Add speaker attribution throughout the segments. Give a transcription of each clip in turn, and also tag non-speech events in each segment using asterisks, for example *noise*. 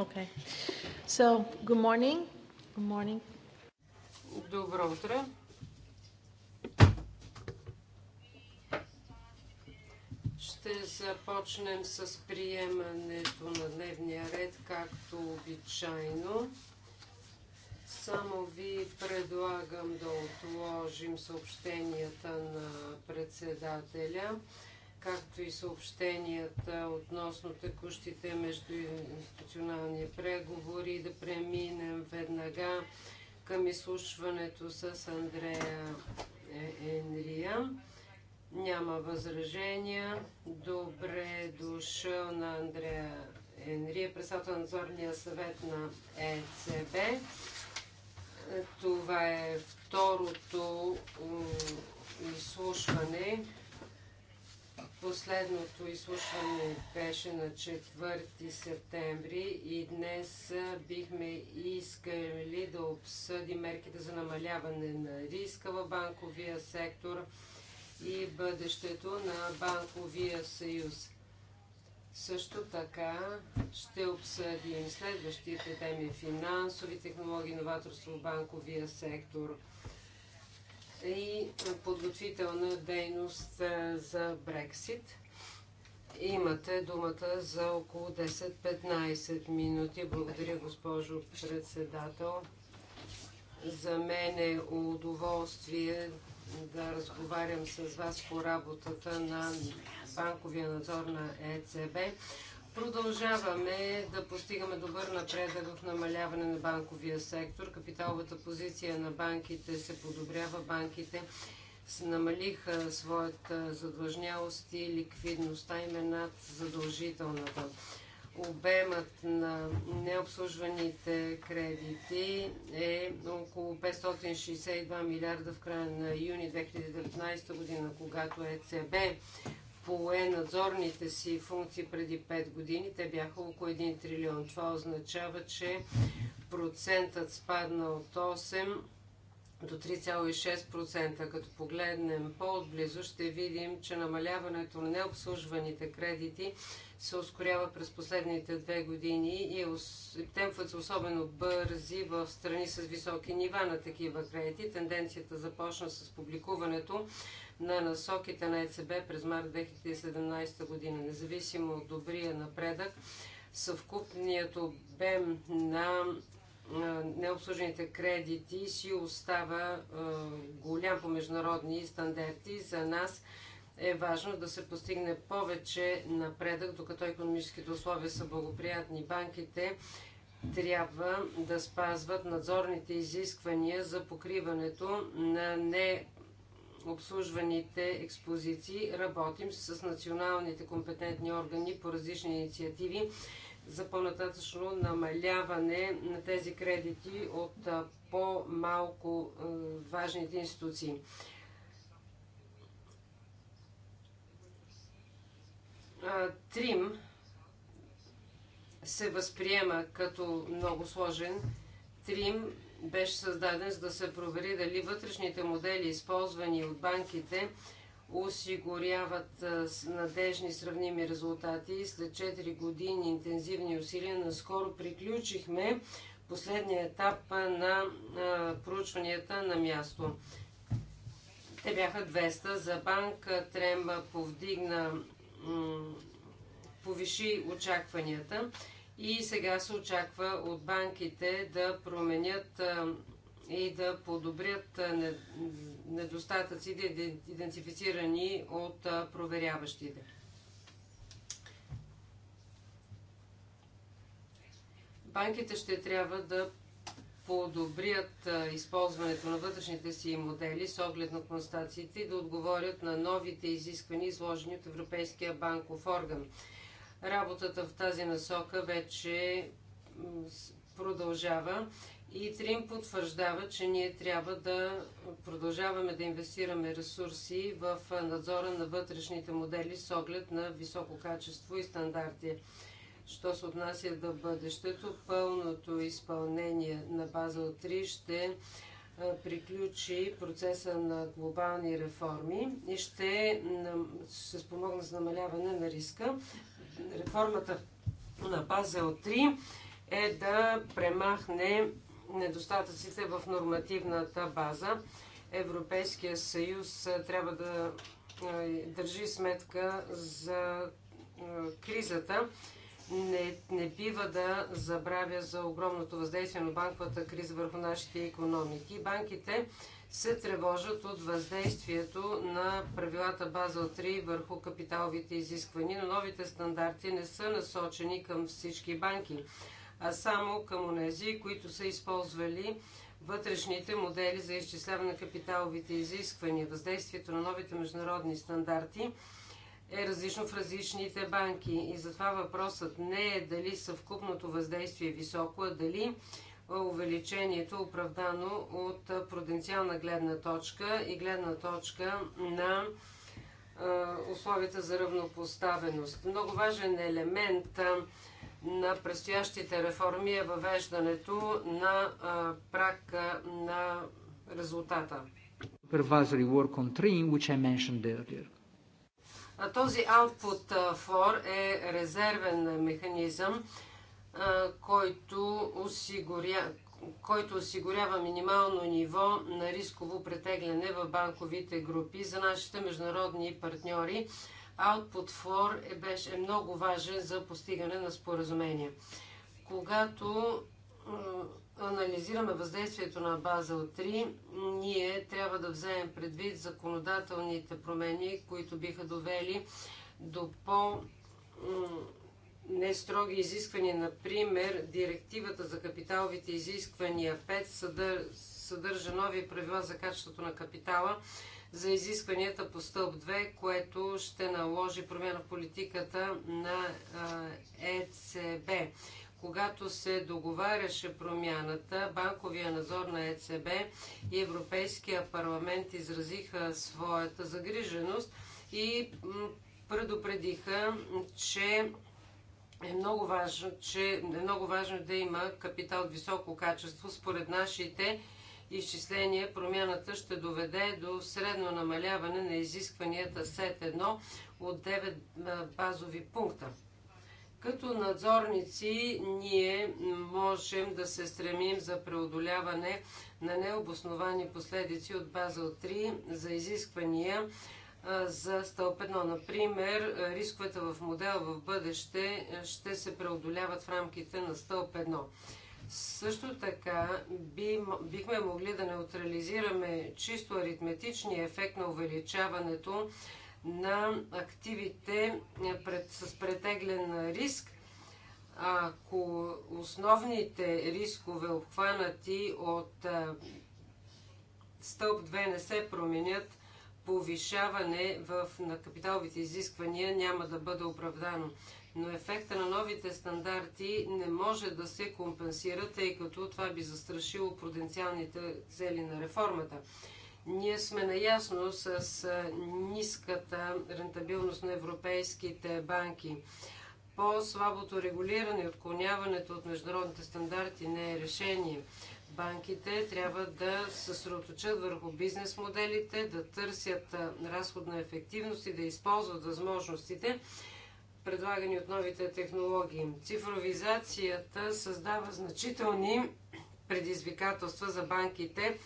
Speaker 1: Okay. So, good morning. Good morning.
Speaker 2: Добро утро. Ще започнем с приемането на дневния ред, както обичайно. Само ви предлагам да отложим съобщенията на председателя както и съобщенията относно текущите между институционални преговори, да преминем веднага към изслушването с Андрея е-, Енрия. Няма възражения. Добре дошъл на Андрея Енрия, председател на надзорния съвет на ЕЦБ. Това е второто изслушване Последното изслушване беше на 4 септември и днес бихме искали да обсъдим мерките за намаляване на риска в банковия сектор и бъдещето на банковия съюз. Също така ще обсъдим следващите теми финансови технологии, новаторство в банковия сектор – и подготвителна дейност за Брексит. Имате думата за около 10-15 минути. Благодаря, госпожо председател. За мен е удоволствие да разговарям с вас по работата на банковия надзор на ЕЦБ. Продължаваме да постигаме добър напредък в намаляване на банковия сектор. Капиталовата позиция на банките се подобрява. Банките намалиха своята задлъжнялост и ликвидността им е над задължителната. Обемът на необслужваните кредити е около 562 милиарда в края на юни 2019 година, когато ЕЦБ пое надзорните си функции преди 5 години, те бяха около 1 трилион. Това означава, че процентът спадна от 8 до 3,6%. Като погледнем по-отблизо, ще видим, че намаляването на необслужваните кредити се ускорява през последните две години и е темпът са особено бързи в страни с високи нива на такива кредити. Тенденцията започна с публикуването на насоките на ЕЦБ през март 2017 година. Независимо от добрия напредък, съвкупният обем на необслужените кредити си остава голям по международни стандарти. За нас – е важно да се постигне повече напредък, докато економическите условия са благоприятни. Банките трябва да спазват надзорните изисквания за покриването на не обслужваните експозиции. Работим с националните компетентни органи по различни инициативи за по-нататъчно намаляване на тези кредити от по-малко важните институции. Трим се възприема като много сложен. Трим беше създаден за да се провери дали вътрешните модели, използвани от банките, осигуряват надежни сравними резултати. След 4 години интензивни усилия наскоро приключихме последния етап на проучванията на място. Те бяха 200. За банк Трем повдигна повиши очакванията и сега се очаква от банките да променят и да подобрят недостатъците, идентифицирани от проверяващите. Банките ще трябва да подобрят използването на вътрешните си модели с оглед на констациите и да отговорят на новите изисквания, изложени от Европейския банков орган. Работата в тази насока вече продължава и Трим потвърждава, че ние трябва да продължаваме да инвестираме ресурси в надзора на вътрешните модели с оглед на високо качество и стандарти. Що се отнася до бъдещето, пълното изпълнение на Базел 3 ще е, приключи процеса на глобални реформи и ще се спомогна за намаляване на риска. Реформата на Базел 3 е да премахне недостатъците в нормативната база. Европейския съюз е, трябва да е, държи сметка за кризата не, не бива да забравя за огромното въздействие на банковата криза върху нашите економики. Банките се тревожат от въздействието на правилата Базел 3 върху капиталовите изисквания, но новите стандарти не са насочени към всички банки, а само към онези, които са използвали вътрешните модели за изчисляване на капиталовите изисквания. Въздействието на новите международни стандарти – е различно в различните банки. И затова въпросът не е дали съвкупното въздействие е високо, а дали увеличението е оправдано от пруденциална гледна точка и гледна точка на условията за равнопоставеност. Много важен елемент на предстоящите реформи е въвеждането на прак на резултата. Supervisory work on training, which I mentioned earlier. Този Output For е резервен механизъм, който който осигурява минимално ниво на рисково претегляне в банковите групи за нашите международни партньори. Output for е, беше, е много важен за постигане на споразумение. Когато анализираме въздействието на Базел 3, ние трябва да вземем предвид законодателните промени, които биха довели до по- нестроги изисквания. Например, директивата за капиталовите изисквания 5 съдър... съдържа нови правила за качеството на капитала за изискванията по стълб 2, което ще наложи промяна в политиката на ЕЦБ когато се договаряше промяната, банковия надзор на ЕЦБ и Европейския парламент изразиха своята загриженост и предупредиха, че е много важно, че е много важно да има капитал от високо качество. Според нашите изчисления, промяната ще доведе до средно намаляване на изискванията СЕТ-1 от 9 базови пункта. Като надзорници ние можем да се стремим за преодоляване на необосновани последици от база от 3 за изисквания за стълб 1. Например, рисковете в модел в бъдеще ще се преодоляват в рамките на стълб 1. Също така би, бихме могли да неутрализираме чисто аритметичния ефект на увеличаването на активите е, пред, с претеглен риск. Ако основните рискове, обхванати от е, стълб 2, не се променят, повишаване в, на капиталовите изисквания няма да бъде оправдано. Но ефекта на новите стандарти не може да се компенсира, тъй като това би застрашило потенциалните цели на реформата. Ние сме наясно с ниската рентабилност на европейските банки. По-слабото регулиране и отклоняването от международните стандарти не е решение. Банките трябва да се съсредоточат върху бизнес моделите, да търсят разходна ефективност и да използват възможностите, предлагани от новите технологии. Цифровизацията създава значителни предизвикателства за банките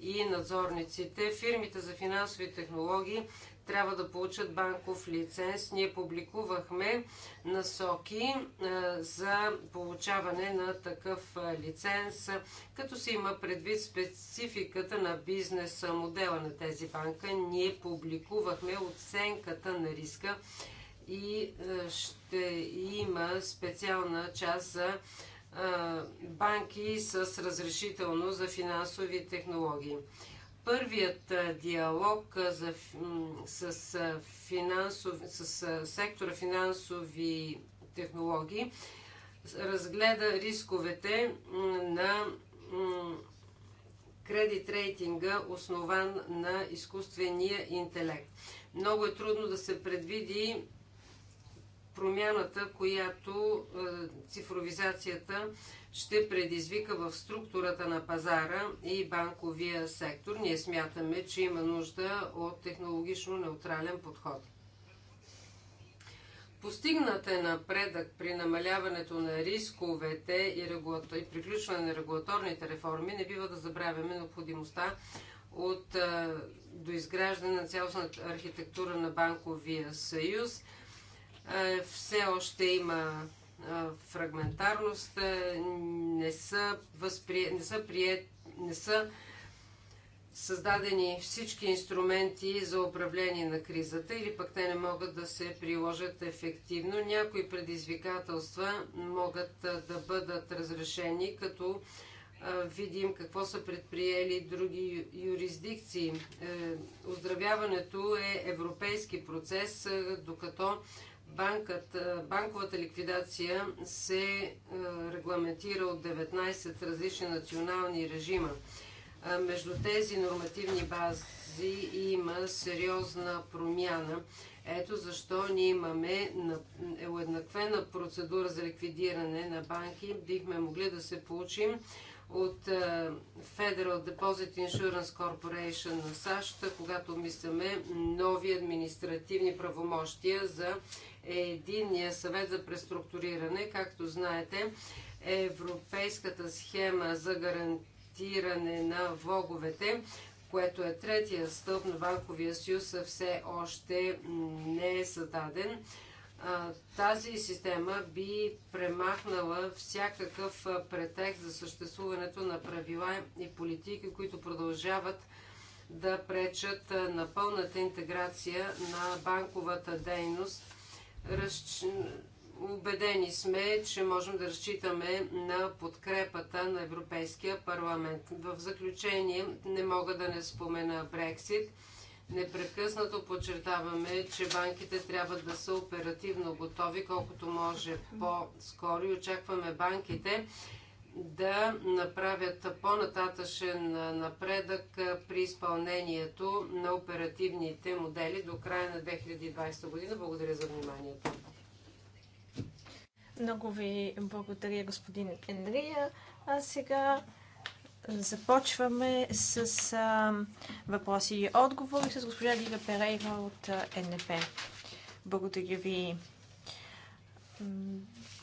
Speaker 2: и надзорниците. Фирмите за финансови технологии трябва да получат банков лиценз. Ние публикувахме насоки за получаване на такъв лиценз, като се има предвид спецификата на бизнес модела на тези банка. Ние публикувахме оценката на риска и ще има специална част за банки с разрешително за финансови технологии. Първият диалог за, с, финансов, с сектора финансови технологии разгледа рисковете на кредит рейтинга, основан на изкуствения интелект. Много е трудно да се предвиди промяната, която е, цифровизацията ще предизвика в структурата на пазара и банковия сектор. Ние смятаме, че има нужда от технологично неутрален подход. Постигнат е напредък при намаляването на рисковете и, регулатор... и приключване на регулаторните реформи. Не бива да забравяме необходимостта от е, доизграждане на цялостната архитектура на банковия съюз – все още има фрагментарност, не са, възпри... не са, прият... не са създадени всички инструменти за управление на кризата или пък те не могат да се приложат ефективно. Някои предизвикателства могат да бъдат разрешени, като видим какво са предприели други юрисдикции. Е, оздравяването е европейски процес, докато банката, банковата ликвидация се регламентира от 19 различни национални режима. Между тези нормативни бази има сериозна промяна. Ето защо ние имаме е уеднаквена процедура за ликвидиране на банки. Бихме могли да се получим от Federal Deposit Insurance Corporation на САЩ, когато мисляме нови административни правомощия за е единния съвет за преструктуриране. Както знаете, Европейската схема за гарантиране на влоговете, което е третия стълб на Банковия съюз, все още не е създаден тази система би премахнала всякакъв претекст за съществуването на правила и политики, които продължават да пречат на пълната интеграция на банковата дейност Убедени сме, че можем да разчитаме на подкрепата на Европейския парламент. В заключение не мога да не спомена Брексит. Непрекъснато подчертаваме, че банките трябва да са оперативно готови, колкото може по-скоро и очакваме банките да направят по-нататъчен напредък при изпълнението на оперативните модели до края на 2020 година. Благодаря за вниманието.
Speaker 1: Много ви благодаря, господин Андрия. А сега започваме с а, въпроси и отговори с госпожа Лига Перейва от НП. Благодаря ви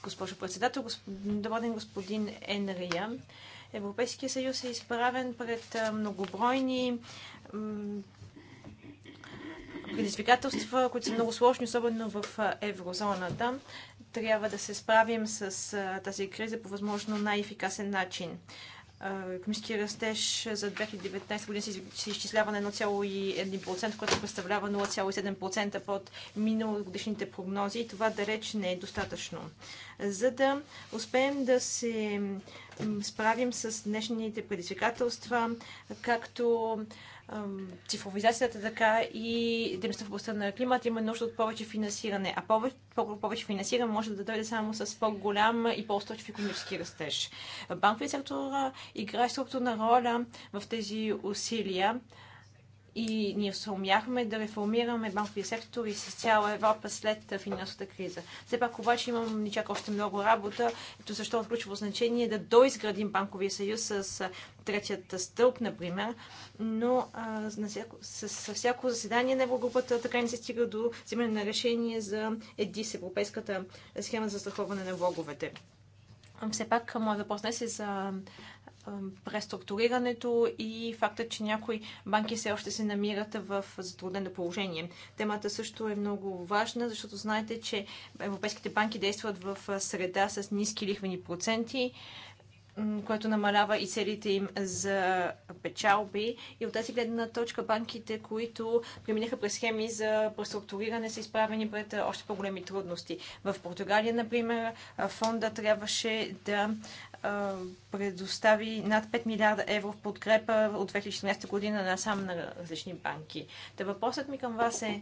Speaker 1: госпожо председател. господин, господин Енрия. Европейския съюз е изправен пред многобройни предизвикателства, които са много сложни, особено в еврозоната. Трябва да се справим с тази криза по възможно най-ефикасен начин економически растеж за 2019 година се изчислява на 1,1%, което представлява 0,7% под миналогодишните прогнози и това далеч не е достатъчно. За да успеем да се справим с днешните предизвикателства, както цифровизацията, така и дейността в областта на климата има нужда от повече финансиране. А повече, повече финансиране може да дойде само с по-голям и по-устойчив економически растеж. Банковият сектор играе структурна роля в тези усилия и ние се умяхме да реформираме банковия сектор и с цяла Европа след финансовата криза. Все пак обаче имам ни чак още много работа, ето защо от ключово значение е да доизградим банковия съюз с третията стълб, например, но а, с, всяко, с, с всяко заседание на Еврогрупата така не се стига до вземане на решение за ЕДИС, Европейската схема за страховане на влоговете. Все пак, моят въпрос днес е за преструктурирането и факта, че някои банки все още се намират в затруднено положение. Темата също е много важна, защото знаете, че европейските банки действат в среда с ниски лихвени проценти, което намалява и целите им за печалби. И от тази гледна точка банките, които преминаха през схеми за преструктуриране, са изправени пред още по-големи трудности. В Португалия, например, фонда трябваше да предостави над 5 милиарда евро в подкрепа от 2016 година сам на различни банки. Та въпросът ми към вас е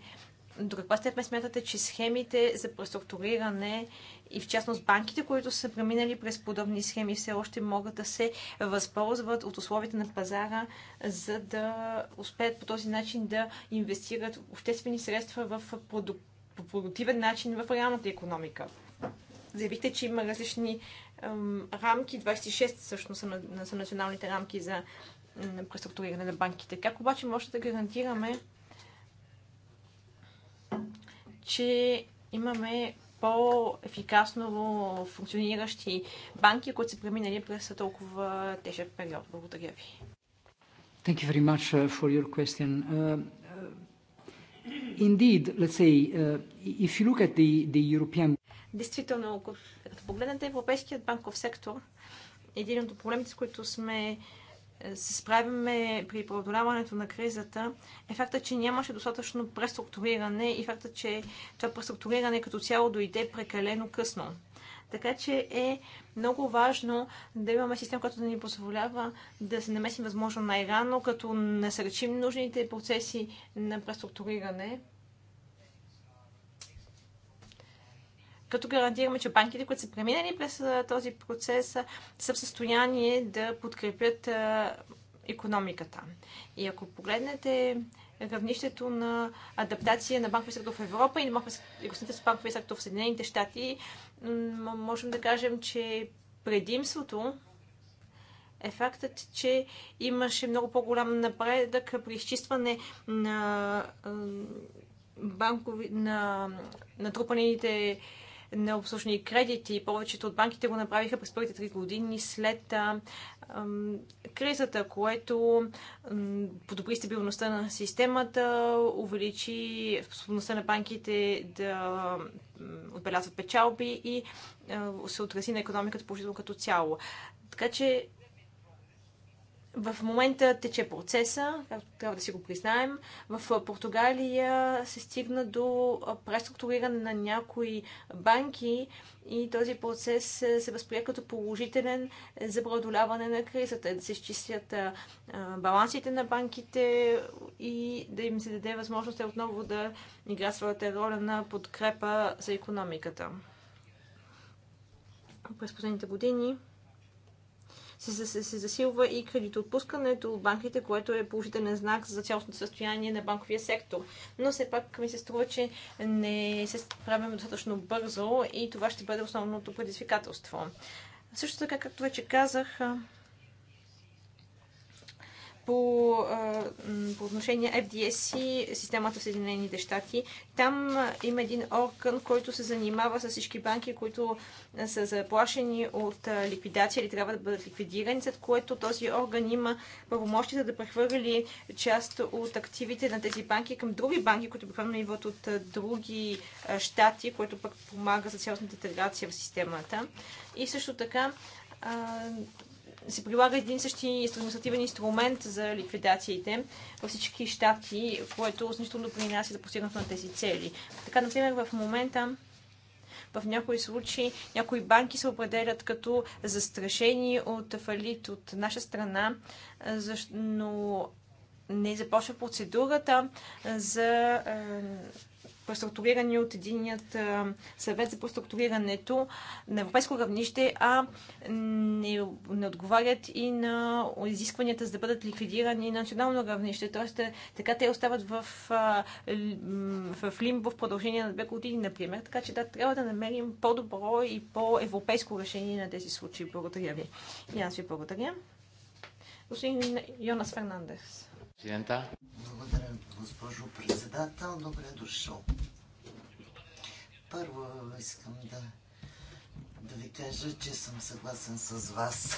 Speaker 1: до каква степен смятате, че схемите за преструктуриране и в частност банките, които са преминали през подобни схеми, все още могат да се възползват от условията на пазара, за да успеят по този начин да инвестират обществени средства в продук... продуктивен начин в реалната економика. Заявихте, че има различни ем, рамки, 26 всъщност са, на, са националните рамки за преструктуриране на банките. Как обаче може да гарантираме че имаме по-ефикасно функциониращи банки, които са преминали през толкова тежък период. Благодаря ви.
Speaker 2: Thank you very much uh, for your question. Uh, uh, indeed, let's say, uh, if you look at the, the European... Действително,
Speaker 1: като погледнете европейският банков сектор, един от проблемите, с които сме uh, се справиме при преодоляването на кризата е факта, че нямаше достатъчно преструктуриране и факта, че това преструктуриране като цяло дойде прекалено късно. Така че е много важно да имаме система, която да ни позволява да се намесим възможно най-рано, като насърчим нужните процеси на преструктуриране като гарантираме, че банките, които са преминали през този процес, са в състояние да подкрепят економиката. И ако погледнете равнището на адаптация на банковия сектор в Европа и на банковия сектор в Съединените щати, можем да кажем, че предимството е фактът, че имаше много по-голям напредък при изчистване на банкови, на натрупаните на кредити. Повечето от банките го направиха през първите три години след а, а, кризата, което а, подобри стабилността на системата, увеличи способността на банките да отбелязват печалби и се отрази на економиката положително като цяло. Така че в момента тече процеса, както трябва да си го признаем. В Португалия се стигна до преструктуриране на някои банки и този процес се възприе като положителен за преодоляване на кризата, да се изчистят балансите на банките и да им се даде възможност отново да играят своята роля на подкрепа за економиката. През последните години се, се, се засилва и кредитоотпускането от банките, което е положителен знак за цялостното състояние на банковия сектор. Но все пак ми се струва, че не се справяме достатъчно бързо и това ще бъде основното предизвикателство. Също така, както вече казах, по, по отношение FDS системата в Съединените щати. Там има един орган, който се занимава с всички банки, които са заплашени от ликвидация или трябва да бъдат ликвидирани, след което този орган има правомощите да прехвърли част от активите на тези банки към други банки, които буквално идват от други щати, което пък помага за цялостната интеграция в системата. И също така се прилага един същи административен инструмент за ликвидациите във всички щати, което значително принася за постигането на тези цели. Така, например, в момента в някои случаи някои банки се определят като застрашени от фалит от наша страна, но не започва процедурата за е, преструктурирани от единият съвет за преструктурирането на европейско равнище, а не, не отговарят и на изискванията за да бъдат ликвидирани на национално равнище. Тоест, е, така те остават в, в лимбо в продължение на две години, например. Така че да, трябва да намерим по-добро и по-европейско решение на тези случаи. Благодаря ви. И аз ви благодаря. Господин Йонас Фернандес.
Speaker 3: Благодаря, госпожо
Speaker 1: председател.
Speaker 3: Добре дошъл. Първо искам да, да ви кажа, че съм съгласен с вас.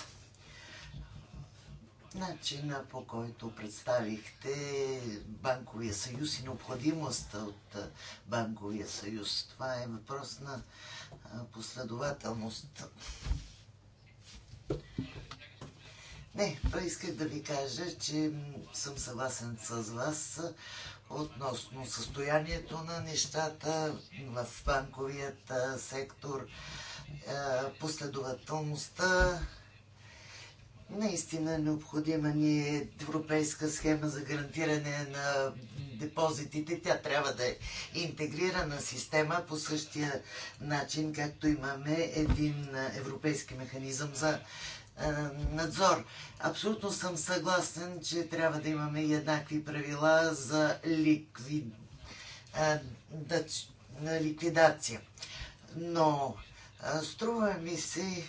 Speaker 3: Начина по който представихте банковия съюз и необходимостта от банковия съюз. Това е въпрос на последователност. Не, исках да ви кажа, че съм съгласен с вас относно състоянието на нещата в банковият сектор, последователността. Наистина необходима ни е европейска схема за гарантиране на депозитите. Тя трябва да е интегрирана система по същия начин, както имаме един европейски механизъм за е, надзор. Абсолютно съм съгласен, че трябва да имаме еднакви правила за ликвид... Е, ликвидация. Но е, струва ми се,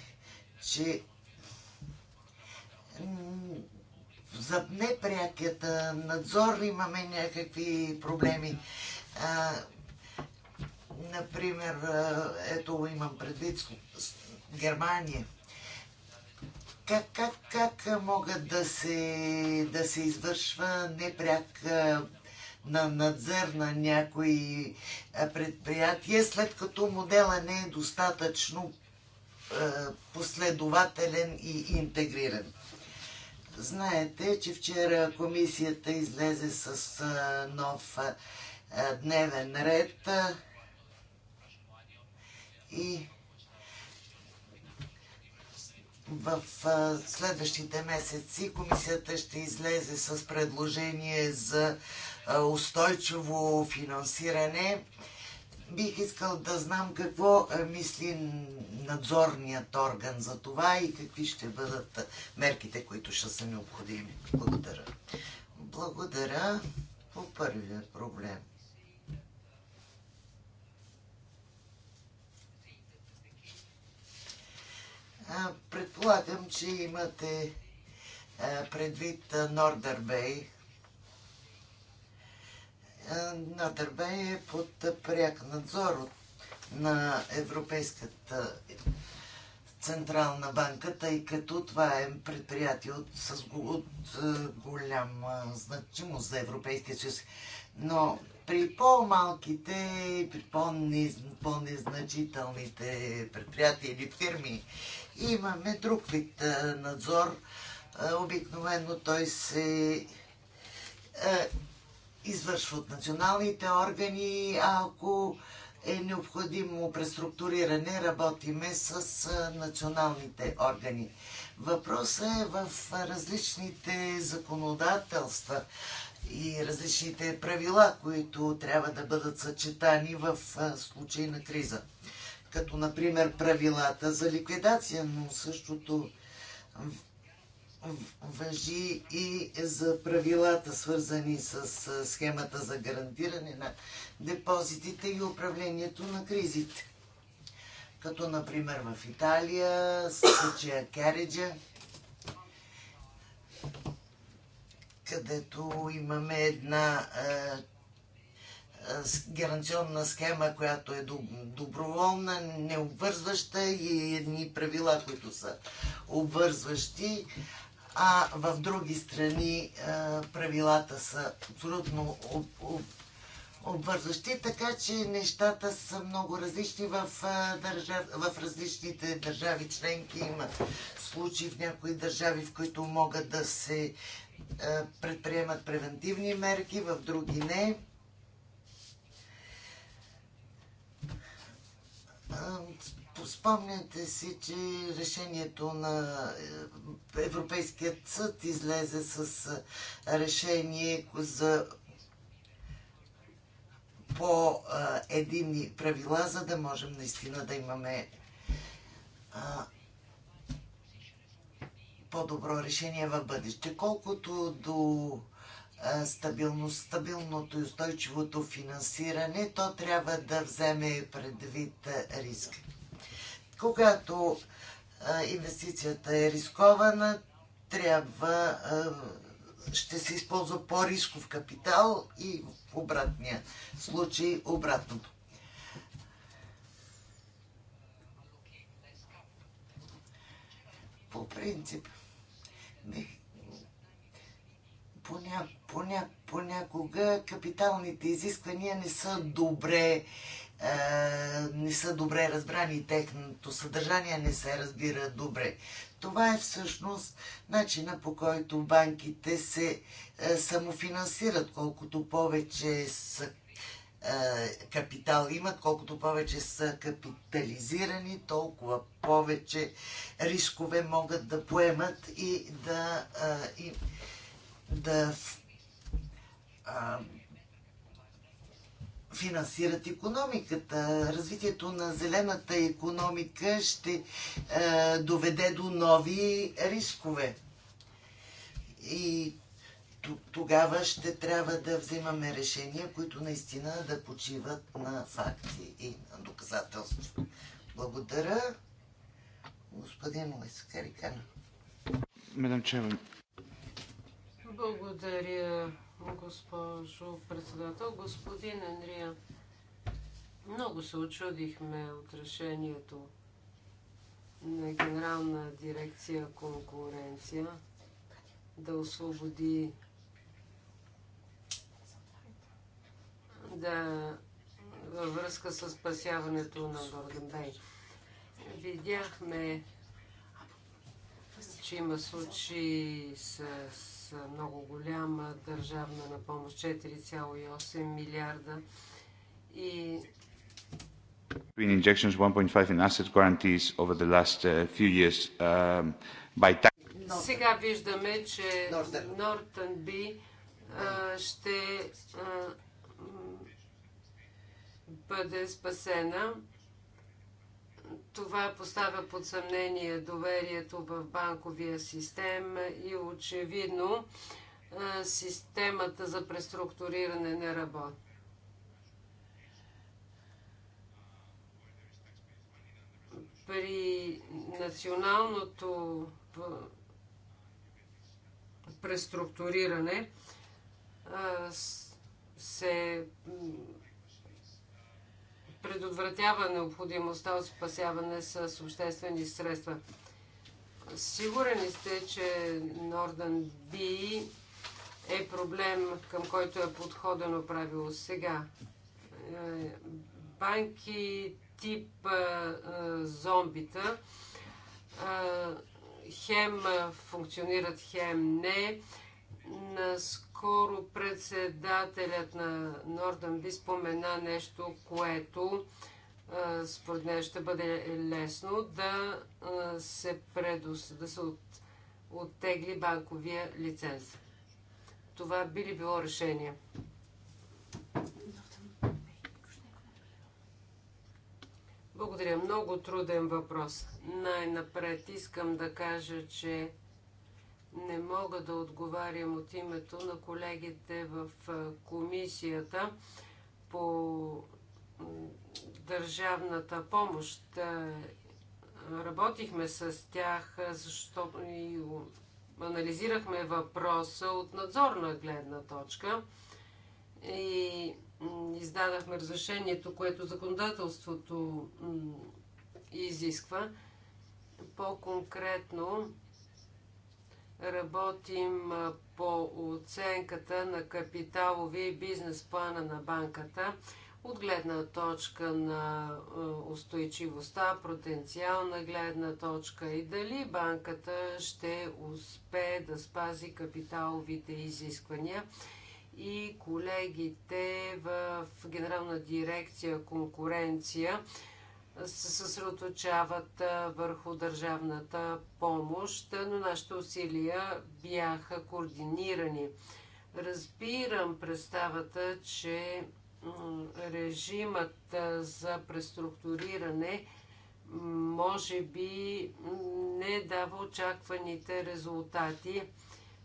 Speaker 3: че за непрякият надзор имаме някакви проблеми. например, ето имам предвид Германия как, как, как могат да се, да се извършва непряк на надзор на някои предприятия, след като модела не е достатъчно последователен и интегриран. Знаете, че вчера комисията излезе с нов дневен ред и в следващите месеци комисията ще излезе с предложение за устойчиво финансиране. Бих искал да знам какво мисли надзорният орган за това и какви ще бъдат мерките, които ще са необходими. Благодаря. Благодаря по първия проблем. Предполагам, че имате предвид Нордърбей. Бей е под пряк надзор на Европейската Централна банка, тъй като това е предприятие от, с, от голяма значимост за Европейския съюз. Но при по-малките и при по-незначителните предприятия или фирми имаме друг вид надзор. Обикновено той се извършва от националните органи, а ако е необходимо преструктуриране, работиме с националните органи. Въпросът е в различните законодателства и различните правила, които трябва да бъдат съчетани в случай на криза като например правилата за ликвидация, но същото въжи и за правилата, свързани с схемата за гарантиране на депозитите и управлението на кризите. Като, например, в Италия, случая Кереджа, където имаме една гаранционна схема, която е доброволна, необвързваща и едни правила, които са обвързващи, а в други страни правилата са абсолютно обвързващи, така че нещата са много различни в, държав... в различните държави членки. Има случаи в някои държави, в които могат да се предприемат превентивни мерки, в други не. Спомняте си, че решението на е, Европейският съд излезе с е, решение за по е, единни правила, за да можем наистина да имаме по-добро решение в бъдеще. Колкото до стабилност, стабилното и устойчивото финансиране, то трябва да вземе предвид риск. Когато инвестицията е рискована, трябва ще се използва по-рисков капитал и в обратния случай обратното. По принцип, бих поня, понякога капиталните изисквания не са добре е, не са добре разбрани, техното съдържание не се разбира добре. Това е всъщност начина по който банките се е, самофинансират. Колкото повече са е, капитал имат, колкото повече са капитализирани, толкова повече рискове могат да поемат и да, и, да а, финансират економиката. Развитието на зелената економика ще а, доведе до нови рискове. И тогава ще трябва да взимаме решения, които наистина да почиват на факти и на доказателства. Благодаря, господин Лойс Карикан. Мадам
Speaker 2: Благодаря, госпожо председател. Господин Андрия, много се очудихме от решението на Генерална дирекция конкуренция да освободи да във връзка с спасяването на Гордон Бей. Видяхме, че има случаи с с много голяма държавна на помощ 4,8 милиарда и
Speaker 3: between injections 1.5 in asset guarantees over the last uh, few years um, by tax.
Speaker 2: Сега виждаме, че Нортън Би ще бъде спасена това поставя под съмнение доверието в банковия систем и очевидно системата за преструктуриране не работи. При националното преструктуриране се предотвратява необходимостта от спасяване с обществени средства. Сигурен сте, че Нордън Би е проблем, към който е подходено правило сега. Е, банки тип е, е, зомбита хем функционират, хем не. Наск скоро председателят на Нордън би спомена нещо, което според мен ще бъде лесно да се, предус, да се от, оттегли банковия лиценз. Това би ли било решение? Благодаря. Много труден въпрос. Най-напред искам да кажа, че не мога да отговарям от името на колегите в комисията по държавната помощ. Работихме с тях, защото и анализирахме въпроса от надзорна гледна точка и издадахме разрешението, което законодателството изисква. По-конкретно, Работим по оценката на капиталови и бизнес плана на банката от гледна точка на устойчивостта, потенциална гледна точка и дали банката ще успее да спази капиталовите изисквания. И колегите в Генерална дирекция конкуренция се съсредоточават върху държавната помощ, но нашите усилия бяха координирани. Разбирам представата, че режимът за преструктуриране може би не дава очакваните резултати.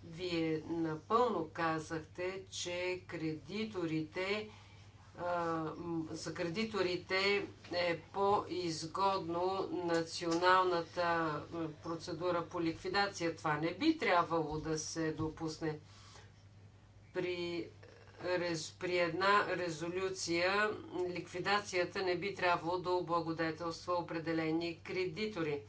Speaker 2: Вие напълно казахте, че кредиторите за кредиторите е по-изгодно националната процедура по ликвидация. Това не би трябвало да се допусне. При, при една резолюция ликвидацията не би трябвало да облагодетелства определени кредитори.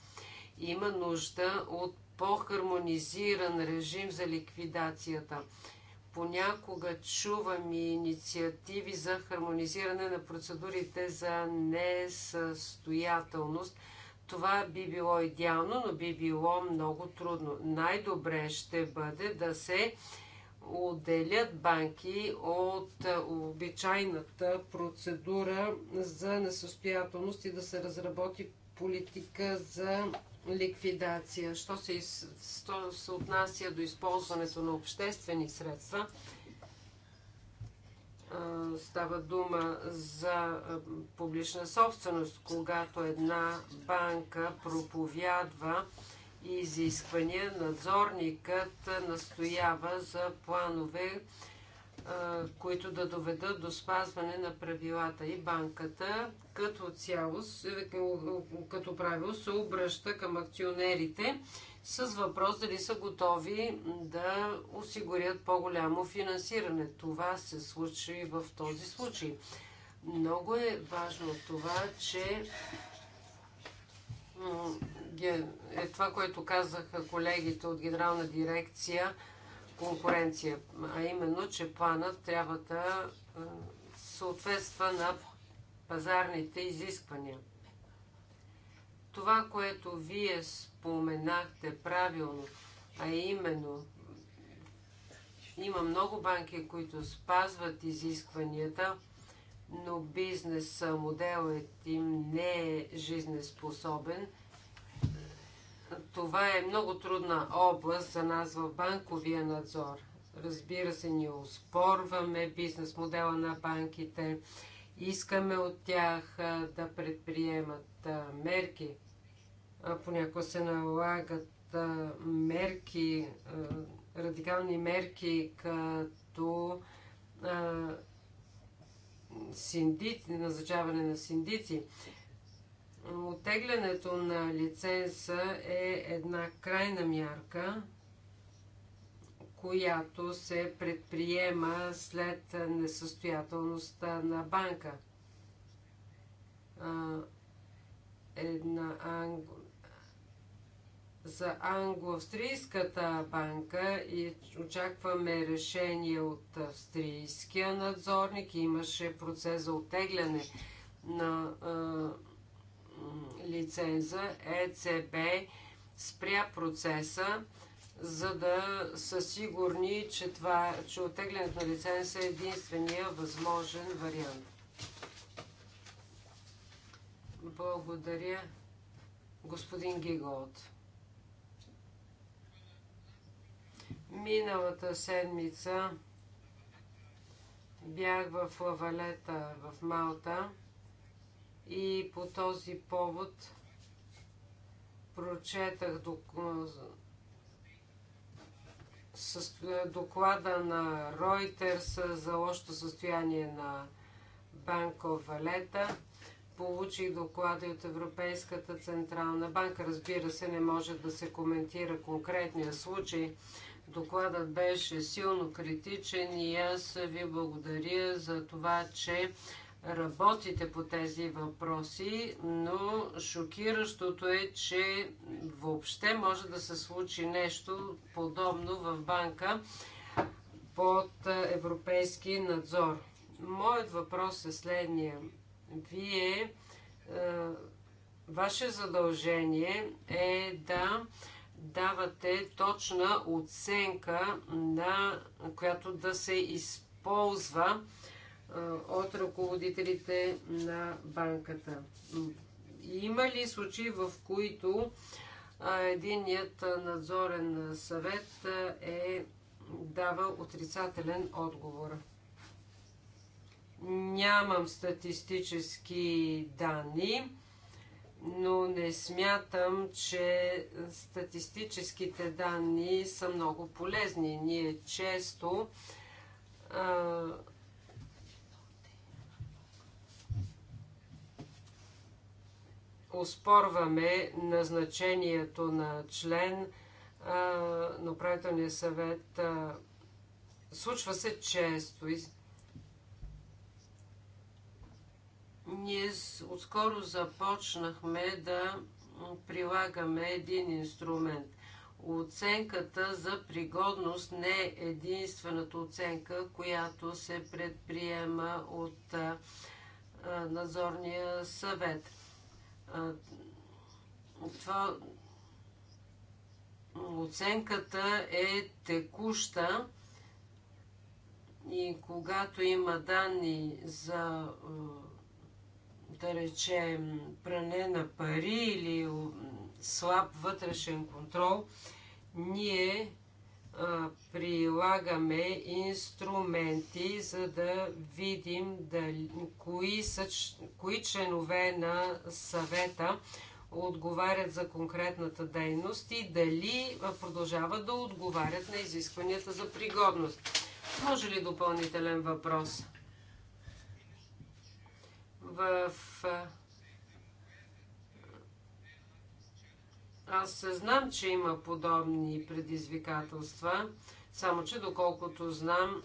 Speaker 2: Има нужда от по-хармонизиран режим за ликвидацията понякога чувам и инициативи за хармонизиране на процедурите за несъстоятелност. Това би било идеално, но би било много трудно. Най-добре ще бъде да се отделят банки от обичайната процедура за несъстоятелност и да се разработи политика за ликвидация. Що се, що се отнася до използването на обществени средства, става дума за публична собственост, когато една банка проповядва изисквания, надзорникът настоява за планове, които да доведат до спазване на правилата и банката като цяло, е, като правило се обръща към акционерите с въпрос дали са готови да осигурят по-голямо финансиране. Това се случи в този случай. Много е важно това, че е това, което казаха колегите от Генерална дирекция – конкуренция, а именно, че планът трябва да съответства на пазарните изисквания. Това, което вие споменахте правилно, а именно има много банки, които спазват изискванията, но бизнес моделът им не е жизнеспособен – това е много трудна област за нас в банковия надзор. Разбира се, ние успорваме бизнес модела на банките, искаме от тях да предприемат мерки. Понякога се налагат мерки, радикални мерки, като синдици, назначаване на синдици. Отеглянето на лиценза е една крайна мярка, която се предприема след несъстоятелността на банка. Една За англо-австрийската банка и очакваме решение от австрийския надзорник. Имаше процес за отегляне на лиценза, ЕЦБ спря процеса, за да са сигурни, че, това, че отеглянето на лиценза е единствения възможен вариант. Благодаря, господин Гиголт. Миналата седмица бях в Лавалета в Малта и по този повод прочетах доклада на Reuters за лошото състояние на Банко Валета. Получих доклада от Европейската Централна банка. Разбира се, не може да се коментира конкретния случай. Докладът беше силно критичен и аз ви благодаря за това, че работите по тези въпроси, но шокиращото е, че въобще може да се случи нещо подобно в банка под европейски надзор. Моят въпрос е следния. Вие, е, ваше задължение е да давате точна оценка, на която да се използва от ръководителите на банката. Има ли случаи, в които единият надзорен съвет е давал отрицателен отговор? Нямам статистически данни, но не смятам, че статистическите данни са много полезни. Ние често оспорваме назначението на член а, на управителния съвет. А, случва се често. Ние отскоро започнахме да прилагаме един инструмент. Оценката за пригодност не е единствената оценка, която се предприема от а, надзорния съвет това оценката е текуща и когато има данни за да речем пране на пари или слаб вътрешен контрол, ние прилагаме инструменти, за да видим дали, кои, са, кои членове на съвета отговарят за конкретната дейност и дали продължават да отговарят на изискванията за пригодност. Може ли допълнителен въпрос? В Аз знам, че има подобни предизвикателства, само че доколкото знам,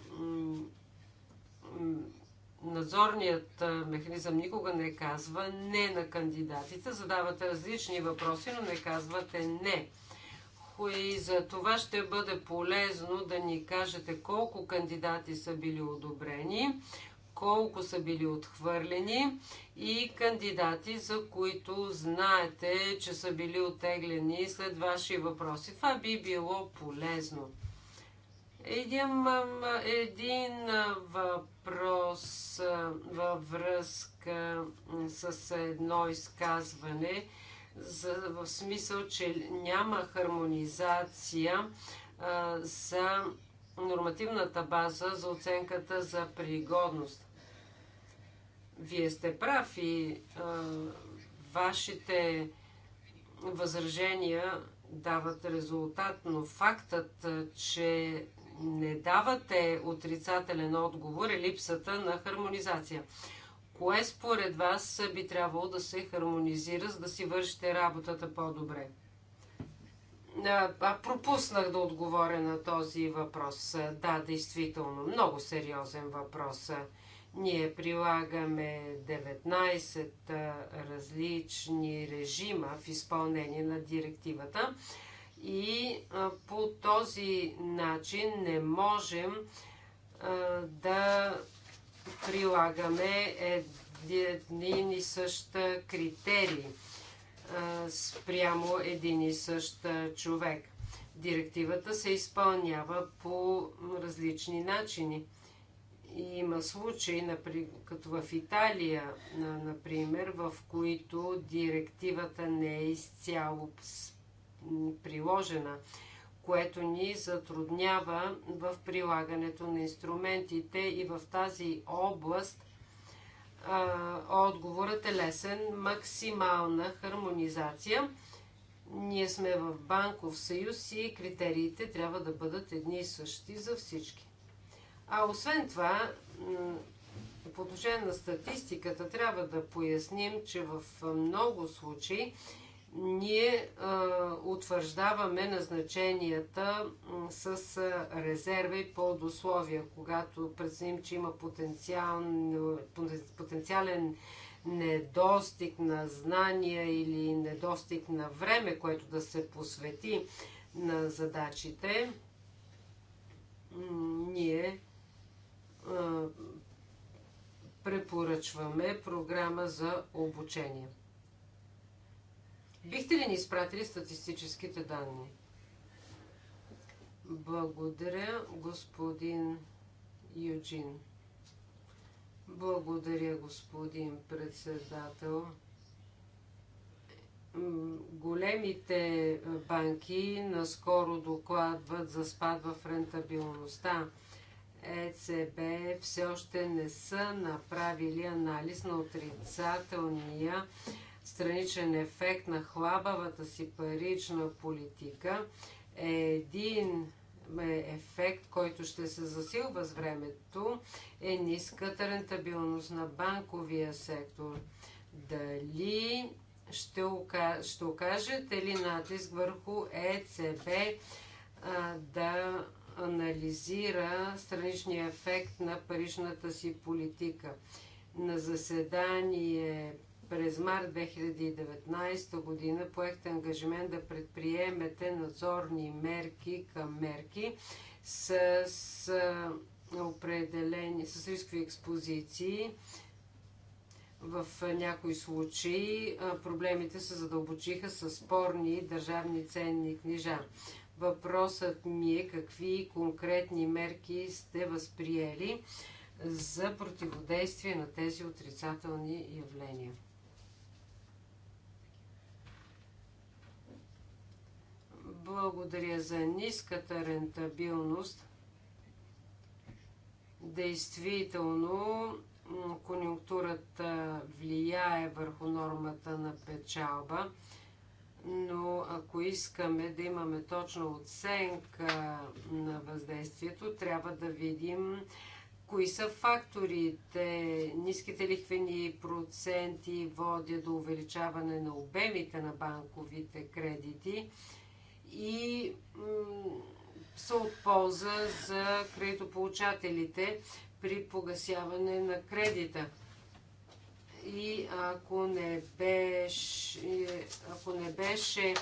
Speaker 2: надзорният механизъм никога не казва не на кандидатите. Задавате различни въпроси, но не казвате не. И за това ще бъде полезно да ни кажете колко кандидати са били одобрени, колко са били отхвърлени и кандидати, за които знаете, че са били отеглени след ваши въпроси. Това би било полезно. Един, един въпрос във връзка с едно изказване, за, в смисъл, че няма хармонизация а, за нормативната база за оценката за пригодност. Вие сте прав и а, вашите възражения дават резултат, но фактът, че не давате отрицателен отговор е липсата на хармонизация. Кое според вас би трябвало да се хармонизира, за да си вършите работата по-добре? А, пропуснах да отговоря на този въпрос. Да, действително, много сериозен въпрос. Ние прилагаме 19 различни режима в изпълнение на директивата и по този начин не можем да прилагаме един и същ критерий спрямо един и същ човек. Директивата се изпълнява по различни начини. Има случаи, като в Италия, например, в които директивата не е изцяло приложена, което ни затруднява в прилагането на инструментите и в тази област отговорът е лесен – максимална хармонизация. Ние сме в банков съюз и критериите трябва да бъдат едни и същи за всички. А освен това, по отношение на статистиката, трябва да поясним, че в много случаи ние а, утвърждаваме назначенията с резерви и под условия, когато преценим, че има потенциал, потенциален недостиг на знания или недостиг на време, което да се посвети на задачите, ние препоръчваме програма за обучение. Бихте ли ни изпратили статистическите данни? Благодаря, господин Юджин. Благодаря, господин председател. Големите банки наскоро докладват за спад в рентабилността. ЕЦБ все още не са направили анализ на отрицателния страничен ефект на хлабавата си парична политика. един е, ефект, който ще се засилва с времето, е ниската рентабилност на банковия сектор. Дали ще, ока... ще окажете ли натиск върху ЕЦБ а, да анализира страничния ефект на паричната си политика. На заседание през март 2019 година поехте ангажимент да предприемете надзорни мерки към мерки с, с определени, с рискови експозиции. В някои случаи проблемите се задълбочиха с спорни държавни ценни книжа. Въпросът ми е какви конкретни мерки сте възприели за противодействие на тези отрицателни явления. Благодаря за ниската рентабилност. Действително, конюнктурата влияе върху нормата на печалба но ако искаме да имаме точна оценка на въздействието, трябва да видим кои са факторите. Ниските лихвени проценти водят до увеличаване на обемите на банковите кредити и са от полза за кредитополучателите при погасяване на кредита и ако не беше, ако не беше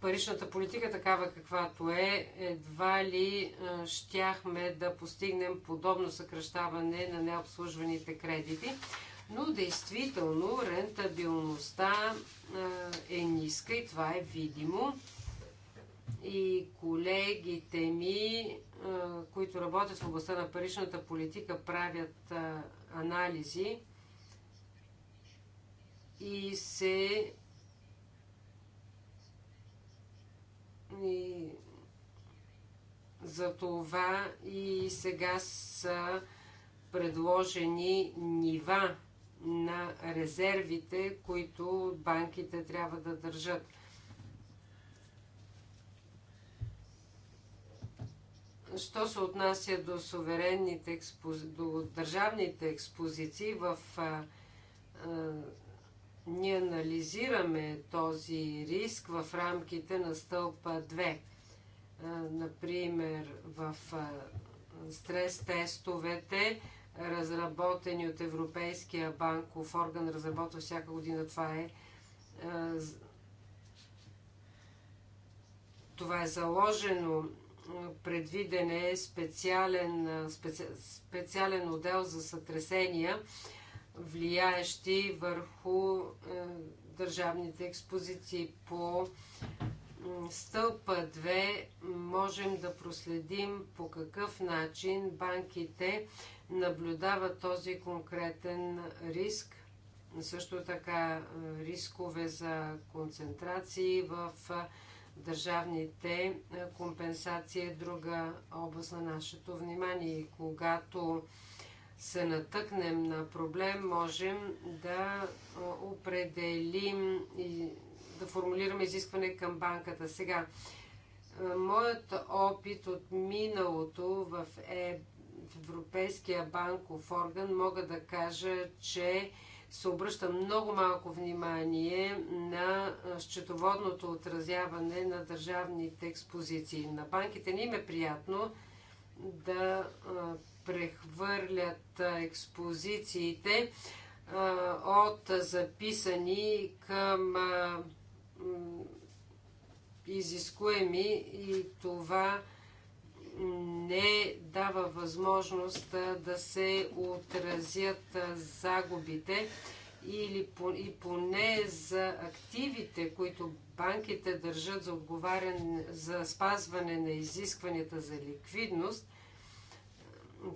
Speaker 2: паричната политика такава каквато е, едва ли щяхме да постигнем подобно съкръщаване на необслужваните кредити. Но действително рентабилността е ниска и това е видимо. И колегите ми които работят в областта на паричната политика, правят анализи и се и за това и сега са предложени нива на резервите, които банките трябва да държат. Що се отнася до суверенните експози... до държавните експозиции, в а, а, ние анализираме този риск в рамките на стълпа 2. А, например, в а, стрес тестовете, разработени от Европейския банков орган, разработва всяка година. Това е, а, това е заложено предвиден е специален, специ, специален отдел за сътресения, влияещи върху е, държавните експозиции. По стълпа 2 можем да проследим по какъв начин банките наблюдават този конкретен риск. Също така е, рискове за концентрации в е, Държавните компенсации е друга област на нашето внимание. И когато се натъкнем на проблем, можем да определим и да формулираме изискване към банката. Сега, моят опит от миналото е, в Европейския банков орган мога да кажа, че се обръща много малко внимание на счетоводното отразяване на държавните експозиции. На банките не им е приятно да прехвърлят експозициите от записани към изискуеми и това не дава възможност да се отразят загубите или и поне за активите, които банките държат за отговаряне за спазване на изискванията за ликвидност,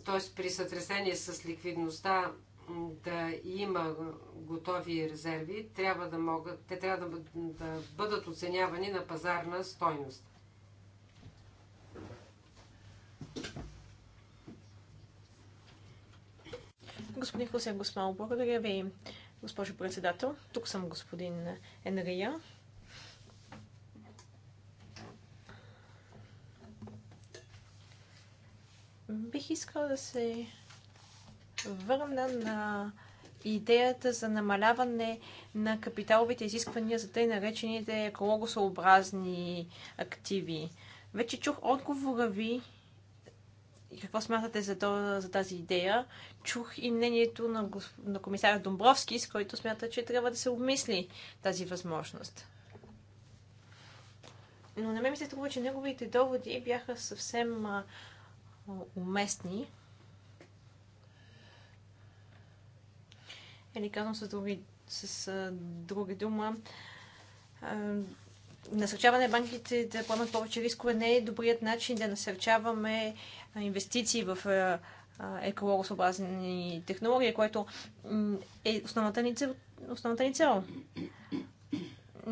Speaker 2: т.е. при сътресение с ликвидността да има готови резерви, трябва да могат, те трябва да, да бъдат оценявани на пазарна стойност.
Speaker 1: Господин Хосе Госмал, благодаря ви, госпожо председател. Тук съм господин Енрия. Бих искала да се върна на идеята за намаляване на капиталовите изисквания за тъй наречените екологосъобразни активи. Вече чух отговора ви и какво смятате за, то, за тази идея? Чух и мнението на, госп... на комисаря Домбровски, с който смята, че трябва да се обмисли тази възможност. Но на мен ми се струва, че неговите доводи бяха съвсем а, уместни. Или казвам с, други, с а, друга дума, а, насърчаване банките да поемат повече рискове не е добрият начин да насърчаваме инвестиции в екологосъобразни технологии, което е основната ни цел.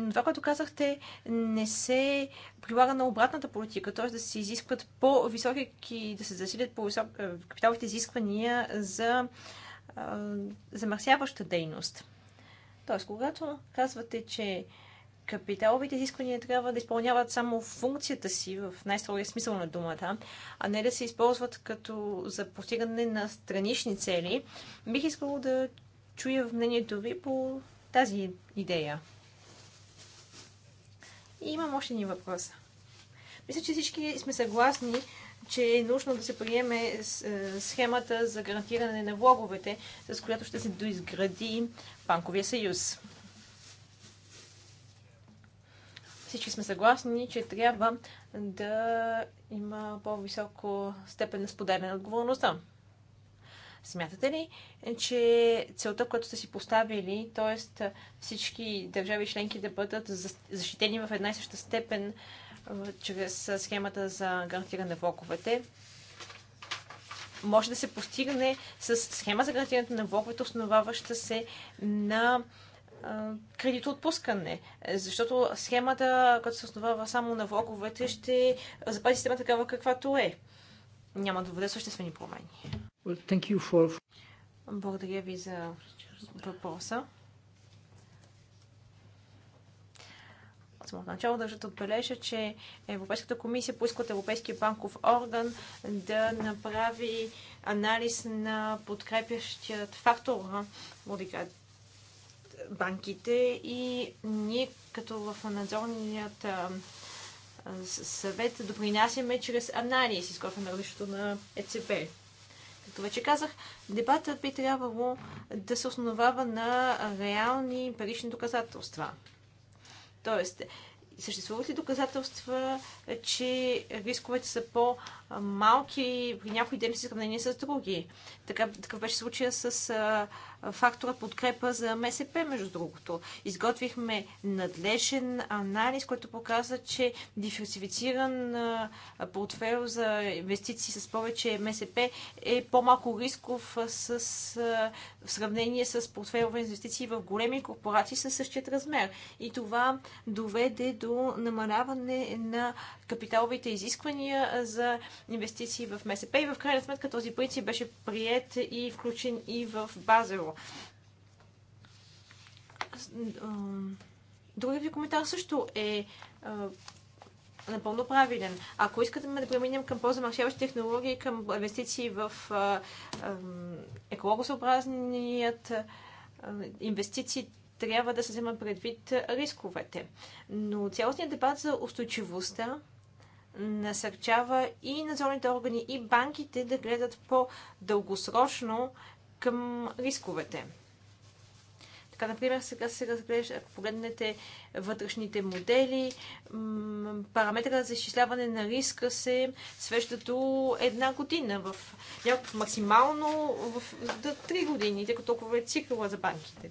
Speaker 1: Това, което казахте, не се прилага на обратната политика, т.е. да се изискват по-високи, да се засилят по капиталовите изисквания за замърсяваща дейност. Т.е. когато казвате, че капиталовите изисквания трябва да изпълняват само функцията си в най-строгия смисъл на думата, а не да се използват като за постигане на странични цели. Бих искала да чуя мнението ви по тази идея. И имам още един въпрос. Мисля, че всички сме съгласни, че е нужно да се приеме е, схемата за гарантиране на влоговете, с която ще се доизгради Банковия съюз. всички сме съгласни, че трябва да има по-високо степен на споделяне на отговорността. Смятате ли, че целта, която сте си поставили, т.е. всички държави членки да бъдат защитени в една и съща степен чрез схемата за гарантиране на влоковете, може да се постигне с схема за гарантирането на влоковете, основаваща се на кредитоотпускане, защото схемата, която се основава само на влоговете, ще запази системата такава каквато е. Няма да доведе съществени промени.
Speaker 2: Well, for...
Speaker 1: Благодаря ви за въпроса. От самото начало държа да отбележа, че Европейската комисия поиска от Европейския банков орган да направи анализ на подкрепящият фактор, банките и ние като в надзорният съвет допринасяме чрез анализ, изготвен на равнището на ЕЦП. Както вече казах, дебатът би трябвало да се основава на реални парични доказателства. Тоест, съществуват ли доказателства, че рисковете са по-малки при някои дейности в сравнение с други? Така, такъв беше случая с Фактора, подкрепа за МСП, между другото. Изготвихме надлежен анализ, който показа, че диверсифициран портфел за инвестиции с повече МСП е по-малко рисков с, в сравнение с портфелове инвестиции в големи корпорации със същият размер. И това доведе до намаляване на капиталовите изисквания за инвестиции в МСП. И в крайна сметка този принцип беше прият и включен и в Базел сектор. Другият ви коментар също е напълно правилен. Ако искате да преминем към по-замърсяващи технологии, към инвестиции в екологосъобразният инвестиции, трябва да се взема предвид рисковете. Но цялостният дебат за устойчивостта насърчава и надзорните органи, и банките да гледат по-дългосрочно към рисковете. Така, например, сега се разглежда, ако погледнете вътрешните модели, параметъра за изчисляване на риска се свежда до една година, в, максимално в, до три години, тъй като толкова е цикъла за банките.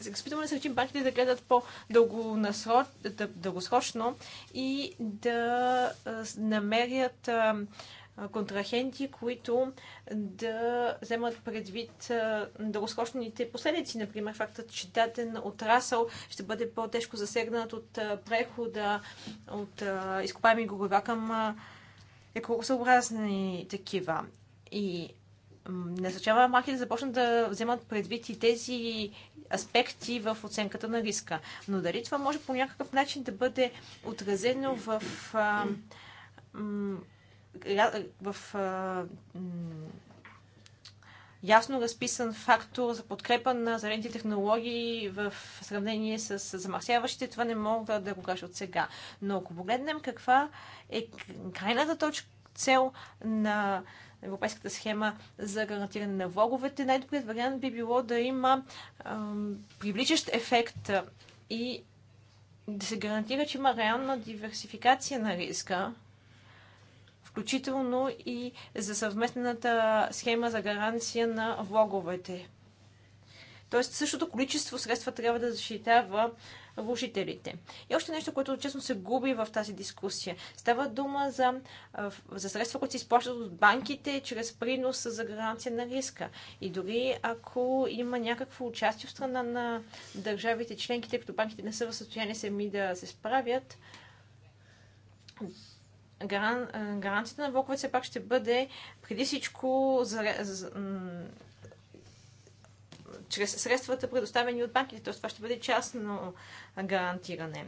Speaker 1: Сега спитаме да сръчим банките да гледат по-дългосрочно и да намерят контрахенти, които да вземат предвид дългосрочните последици. Например, фактът, че даден отрасъл ще бъде по-тежко засегнат от прехода от изкопаеми горива към екологосъобразни такива. И не означава махи да започнат да вземат предвид и тези аспекти в оценката на риска. Но дали това може по някакъв начин да бъде отразено в в ясно разписан фактор за подкрепа на зелените технологии в сравнение с замърсяващите, това не мога да го кажа от сега. Но ако погледнем каква е крайната точка, цел на европейската схема за гарантиране на влоговете, най-добрият вариант би било да има привличащ ефект и да се гарантира, че има реална диверсификация на риска, включително и за съвместната схема за гаранция на влоговете. Тоест същото количество средства трябва да защитава вложителите. И още нещо, което честно се губи в тази дискусия. Става дума за, за средства, които се изплащат от банките чрез принос за гаранция на риска. И дори ако има някакво участие в страна на държавите членки, тъй като банките не са в състояние сами да се справят, гаран, гаранцията на блокове все пак ще бъде преди всичко за, за, чрез средствата, предоставени от банките. Тоест това ще бъде частно гарантиране.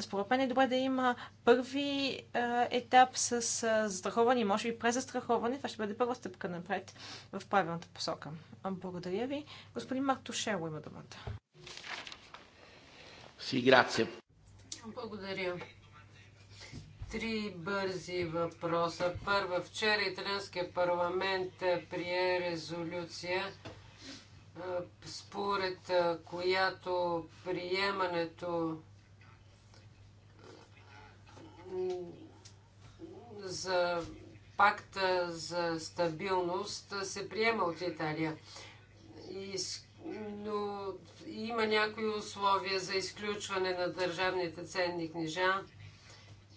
Speaker 1: Според мен е добре да има първи е, етап с е, застраховане може би презастраховане. Това ще бъде първа стъпка напред в правилната посока. Благодаря ви. Господин Мартушело има думата.
Speaker 3: Си, грация.
Speaker 2: Благодаря. Три бързи въпроса. Първа, вчера Италианския парламент е, прие резолюция, е, според е, която приемането за пакта за стабилност се приема от Италия. Но има някои условия за изключване на държавните ценни книжа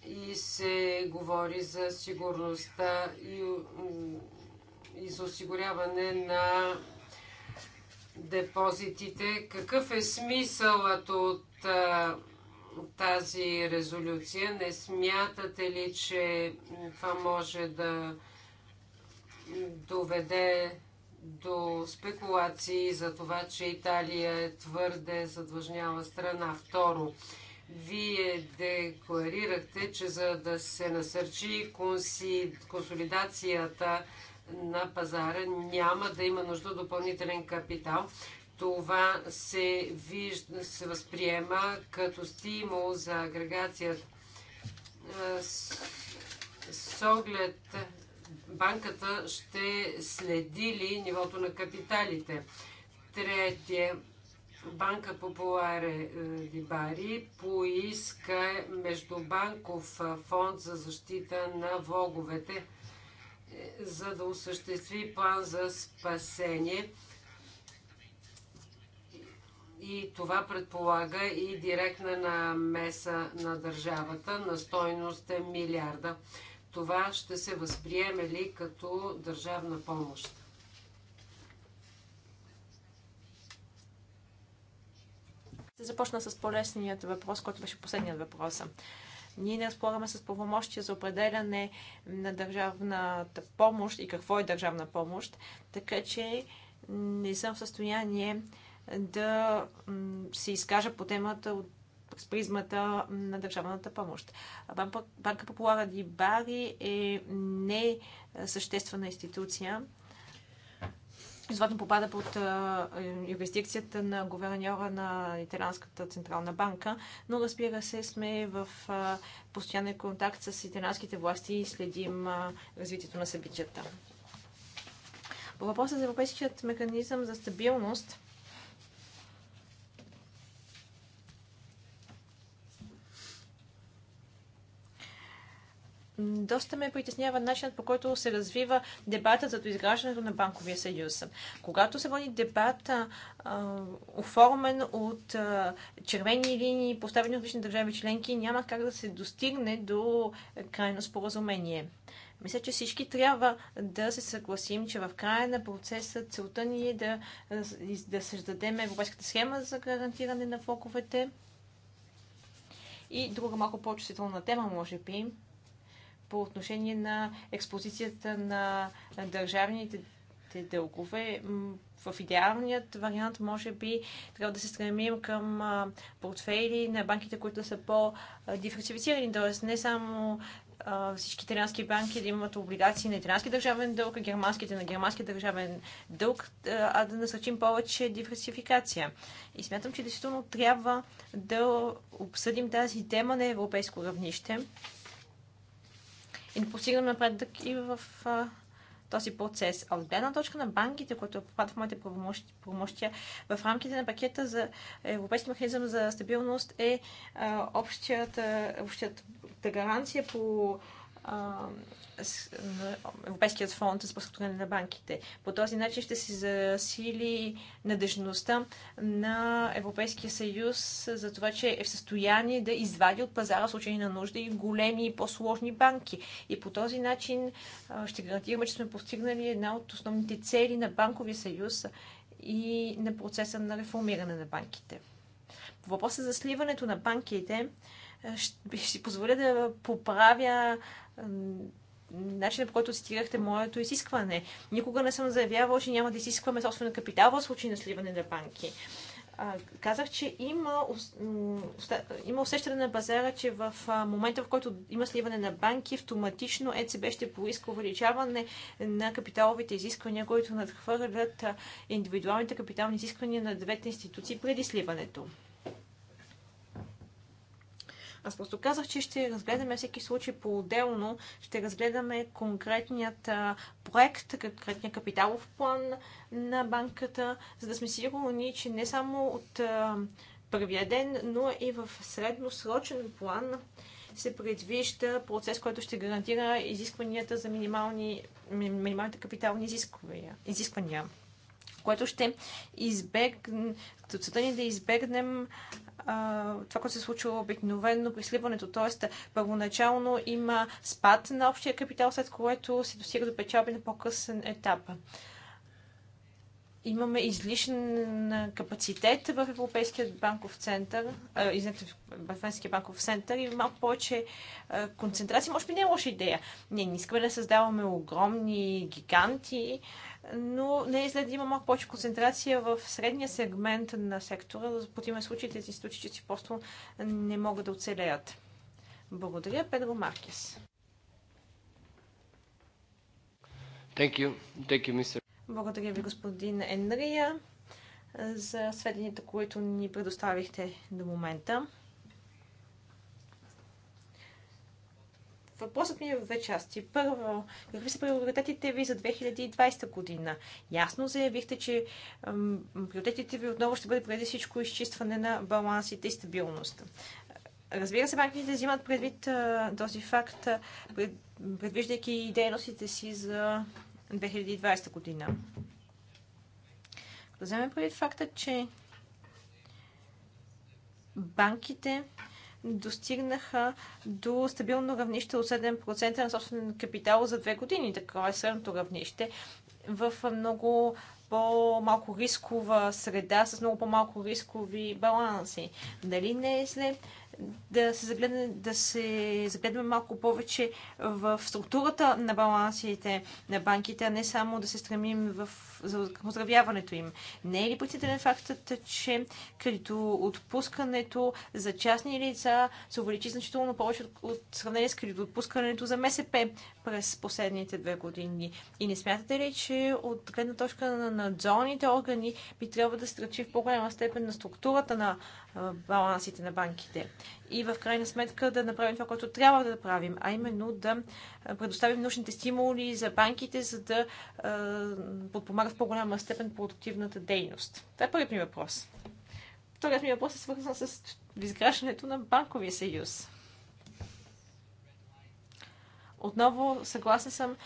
Speaker 2: и се говори за сигурността и, и за осигуряване на депозитите. Какъв е смисълът от а, тази резолюция? Не смятате ли, че това може да доведе до спекулации за това, че Италия е твърде задлъжняла страна? Второ, вие декларирахте, че за да се насърчи консолидацията на пазара, няма да има нужда допълнителен капитал. Това се, вижда, се възприема като стимул за агрегацията. С, с оглед банката ще следи ли нивото на капиталите. Третия Банка Популаре вибари е, поиска Междубанков е, фонд за защита на влоговете, е, за да осъществи план за спасение. И това предполага и директна намеса на държавата на стойност милиарда. Това ще се възприеме ли като държавна помощ?
Speaker 1: Ще започна с по-лесният въпрос, който беше последният въпрос. Ние не разполагаме с правомощия за определяне на държавната помощ и какво е държавна помощ, така че не съм в състояние да се изкажа по темата от с призмата на държавната помощ. Банка Популара Ди Бари е не съществена институция Златно попада под юрисдикцията на гуверньора на Италианската централна банка, но разбира се, сме в постоянен контакт с италианските власти и следим развитието на събитията. По въпроса за Европейският механизъм за стабилност, доста ме притеснява начинът по който се развива дебата за изграждането на банковия съюз. Когато се води дебат, оформен от червени линии, поставени от различни държави членки, няма как да се достигне до крайно споразумение. Мисля, че всички трябва да се съгласим, че в края на процеса целта ни е да, да създадем европейската схема за гарантиране на влоговете. И друга малко по-чувствителна тема, може би, по отношение на експозицията на държавните дългове. В идеалният вариант, може би, трябва да се стремим към портфейли на банките, които са по-диверсифицирани, т.е. не само всички италиански банки да имат облигации на италиански държавен дълг, а германските на германски държавен дълг, а да насърчим повече диверсификация. И смятам, че действително трябва да обсъдим тази тема на европейско равнище и да постигнем напредък и в а, този процес. А от гледна точка на банките, които попадат в моите правомощия, в рамките на пакета за Европейски механизъм за стабилност е а, общата, общията гаранция по Европейският фонд за преструктуриране на банките. По този начин ще се засили надежността на Европейския съюз за това, че е в състояние да извади от пазара в случай на нужда и големи и по-сложни банки. И по този начин ще гарантираме, че сме постигнали една от основните цели на банковия съюз и на процеса на реформиране на банките. По въпроса за сливането на банките, е, ще си позволя да поправя начинът по който цитирахте моето изискване. Никога не съм заявявала, че няма да изискваме собствен капитал в случай на сливане на банки. А, казах, че има, има усещане на базара, че в момента, в който има сливане на банки, автоматично ЕЦБ ще поиска увеличаване на капиталовите изисквания, които надхвърлят индивидуалните капитални изисквания на двете институции преди сливането. Аз просто казах, че ще разгледаме всеки случай по-отделно, ще разгледаме конкретният проект, конкретният капиталов план на банката, за да сме сигурни, че не само от първия ден, но и в средносрочен план се предвижда процес, който ще гарантира изискванията за минимални, минималните капитални изисквания, изисквания което ще избегнем, целта ни е да избегнем това, което се случва обикновено при сливането. Тоест, първоначално има спад на общия капитал, след което се достига до печалби на по-късен етап. Имаме излишен капацитет в Европейския банков център, извинете, в Европейския банков център и малко повече концентрация. Може би не е лоша идея. Ние не искаме да създаваме огромни гиганти, но не е след да има малко повече концентрация в средния сегмент на сектора. В противен случай тези си просто не могат да оцелеят. Благодаря, Педро Маркес.
Speaker 3: Thank you. Thank you,
Speaker 1: Благодаря ви, господин Енрия, за сведенията, които ни предоставихте до момента. Въпросът ми е в две части. Първо, какви са приоритетите ви за 2020 година? Ясно заявихте, че приоритетите ви отново ще бъде преди всичко изчистване на балансите и стабилност. Разбира се, банките взимат предвид а, този факт, предвиждайки пред, предвиждайки дейностите си за 2020 година. Да вземем предвид факта, че банките достигнаха до стабилно равнище от 7% на собствен капитал за две години, така е средното равнище, в много по-малко рискова среда, с много по-малко рискови баланси. Дали не е зле да се, загледне, да се загледаме малко повече в структурата на балансите на банките, а не само да се стремим в за оздравяването им. Не е ли притеснителен фактът, че отпускането за частни лица се увеличи значително повече от, от сравнение с отпускането за МСП през последните две години? И не смятате ли, че от гледна точка на надзорните органи би трябва да се в по-голяма степен на структурата на балансите на банките? и в крайна сметка да направим това, което трябва да правим, а именно да предоставим нужните стимули за банките, за да подпомагат в по-голяма степен продуктивната дейност. Това е първият ми въпрос. Вторият ми въпрос е свързан с изграждането на банковия съюз. Отново съгласен съм,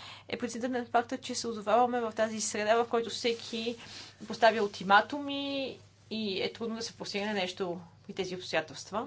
Speaker 1: е на факта, че се озоваваме в тази среда, в който всеки поставя ултиматуми и е трудно да се постигне нещо при тези обстоятелства.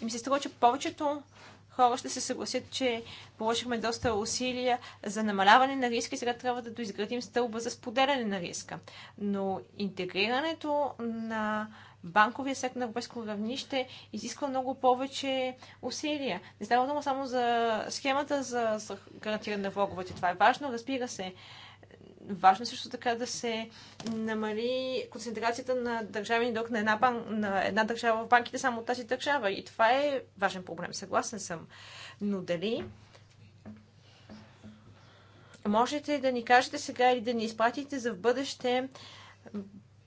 Speaker 1: И ми се струва, че повечето хора ще се съгласят, че положихме доста усилия за намаляване на риска и сега трябва да доизградим стълба за споделяне на риска. Но интегрирането на банковия сектор на европейско равнище изисква много повече усилия. Не става дума само за схемата за гарантиране на влоговете. Това е важно, разбира се. Важно е също така да се намали концентрацията на държавен дълг на една, бан... на една държава в банките, само от тази държава. И това е важен проблем, съгласен съм. Но дали можете да ни кажете сега или да ни изпратите за в бъдеще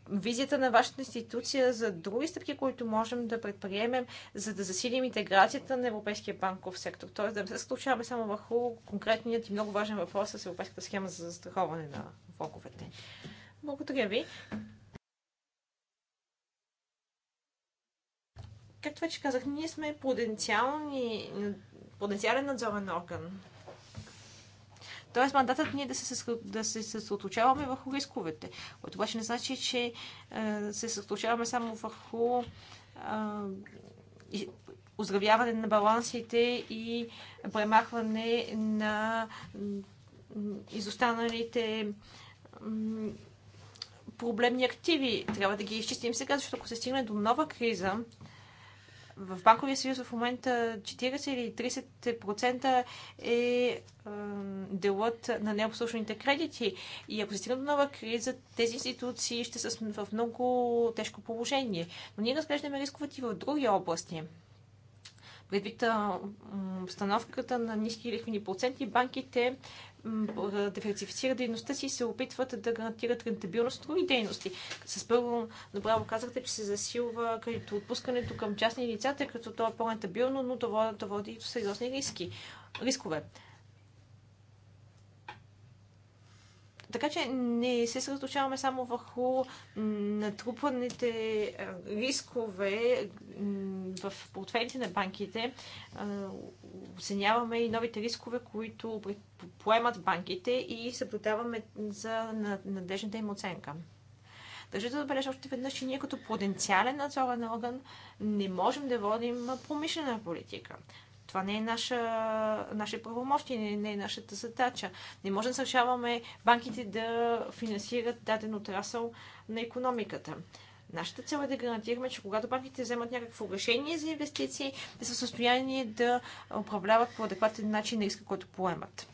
Speaker 1: визията на вашата институция за други стъпки, които можем да предприемем, за да засилим интеграцията на Европейския банков сектор. Тоест да не се случаваме само върху конкретният и много важен въпрос с Европейската схема за застраховане на влоговете. Благодаря ви. Както вече казах, ние сме потенциални, потенциален надзорен орган Тоест мандатът ни е да се, да се съсредоточаваме върху рисковете, което обаче не значи, че е, се съсредоточаваме само върху е, оздравяване на балансите и премахване на изостаналите проблемни активи. Трябва да ги изчистим сега, защото ако се стигне до нова криза, в Банковия съюз в момента 40 или 30% е делът на необслужените кредити. И ако се стигне до нова криза, тези институции ще са в много тежко положение. Но ние разглеждаме рисковете и в други области предвид обстановката на ниски лихвени проценти, банките Диверсифицират дейността си, се опитват да гарантират рентабилност и дейности. С първо направо казахте, че се засилва като отпускането към частни лица, тъй като то е по-рентабилно, но това води до сериозни риски. Рискове. Така че не се съсредоточаваме само върху натрупаните рискове в портфелите на банките. Оценяваме и новите рискове, които поемат банките и съблюдаваме за надежната им оценка. Държа да отбележа още веднъж, че ние като потенциален надзорен орган не можем да водим промишлена политика. Това не е наша, наше правомощие, не, не е нашата задача. Не може да съвшаваме банките да финансират даден отрасъл на економиката. Нашата цел е да гарантираме, че когато банките вземат някакво решение за инвестиции, да са в състояние да управляват по адекватен начин риска, който поемат.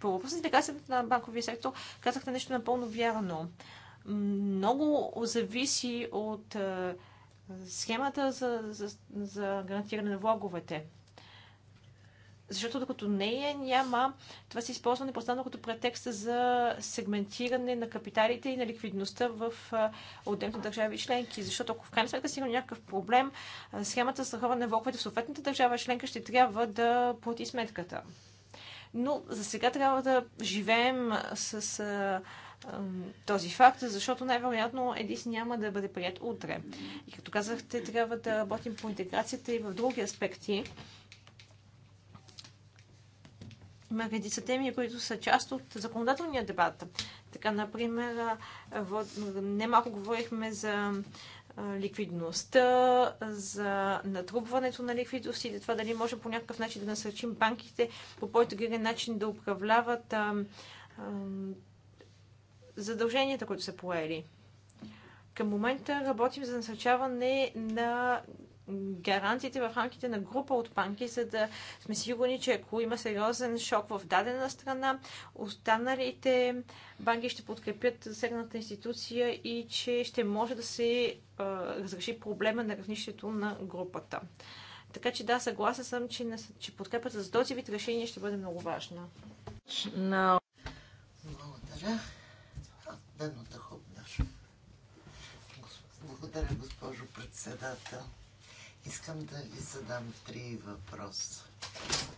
Speaker 1: По въпросите касата на банковия сектор казахте нещо напълно вярно. Много зависи от схемата за, за, за гарантиране на влоговете. Защото докато нея е, няма, това се използва непостанно като претекста за сегментиране на капиталите и на ликвидността в отделните държави членки. Защото ако в крайна сметка си има някакъв проблем, схемата за страховане на влоговете в съответната държава членка ще трябва да плати сметката. Но за сега трябва да живеем с а, а, този факт, защото най-вероятно Едис няма да бъде прият утре. И като казахте, трябва да работим по интеграцията и в други аспекти. Има редица теми, които са част от законодателния дебат. Така, например, в... немалко говорихме за ликвидността, за натрупването на ликвидност и това дали може по някакъв начин да насърчим банките по по-интегриран начин да управляват а, а, задълженията, които са поели. Към момента работим за насърчаване на гаранциите в рамките на група от банки, за да сме сигурни, че ако има сериозен шок в дадена страна, останалите банки ще подкрепят засегната институция и че ще може да се а, разреши проблема на равнището на групата. Така че да, съгласен съм, че, че подкрепата за този вид решение ще бъде
Speaker 3: много важна. No. Благодаря. Е благодаря, госпожо председател. Искам да ви задам три въпроса.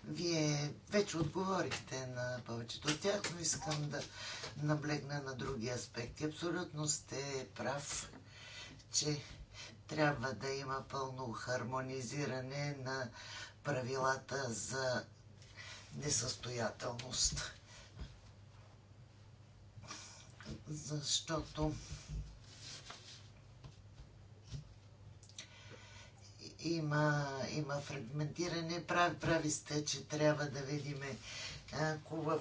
Speaker 3: Вие вече отговорихте на повечето от тях, но искам да наблегна на други аспекти. Абсолютно сте прав, че трябва да има пълно хармонизиране на правилата за несъстоятелност. Защото има, има фрагментиране. Прави, прави сте, че трябва да видим е, в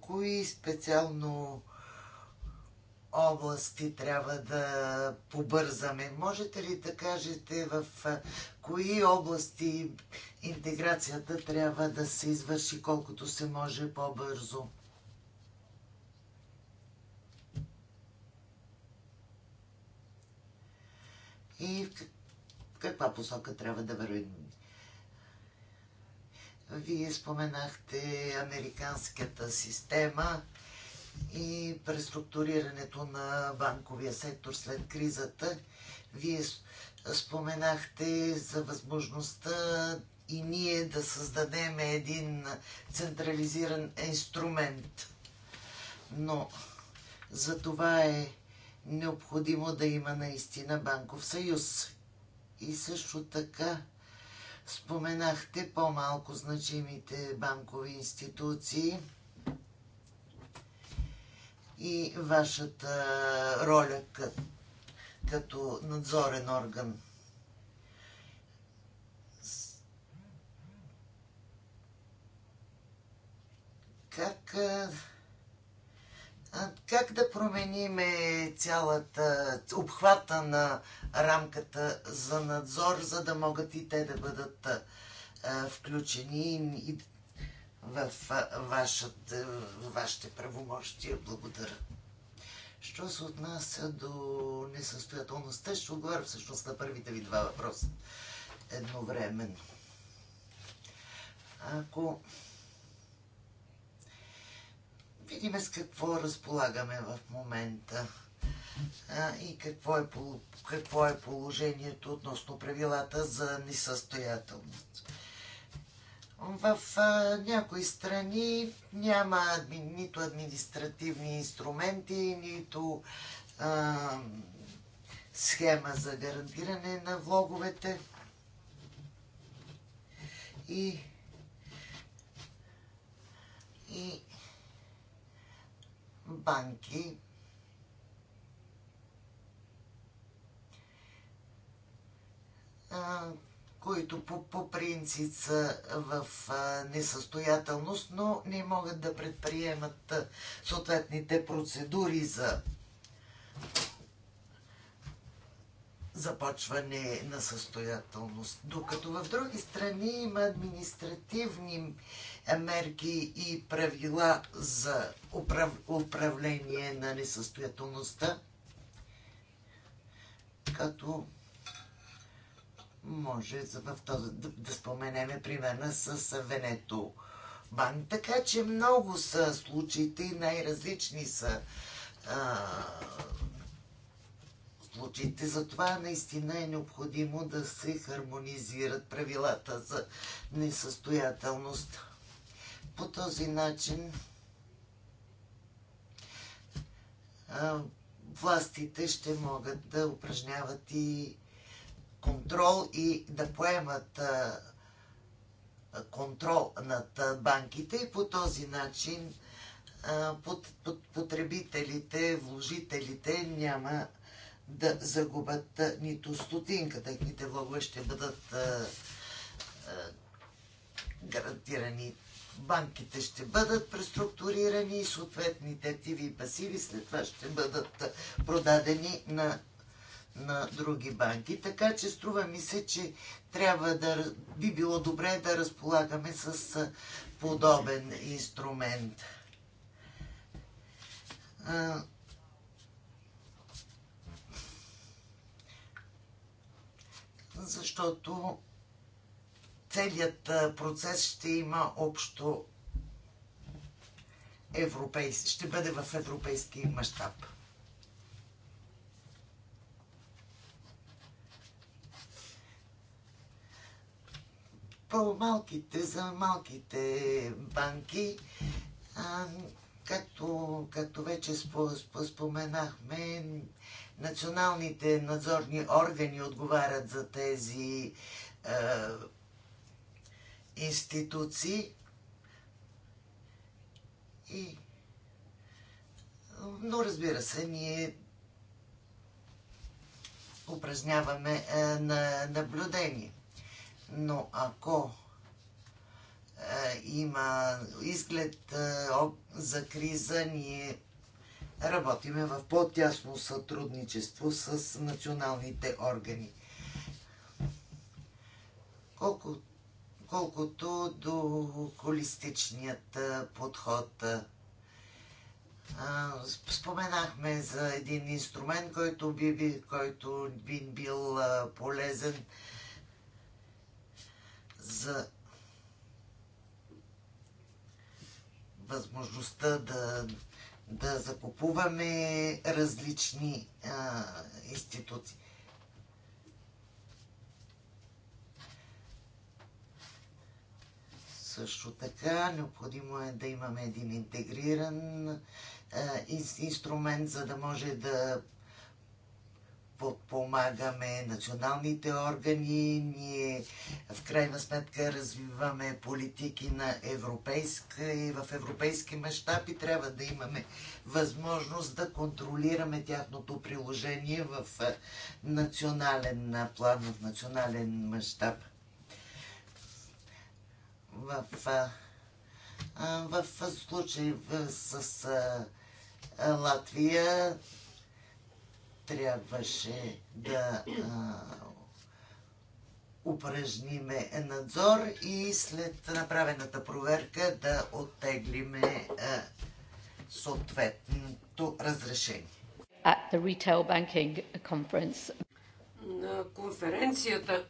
Speaker 3: кои специално области трябва да побързаме. Можете ли да кажете в кои области интеграцията трябва да се извърши колкото се може по-бързо? И каква посока трябва да вървим. Вие споменахте американската система и преструктурирането на банковия сектор след кризата. Вие споменахте за възможността и ние да създадем един централизиран инструмент. Но за това е необходимо да има наистина банков съюз и също така споменахте по-малко значимите банкови институции и вашата роля като надзорен орган. Как как да променим цялата обхвата на рамката за надзор, за да могат и те да бъдат включени и в, в вашите правомощия. Благодаря. Що се отнася до несъстоятелността, ще отговоря всъщност на първите ви два въпроса едновременно. Ако видим с какво разполагаме в момента а, и какво е, какво е положението относно правилата за несъстоятелност. В а, някои страни няма адми, нито административни инструменти, нито а, схема за гарантиране на влоговете. И, и банки. които по, по принцип са в несъстоятелност, но не могат да предприемат съответните процедури за започване на състоятелност. Докато в други страни има административни мерки и правила за управ... управление на несъстоятелността, като може в този, да, споменеме примерно с Венето Банк. Така че много са случаите и най-различни са а, случаите. Затова наистина е необходимо да се хармонизират правилата за несъстоятелност по този начин властите ще могат да упражняват и контрол и да поемат контрол над банките и по този начин потребителите, вложителите няма да загубят нито стотинка. Техните влогове ще бъдат гарантирани банките ще бъдат преструктурирани и съответните активи и пасиви след това ще бъдат продадени на, на други банки. Така че струва ми се, че трябва да би било добре да разполагаме с подобен инструмент. защото целият процес ще има общо европейски, ще бъде в европейски мащаб. По-малките, за малките банки, а, както, както вече споменахме, националните надзорни органи отговарят за тези институции и но разбира се, ние упражняваме е, на наблюдение. Но ако е, има изглед е, за криза, ние работиме в по-тясно сътрудничество с националните органи. Колкото колкото до холистичният подход. Споменахме за един инструмент, който би, който би бил полезен за възможността да, да закупуваме различни а, институции. също така. Необходимо е да имаме един интегриран е, инструмент, за да може да подпомагаме националните органи, ние в крайна сметка развиваме политики на европейска и в европейски мащаб и трябва да имаме възможност да контролираме тяхното приложение в е, национален план, в национален мащаб в, в, в случай с Латвия трябваше да упражниме надзор и след направената проверка да оттеглиме съответното разрешение.
Speaker 2: At the Retail Banking Conference.
Speaker 3: На конференцията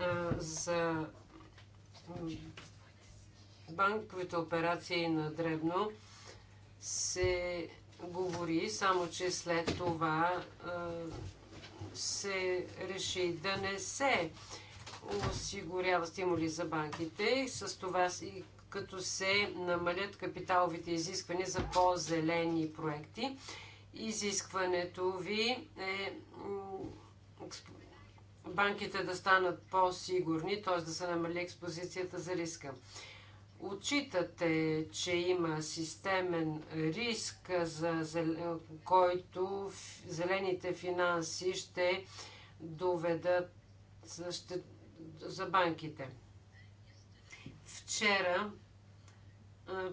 Speaker 2: а, за банковите операции на дребно се говори, само че след това се реши да не се осигурява стимули за банките и с това и като се намалят капиталовите изисквания за по-зелени проекти. Изискването ви е банките да станат по-сигурни, т.е. да се намали експозицията за риска. Отчитате, че има системен риск, за, който зелените финанси ще доведат за банките. Вчера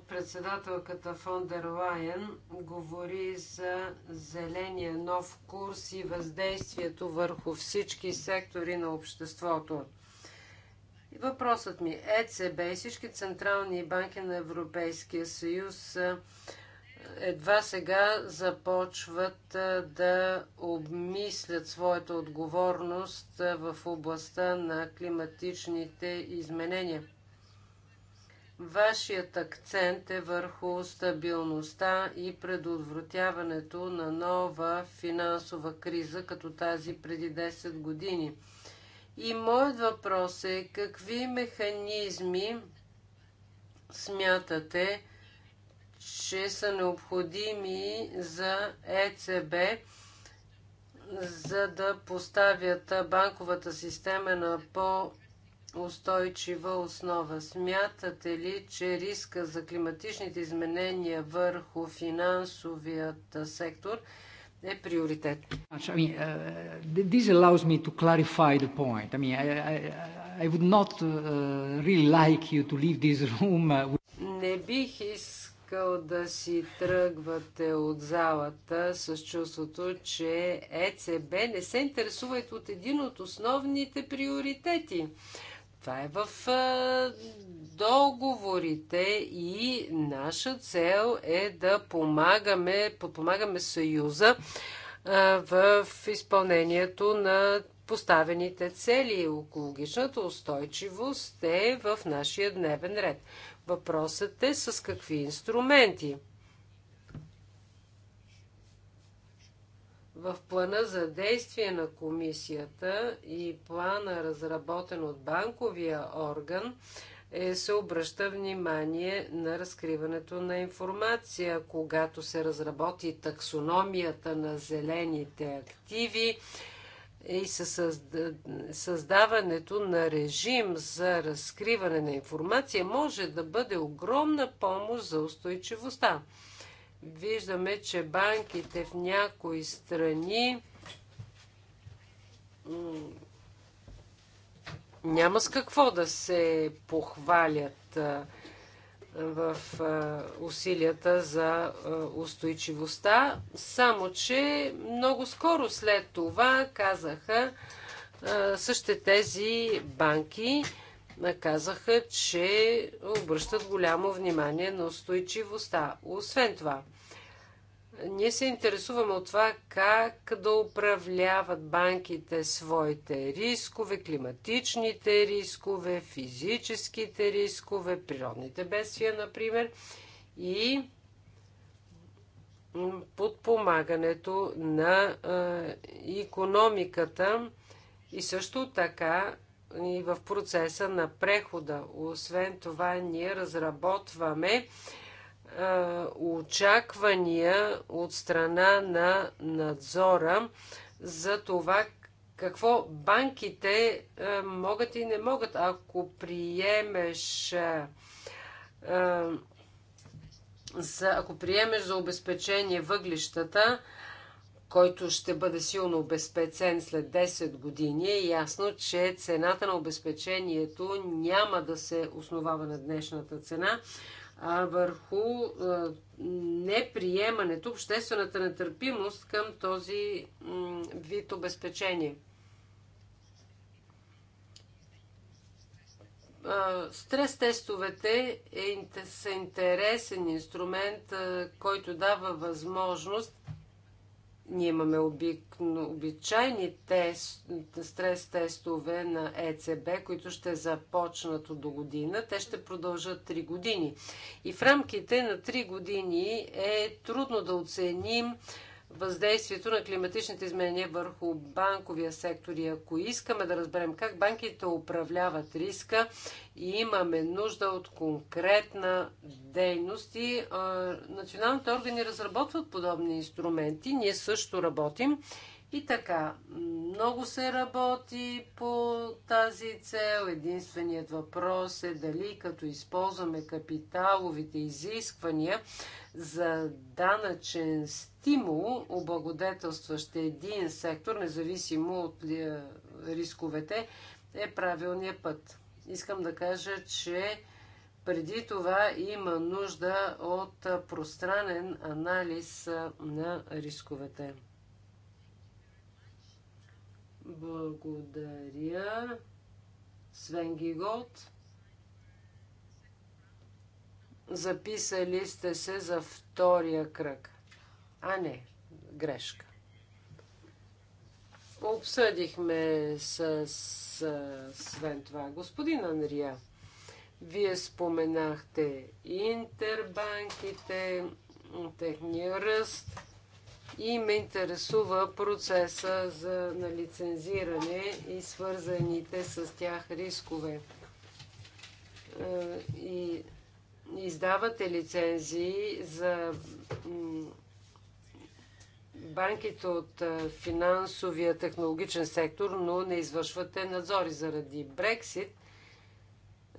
Speaker 2: председателката фон дер Лайен говори за зеления нов курс и въздействието върху всички сектори на обществото. Въпросът ми ЕЦБ и всички централни банки на Европейския съюз едва сега започват да обмислят своята отговорност в областта на климатичните изменения – Вашият акцент е върху стабилността и предотвратяването на нова финансова криза, като тази преди 10 години. И моят въпрос е какви механизми смятате, че са необходими за ЕЦБ, за да поставят банковата система на по- устойчива основа. Смятате ли, че риска за климатичните изменения върху финансовият сектор е приоритет? Uh, this allows me to clarify the point. I mean, I, I, I would not uh, really like you to leave this room. Uh, не бих искал да си тръгвате от залата с чувството, че ЕЦБ не се интересува от един от основните приоритети това е в договорите и наша цел е да помагаме, подпомагаме Съюза в изпълнението на поставените цели. Екологичната устойчивост е в нашия дневен ред. Въпросът е с какви инструменти – В плана за действие на комисията и плана, разработен от банковия орган, е, се обръща внимание на разкриването на информация, когато се разработи таксономията на зелените активи и създаването на режим за разкриване на информация може да бъде огромна помощ за устойчивостта. Виждаме, че банките в някои страни няма с какво да се похвалят в усилията за устойчивостта, само че много скоро след това казаха същите тези банки, казаха, че обръщат голямо внимание на устойчивостта. Освен това, ние се интересуваме от това как да управляват банките своите рискове, климатичните рискове, физическите рискове, природните бедствия, например, и подпомагането на економиката и също така и в процеса на прехода. Освен това, ние разработваме очаквания от страна на надзора за това какво банките могат и не могат. Ако приемеш за, ако приемеш за обезпечение въглищата, който ще бъде силно обезпечен след 10 години, е ясно, че цената на обезпечението няма да се основава на днешната цена, а върху неприемането, обществената нетърпимост към този вид обезпечение. Стрес тестовете е са интересен инструмент, който дава възможност ние имаме обичайни тест, стрес тестове на ЕЦБ, които ще започнат до година. Те ще продължат 3 години. И в рамките на 3 години е трудно да оценим въздействието на климатичните изменения върху банковия сектор. И ако искаме да разберем как банките управляват риска, и имаме нужда от конкретна дейност и а, националните органи разработват подобни инструменти. Ние също работим и така, много се работи по тази цел. Единственият въпрос е дали като използваме капиталовите изисквания за данъчен стимул, облагодетелстващ един сектор, независимо от е, рисковете, е правилният път. Искам да кажа, че преди това има нужда от пространен анализ на рисковете. Благодаря. Свен Гигот. Записали сте се за втория кръг. А не, грешка. Обсъдихме с, с Свен това. Господин Анрия, вие споменахте интербанките, техния ръст и ме интересува процеса за, на лицензиране и свързаните с тях рискове. Е, и издавате лицензии за банките от е, финансовия технологичен сектор, но не извършвате надзори заради Брексит –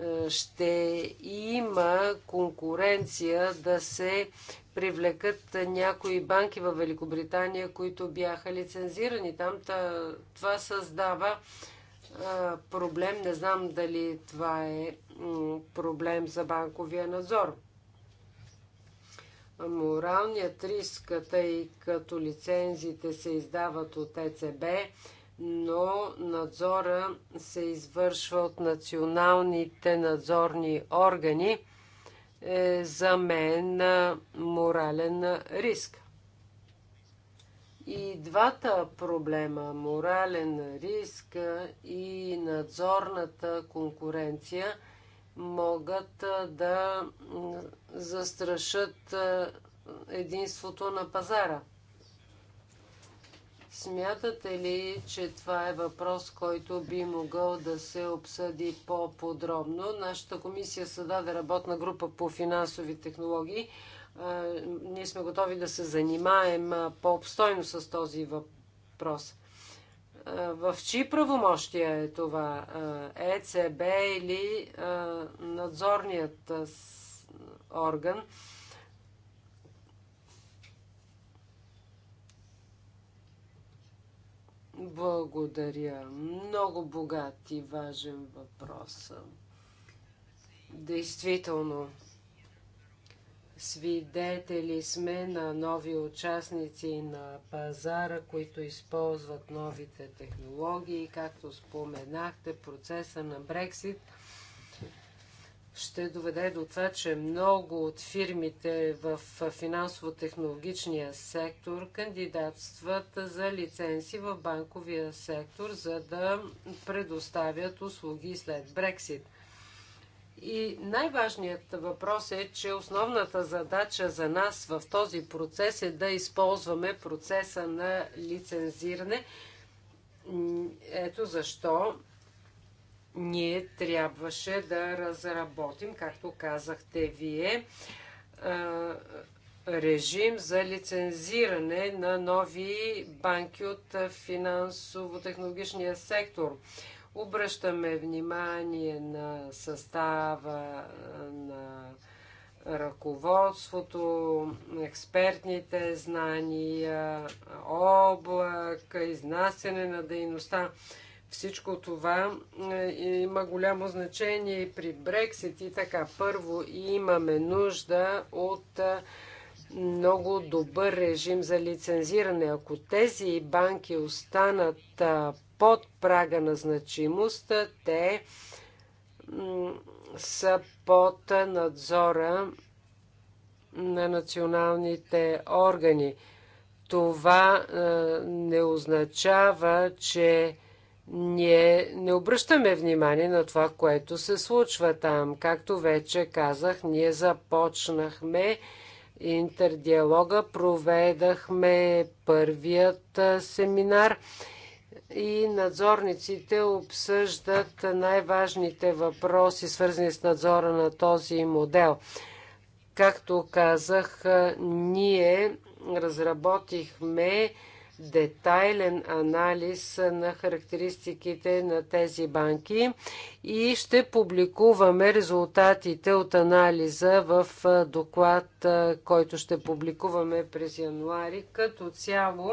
Speaker 2: е, ще има конкуренция да се привлекат някои банки в Великобритания, които бяха лицензирани там. Това създава е, проблем. Не знам дали това е проблем за банковия надзор. Моралният риск, тъй като лицензите се издават от ЕЦБ, но надзора се извършва от националните надзорни органи, е за мен морален риск. И двата проблема морален риск и надзорната конкуренция могат да застрашат единството на пазара. Смятате ли, че това е въпрос, който би могъл да се обсъди по-подробно? Нашата комисия създаде работна група по финансови технологии. Ние сме готови да се занимаем по-обстойно с този въпрос. В чи правомощия е това? ЕЦБ или надзорният орган? Благодаря. Много богат и важен въпрос. Действително, свидетели сме на нови участници на пазара, които използват новите технологии. Както споменахте, процеса на Брексит – ще доведе до това, че много от фирмите в финансово-технологичния сектор кандидатстват за лицензи в банковия сектор, за да предоставят услуги след Брексит. И най-важният въпрос е, че основната задача за нас в този процес е да използваме процеса на лицензиране. Ето защо ние трябваше да разработим, както казахте вие, режим за лицензиране на нови банки от финансово-технологичния сектор. Обръщаме внимание на състава на ръководството, експертните знания, облак, изнасяне на дейността. Всичко това е, има голямо значение и при Брексит и така. Първо имаме нужда от е, много добър режим за лицензиране. Ако тези банки останат е, под прага на значимост, те са под надзора на националните органи. Това не означава, че ние не обръщаме внимание на това, което се случва там. Както вече казах, ние започнахме интердиалога, проведахме първият семинар и надзорниците обсъждат най-важните въпроси, свързани с надзора на този модел. Както казах, ние разработихме детайлен анализ на характеристиките на тези банки и ще публикуваме резултатите от анализа в доклад, който ще публикуваме през януари. Като цяло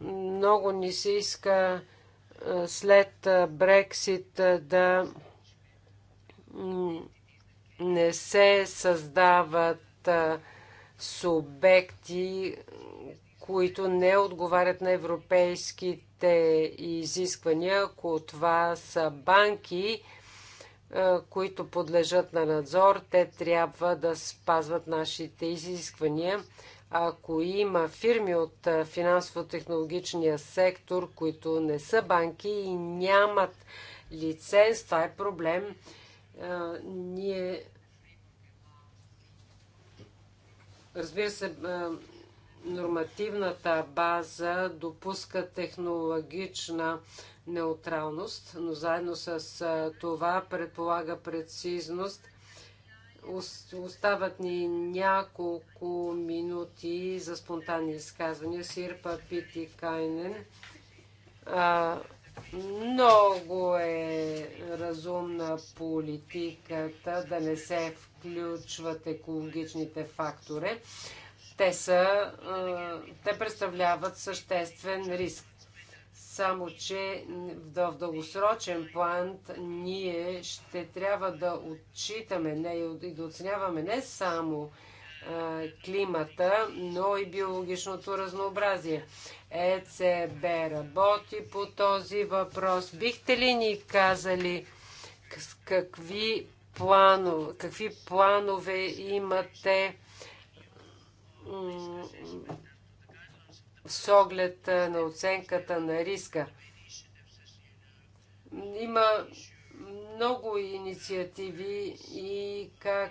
Speaker 2: много ни се иска след Брексит да не се създават субекти, които не отговарят на европейските изисквания, ако това са банки, е, които подлежат на надзор, те трябва да спазват нашите изисквания. Ако има фирми от е, финансово-технологичния сектор, които не са банки и нямат лиценз, това е проблем. Е, ние Разбира се, нормативната база допуска технологична неутралност, но заедно с това предполага прецизност. Остават ни няколко минути за спонтанни изказвания. Сирпа Пити Кайнен много е разумна политиката да не се включват екологичните фактори. Те, са, те представляват съществен риск. Само, че в дългосрочен план ние ще трябва да отчитаме не, и да оценяваме не само климата, но и биологичното разнообразие. ЕЦБ работи по този въпрос. Бихте ли ни казали какви, планов, какви планове имате с оглед на оценката на риска? Има много инициативи и как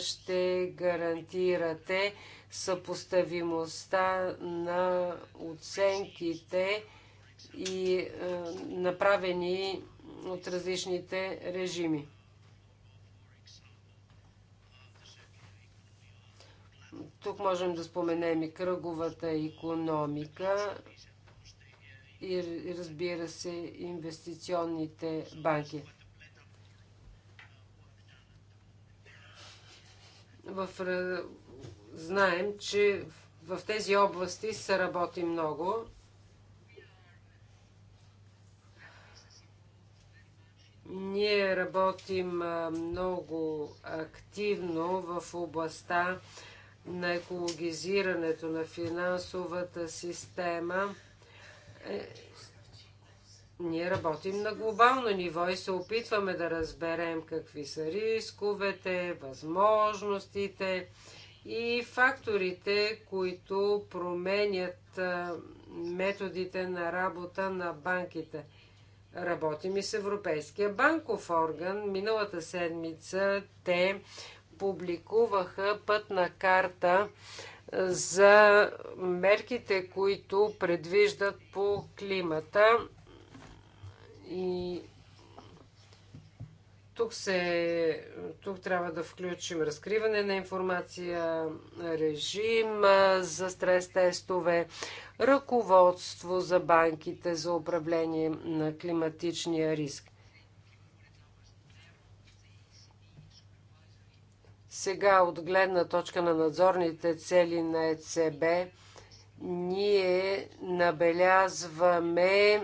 Speaker 2: ще гарантирате съпоставимостта на оценките и е, направени от различните режими. Тук можем да споменем и кръговата економика и разбира се инвестиционните банки. В знаем, че в тези области се работи много. Ние работим много активно в областта на екологизирането на финансовата система. Е, ние работим на глобално ниво и се опитваме да разберем какви са рисковете, възможностите, и факторите, които променят методите на работа на банките. Работим и с Европейския банков орган. Миналата седмица те публикуваха пътна карта за мерките, които предвиждат по климата и тук, се, тук трябва да включим разкриване на информация, режим за стрес-тестове, ръководство за банките за управление на климатичния риск. Сега от гледна точка на надзорните цели на ЕЦБ, ние набелязваме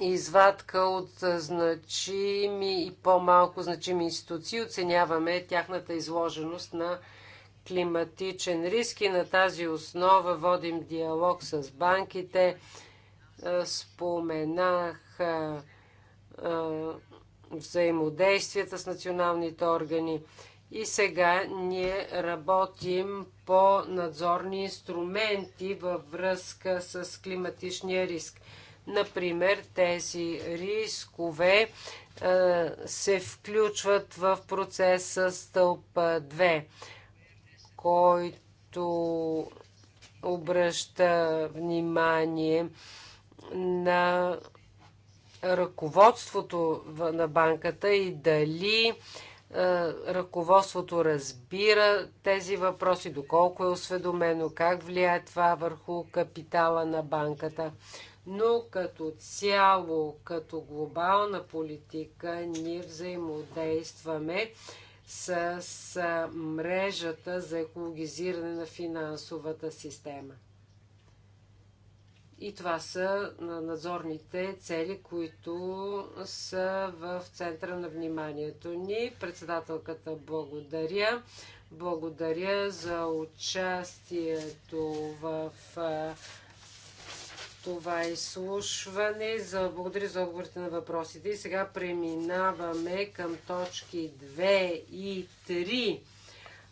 Speaker 2: извадка от значими и по-малко значими институции. Оценяваме тяхната изложеност на климатичен риск и на тази основа водим диалог с банките. Е, споменах е, е, взаимодействията с националните органи. И сега ние работим по надзорни инструменти във връзка с климатичния риск. Например, тези рискове е, се включват в процеса стълб 2, който обръща внимание на ръководството на банката и дали е, ръководството разбира тези въпроси, доколко е осведомено, как влияе това върху капитала на банката но като цяло, като глобална политика, ние взаимодействаме с, с мрежата за екологизиране на финансовата система. И това са надзорните цели, които са в центъра на вниманието ни. Председателката благодаря. Благодаря за участието в това изслушване. За, благодаря за отговорите на въпросите. И сега преминаваме към точки 2 и 3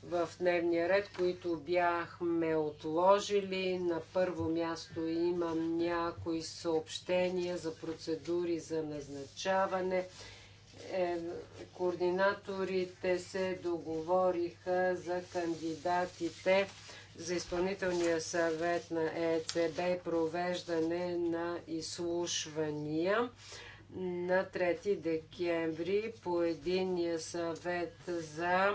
Speaker 2: в дневния ред, които бяхме отложили. На първо място имам някои съобщения за процедури за назначаване. Е, координаторите се договориха за кандидатите за изпълнителния съвет на ЕЦБ и провеждане на изслушвания на 3 декември по единия съвет за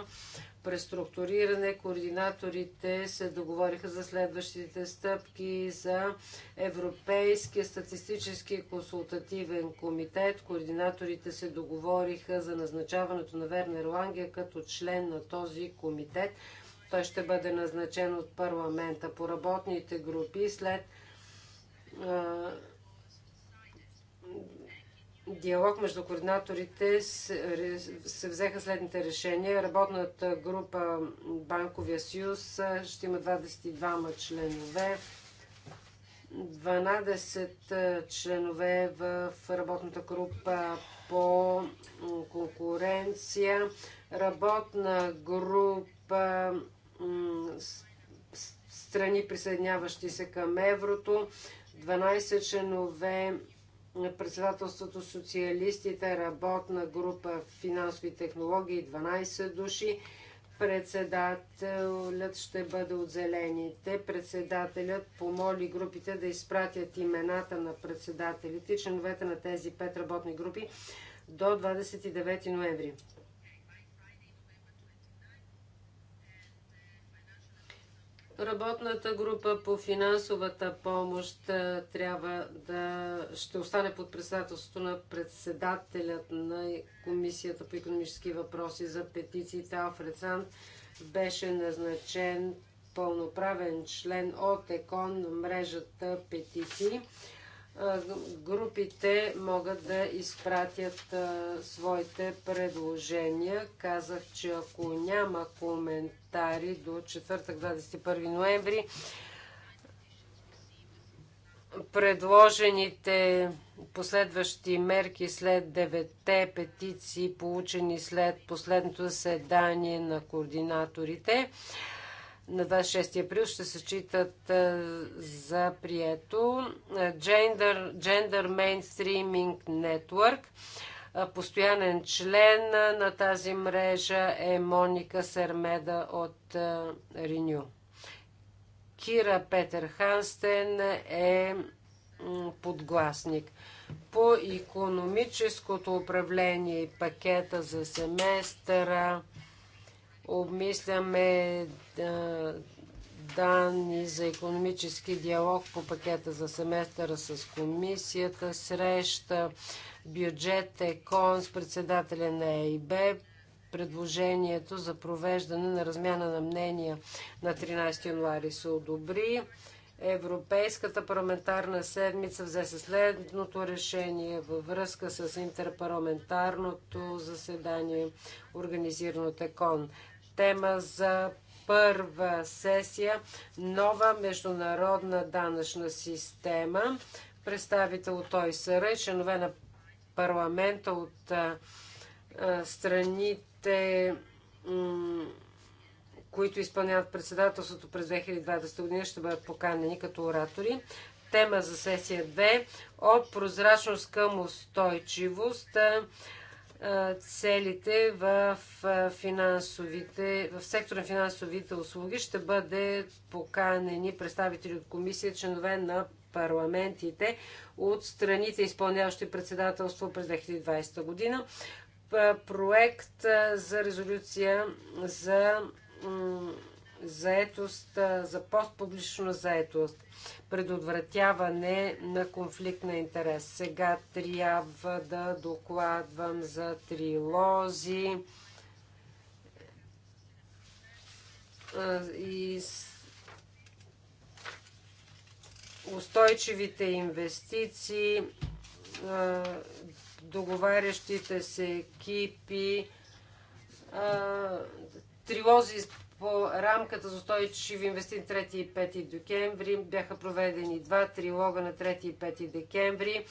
Speaker 2: преструктуриране. Координаторите се договориха за следващите стъпки за Европейския статистически консултативен комитет. Координаторите се договориха за назначаването на Вернер Лангия като член на този комитет той ще бъде назначен от парламента по работните групи след а, диалог между координаторите се, се взеха следните решения. Работната група Банковия съюз ще има 22 членове. 12 членове в работната група по конкуренция, работна група страни, присъединяващи се към еврото, 12 членове на председателството социалистите, работна група финансови технологии, 12 души. Председателят ще бъде от зелените. Председателят помоли групите да изпратят имената на председателите, членовете на тези пет работни групи до 29 ноември. Работната група по финансовата помощ трябва да ще остане под председателството на председателят на Комисията по економически въпроси за петициите Алфред Сан беше назначен пълноправен член от ЕКОН мрежата петиции групите могат да изпратят своите предложения. Казах, че ако няма коментари до четвъртък 21 ноември, предложените последващи мерки след девете петиции, получени след последното заседание на координаторите, на 26 април ще се читат за прието. Gender, Gender Mainstreaming Network. Постоянен член на тази мрежа е Моника Сермеда от Риню. Кира Петер Ханстен е подгласник. По економическото управление и пакета за семестъра Обмисляме данни за економически диалог по пакета за семестъра с комисията, среща, бюджет, ЕКОН с председателя на ЕИБ, предложението за провеждане на размяна на мнения на 13 януари се одобри. Европейската парламентарна седмица взе се следното решение във връзка с интерпарламентарното заседание, организирано от ЕКОН тема за първа сесия нова международна данъчна система. Представител от ОИСР, членове на парламента от страните, които изпълняват председателството през 2020 година, ще бъдат поканени като оратори. Тема за сесия 2 от прозрачност към устойчивост целите в, финансовите, в сектора на финансовите услуги ще бъде поканени представители от комисия, членове на парламентите от страните, изпълняващи председателство през 2020 година. Проект за резолюция за заетост, за постпублична заетост, предотвратяване на конфликт на интерес. Сега трябва да докладвам за трилози и устойчивите инвестиции, договарящите се екипи, трилози по рамката за устойчиви инвестиции 3 и 5 декември бяха проведени два трилога на 3 и 5 декември.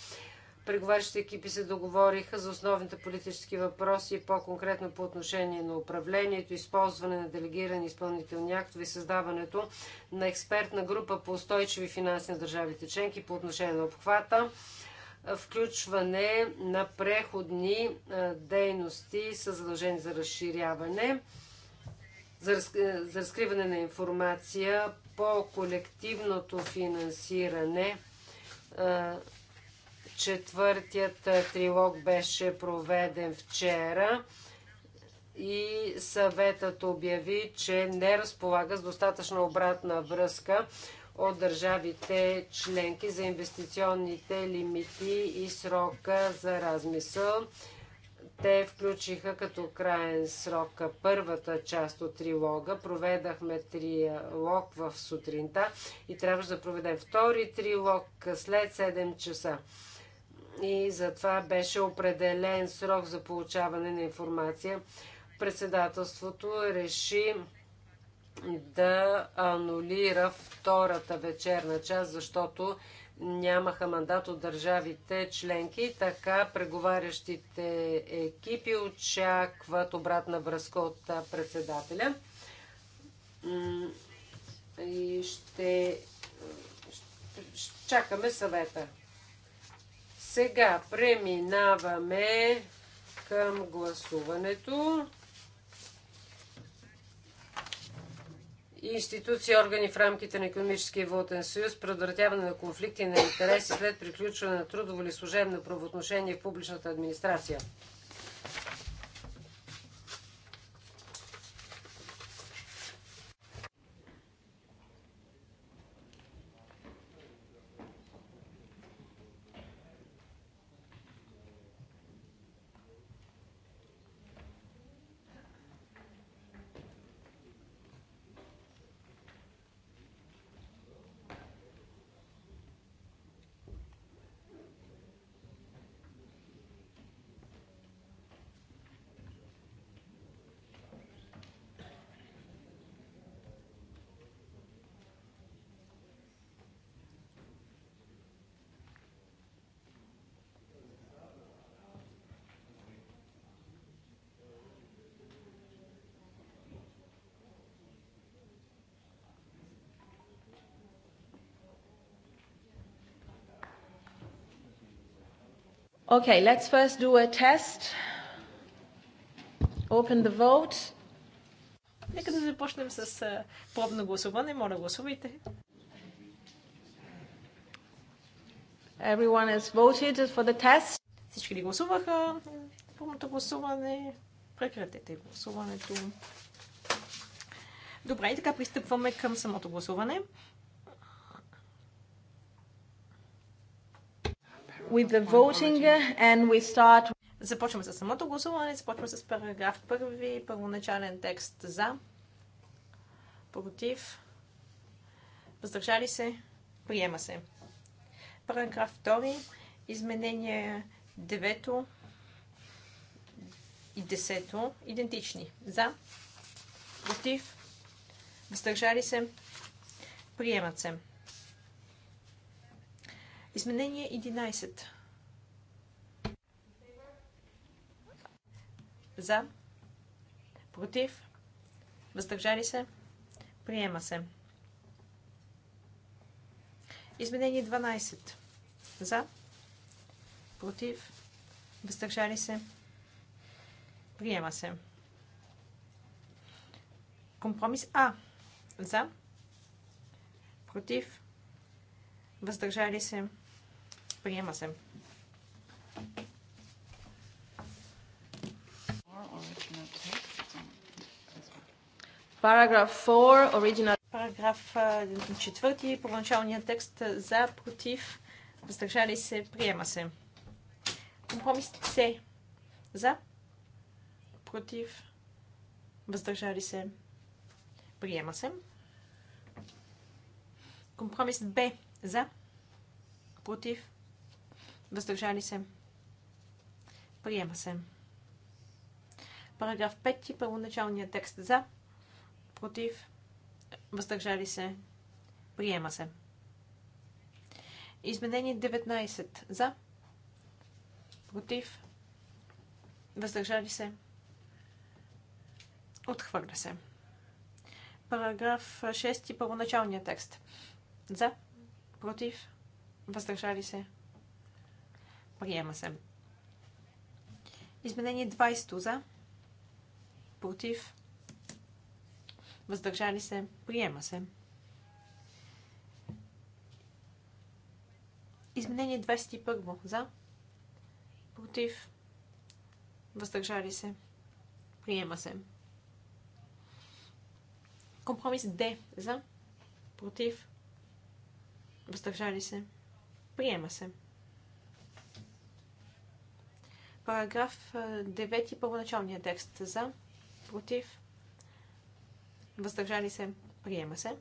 Speaker 2: Преговарящите екипи се договориха за основните политически въпроси, по-конкретно по отношение на управлението, използване на делегирани изпълнителни актове и създаването на експертна група по устойчиви финанси на държавите членки по отношение на обхвата, включване на преходни дейности с задължение за разширяване за, раз, е, за разкриване на информация по колективното финансиране. Е, четвъртият е, трилог беше проведен вчера и съветът обяви, че не разполага с достатъчна обратна връзка от държавите членки за инвестиционните лимити и срока за размисъл. Те включиха като краен срок първата част от трилога. Проведахме трилог в сутринта и трябваше да проведем втори трилог след 7 часа. И затова беше определен срок за получаване на информация. Председателството реши да анулира втората вечерна част, защото нямаха мандат от държавите членки, така преговарящите екипи очакват обратна връзка от председателя. И ще, ще чакаме съвета. Сега преминаваме към гласуването. институции и органи в рамките на економическия и валутен съюз, предотвратяване на конфликти на интереси след приключване на трудово или служебно правоотношение в публичната администрация.
Speaker 1: Okay, let's first do a test. Open the vote. Нека да започнем с пробно гласуване. Моля, гласувайте. Everyone has voted for the test. Всички ли гласуваха? Пробното гласуване. Прекратете гласуването. Добре, и така пристъпваме към самото гласуване. with the voting and we start... Започваме с самото гласуване, започваме с параграф първи, първоначален текст за, против, въздържали се, приема се. Параграф 2, изменение девето и десето. идентични, за, против, въздържали се, приемат се. Изменение 11. За. Против. Въздържали се. Приема се. Изменение 12. За. Против. Въздържали се. Приема се. Компромис А. За. Против. Въздържали се. Приема се. Параграф 4, оригинал. Параграф 4, първоначалният текст за, против, въздържали се, приема се. Компромис С. За, против, въздържали се, приема се. Компромис Б. За, против, Въздържали се. Приема се. Параграф 5 първоначалният текст за. Против. Въздържали се. Приема се. Изменение 19 за. Против. Въздържали се. Отхвърля се. Параграф 6 първоначалният текст. За. Против. Въздържали се. Приема се. Изменение 20 за. Против. Въздържали се. Приема се. Изменение 21 за. Против. Въздържали се. Приема се. Компромис Д за. Против. Въздържали се. Приема се. Параграф 9, първоначалния текст за, против, въздържали се, приема се.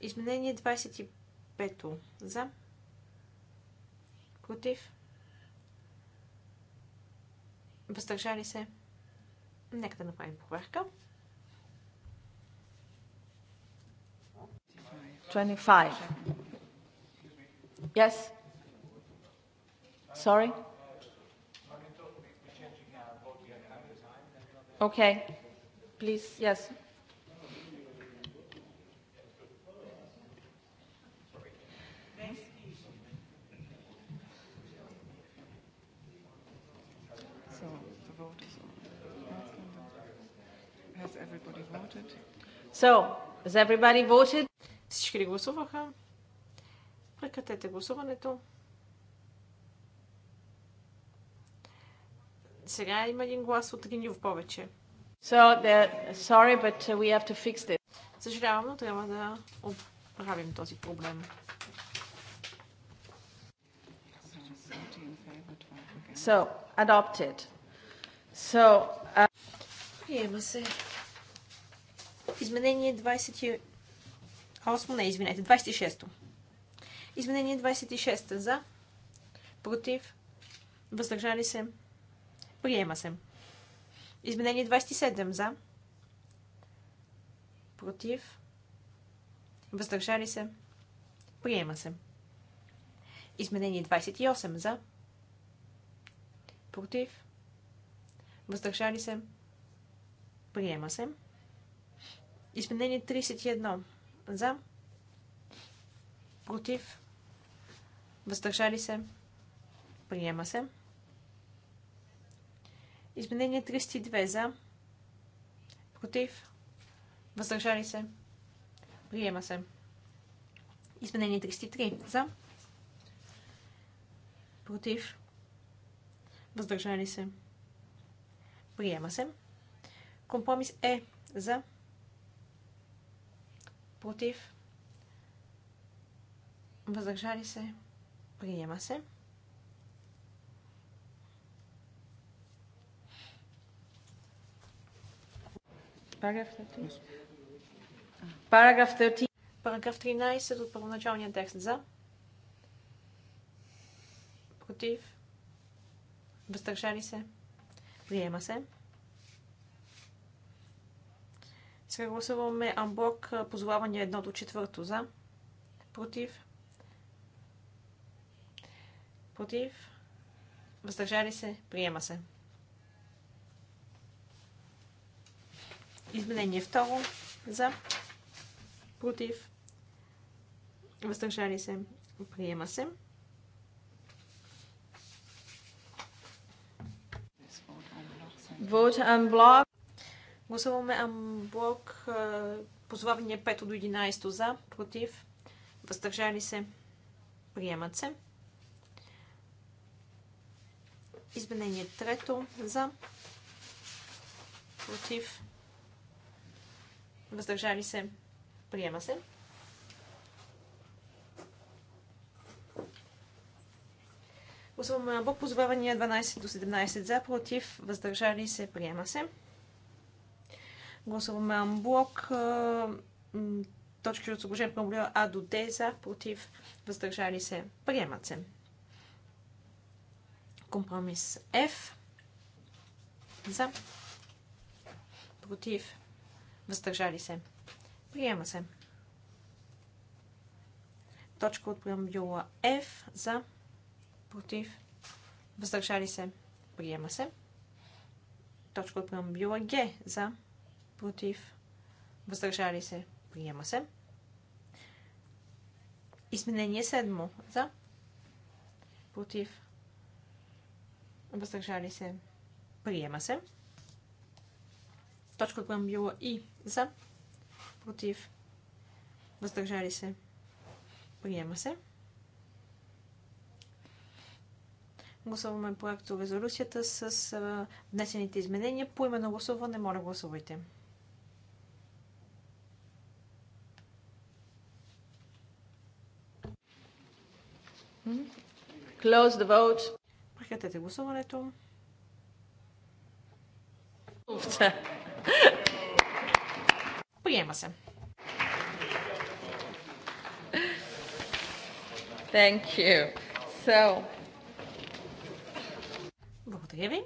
Speaker 1: Изменение 25 то за, против, въздържали се. Нека да направим проверка. 25. Yes. Sorry? Okay. Please, yes. So has everybody voted? Всички ли гласуваха? Прекратете гласуването. Сега има един глас от Риньов повече. So sorry, but uh, we have to fix this. Съжалявам, но трябва да оправим този проблем. So, adopted. So, uh... Приема се. Изменение 28, не, извинете, 26-то. Изменение 26 за, против, въздържали се, Приема се. Изменение 27 за. Против. Въздържали се. Приема се. Изменение 28 за. Против. Въздържали се. Приема се. Изменение 31 за. Против. Въздържали се. Приема се. Изменение 32 за. Против. Въздържали се. Приема се. Изменение 33 за. Против. Въздържали се. Приема се. Компромис е за. Против. Въздържали се. Приема се. Параграф 13. Параграф 13. от първоначалния текст. За. Против. Въздържали се. Приема се. Сега гласуваме амблок позовавания едно до четвърто за. Против. Против. Въздържали се. Приема се. Изменение второ. За. Против. Въздържали се. Приема се. Vote and block. Гласуваме амблок позовавания 5 до 11 за, против, въздържали се, приемат се. Изменение трето за, против, въздържали се, приема се. Гласуваме на Бог позовавания 12 до 17 за, против, въздържали се, приема се. Гласуваме блок точки от служебен проблем А до Д за, против, въздържали се, приемат се. Компромис F за, против, Въздържали се. Приема се. Точка от преамбюла F за против. Въздържали се. Приема се. Точка от преамбюла Г за против. Въздържали се. Приема се. Изменение седмо за против. Въздържали се. Приема се. Точка от преамбюла И за. Против. Въздържали се. Приема се. Гласуваме проекто резолюцията с внесените изменения. По именно гласуване, моля гласувайте. Close the vote. Прекратете гласуването. *laughs* Приема се. Thank you. So... Благодаря ви.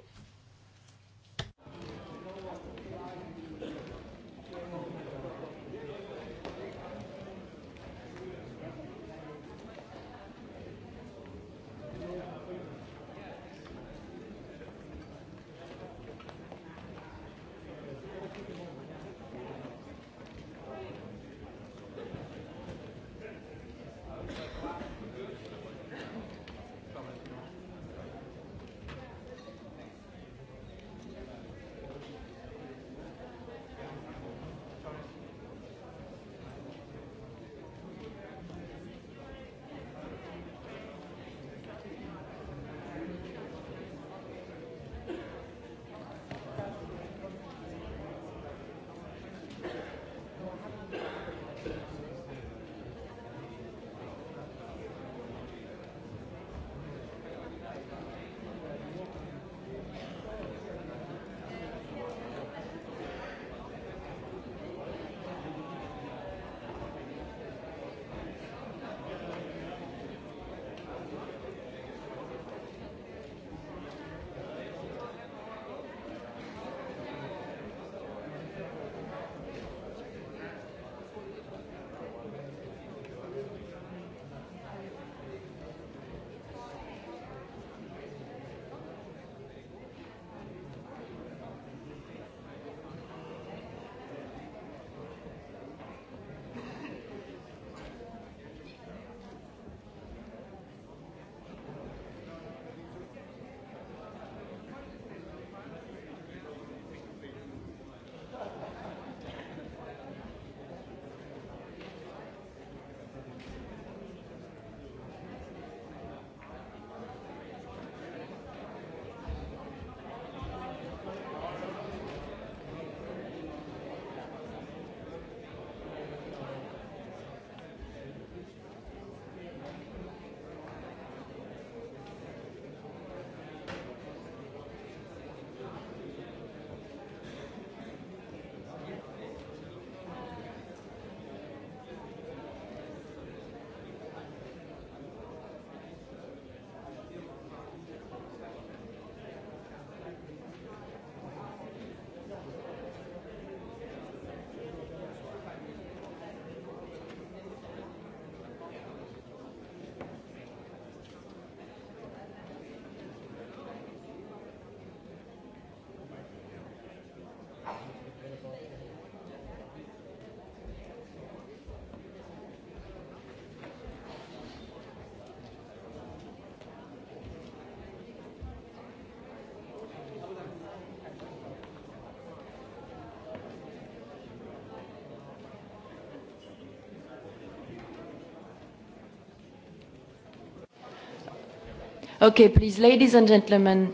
Speaker 2: Okay, please, ladies and gentlemen.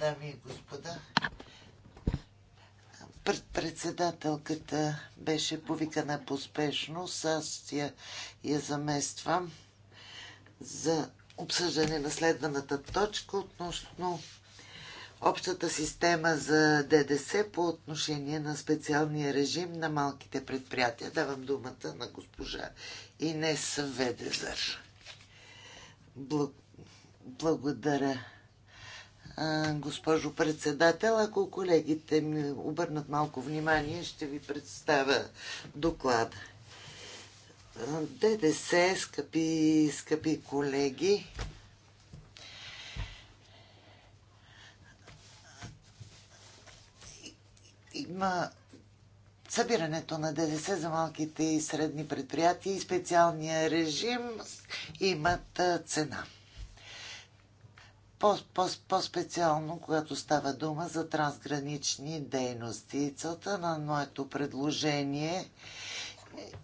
Speaker 2: Дами и господа,
Speaker 3: председателката беше повикана поспешно, аз я, я замествам за обсъждане на следваната точка относно общата система за ДДС по отношение на специалния режим на малките предприятия. Давам думата на госпожа Инес Ведезър. Благодаря благодаря. Госпожо председател, ако колегите ми обърнат малко внимание, ще ви представя доклада. ДДС, скъпи, скъпи колеги, има събирането на ДДС за малките и средни предприятия и специалния режим имат цена – по-специално, -по -по когато става дума за трансгранични дейности. Целта на моето предложение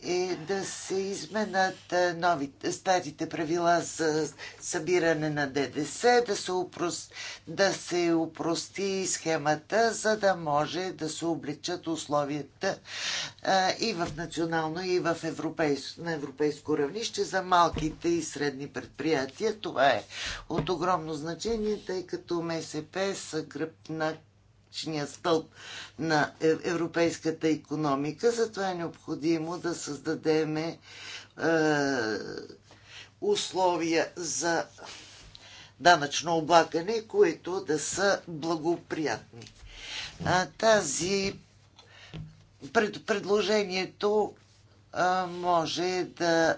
Speaker 3: е да се изменят е, новите, старите правила за събиране на ДДС, да се, упрос, да се упрости схемата, за да може да се обличат условията а, е, и в национално, и в европейско, на европейско равнище за малките и средни предприятия. Това е от огромно значение, тъй като МСП са гръб на наречения стълб на е, европейската економика. Затова е необходимо да създадеме е, условия за данъчно облагане, които да са благоприятни. тази пред, предложението може да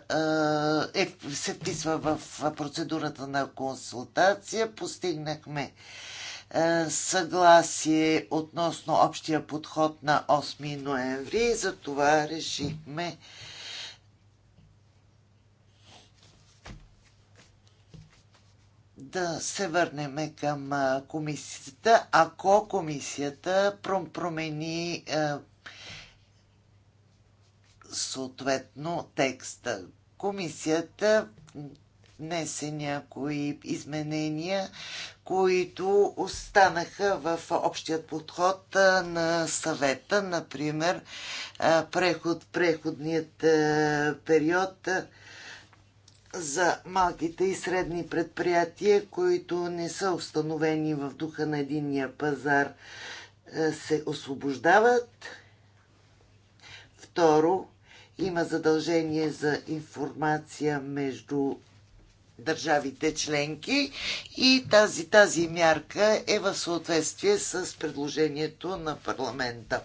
Speaker 3: е, се вписва в процедурата на консултация. Постигнахме е, съгласие относно общия подход на 8 ноември. За това решихме да се върнем към е, комисията, ако комисията промени е, съответно текста. Комисията внесе някои изменения, които останаха в общият подход на съвета, например преход, преходният период за малките и средни предприятия, които не са установени в духа на единния пазар, се освобождават. Второ, има задължение за информация между държавите членки и тази, тази мярка е в съответствие с предложението на парламента.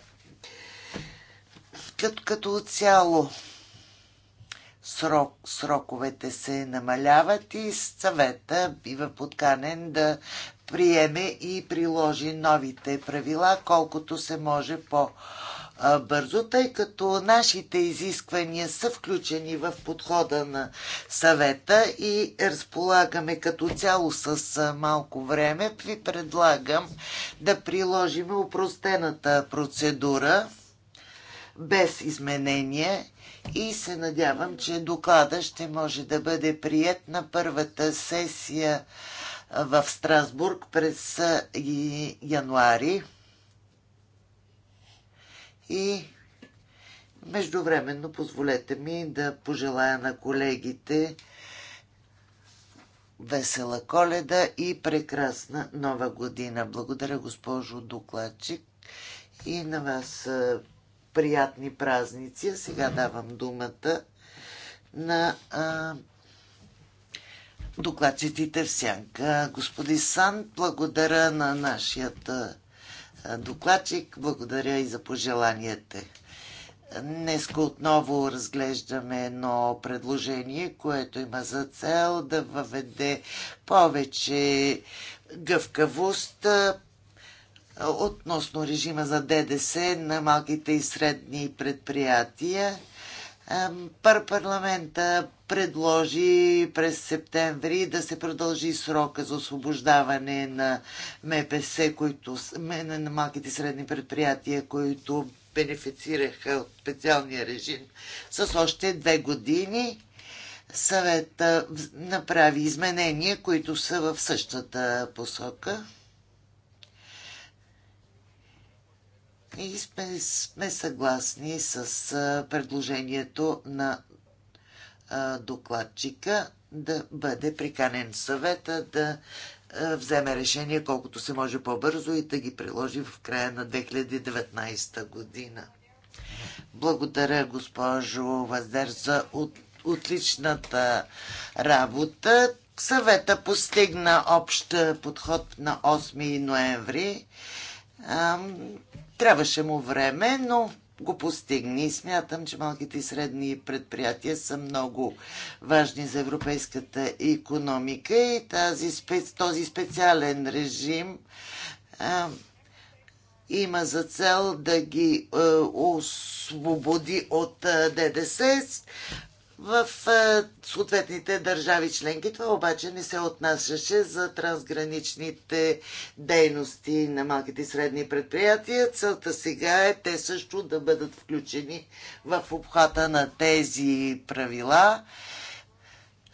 Speaker 3: Като, като цяло срок, сроковете се намаляват и съвета бива подканен да приеме и приложи новите правила колкото се може по-бързо бързо, тъй като нашите изисквания са включени в подхода на съвета и разполагаме като цяло с малко време. Ви предлагам да приложим упростената процедура без изменение и се надявам, че доклада ще може да бъде прият на първата сесия в Страсбург през януари. И междувременно позволете ми да пожелая на колегите весела коледа и прекрасна нова година. Благодаря, госпожо докладчик, и на вас е, приятни празници. Сега давам думата на е, а, в сянка. Господи Сан, благодаря на нашият е, докладчик. Благодаря и за пожеланията. Днес отново разглеждаме едно предложение, което има за цел да въведе повече гъвкавост относно режима за ДДС на малките и средни предприятия пар парламента предложи през септември да се продължи срока за освобождаване на МПС, които, на малките и средни предприятия, които бенефицираха от специалния режим с още две години. Съвет направи изменения, които са в същата посока. и сме, сме съгласни с предложението на докладчика да бъде приканен съвета да вземе решение колкото се може по-бързо и да ги приложи в края на 2019 година. Благодаря, госпожо Въздер, за от, отличната работа. Съвета постигна общ подход на 8 ноември. Трябваше му време, но го постигне. И смятам, че малките и средни предприятия са много важни за европейската економика и тази, този специален режим а, има за цел да ги а, освободи от а, ДДС в е, съответните държави членки. Това обаче не се отнасяше за трансграничните дейности на малките и средни предприятия. Целта сега е те също да бъдат включени в обхвата на тези правила.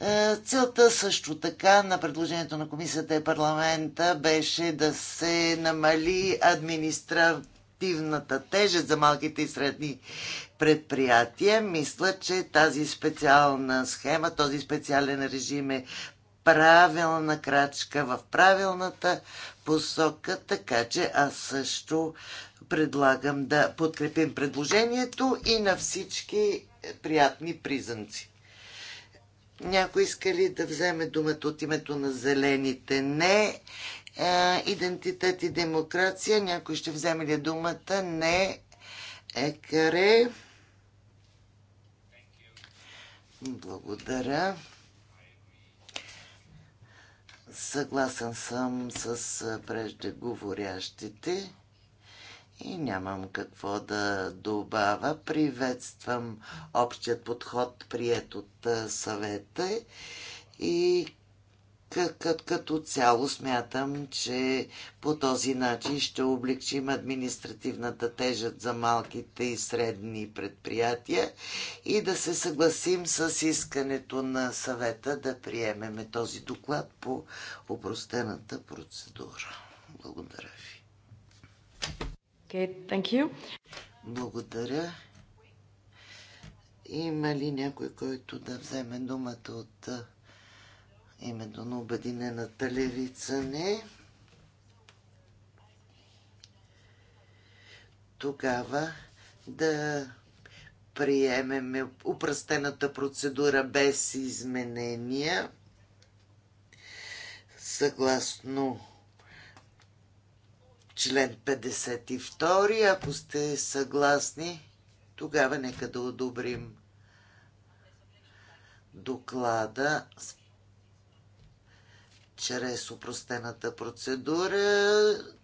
Speaker 3: Е, целта също така на предложението на комисията и парламента беше да се намали администра административната тежест за малките и средни предприятия. Мисля, че тази специална схема, този специален режим е правилна крачка в правилната посока, така че аз също предлагам да подкрепим предложението и на всички приятни признаци. Някой иска ли да вземе думата от името на зелените? Не идентитет и демокрация. Някой ще вземе ли думата? Не. Екаре. Благодаря. Съгласен съм с преждеговорящите и нямам какво да добавя. Приветствам общият подход, прият от съвета и като цяло смятам, че по този начин ще облегчим административната тежест за малките и средни предприятия и да се съгласим с искането на съвета да приемеме този доклад по упростената процедура. Благодаря ви. Okay, thank you. Благодаря. Има ли някой, който да вземе думата от името на Обединената левица не. Тогава да приемем упръстената процедура без изменения съгласно член 52. Ако сте съгласни, тогава нека да одобрим доклада с чрез упростената процедура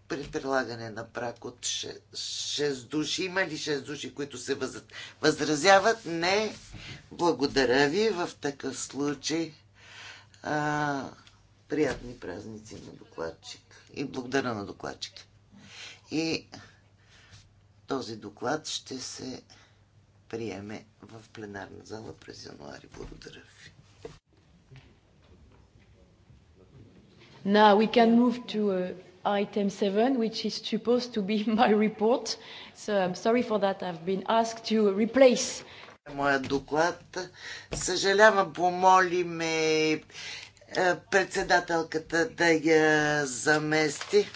Speaker 3: при прилагане на прак от 6, 6 души. Има ли 6 души, които се възразяват? Не. Благодаря ви. В такъв случай а, приятни празници на докладчик. И благодаря на докладчик. И този доклад ще се приеме в пленарна зала през януари. Благодаря ви.
Speaker 2: Now
Speaker 1: we can move to uh, item seven, which is supposed to be *laughs* my report. So I'm sorry for that. I've been asked to replace.
Speaker 3: Моят доклад. Съжалявам, помоли ме е, председателката да я замести.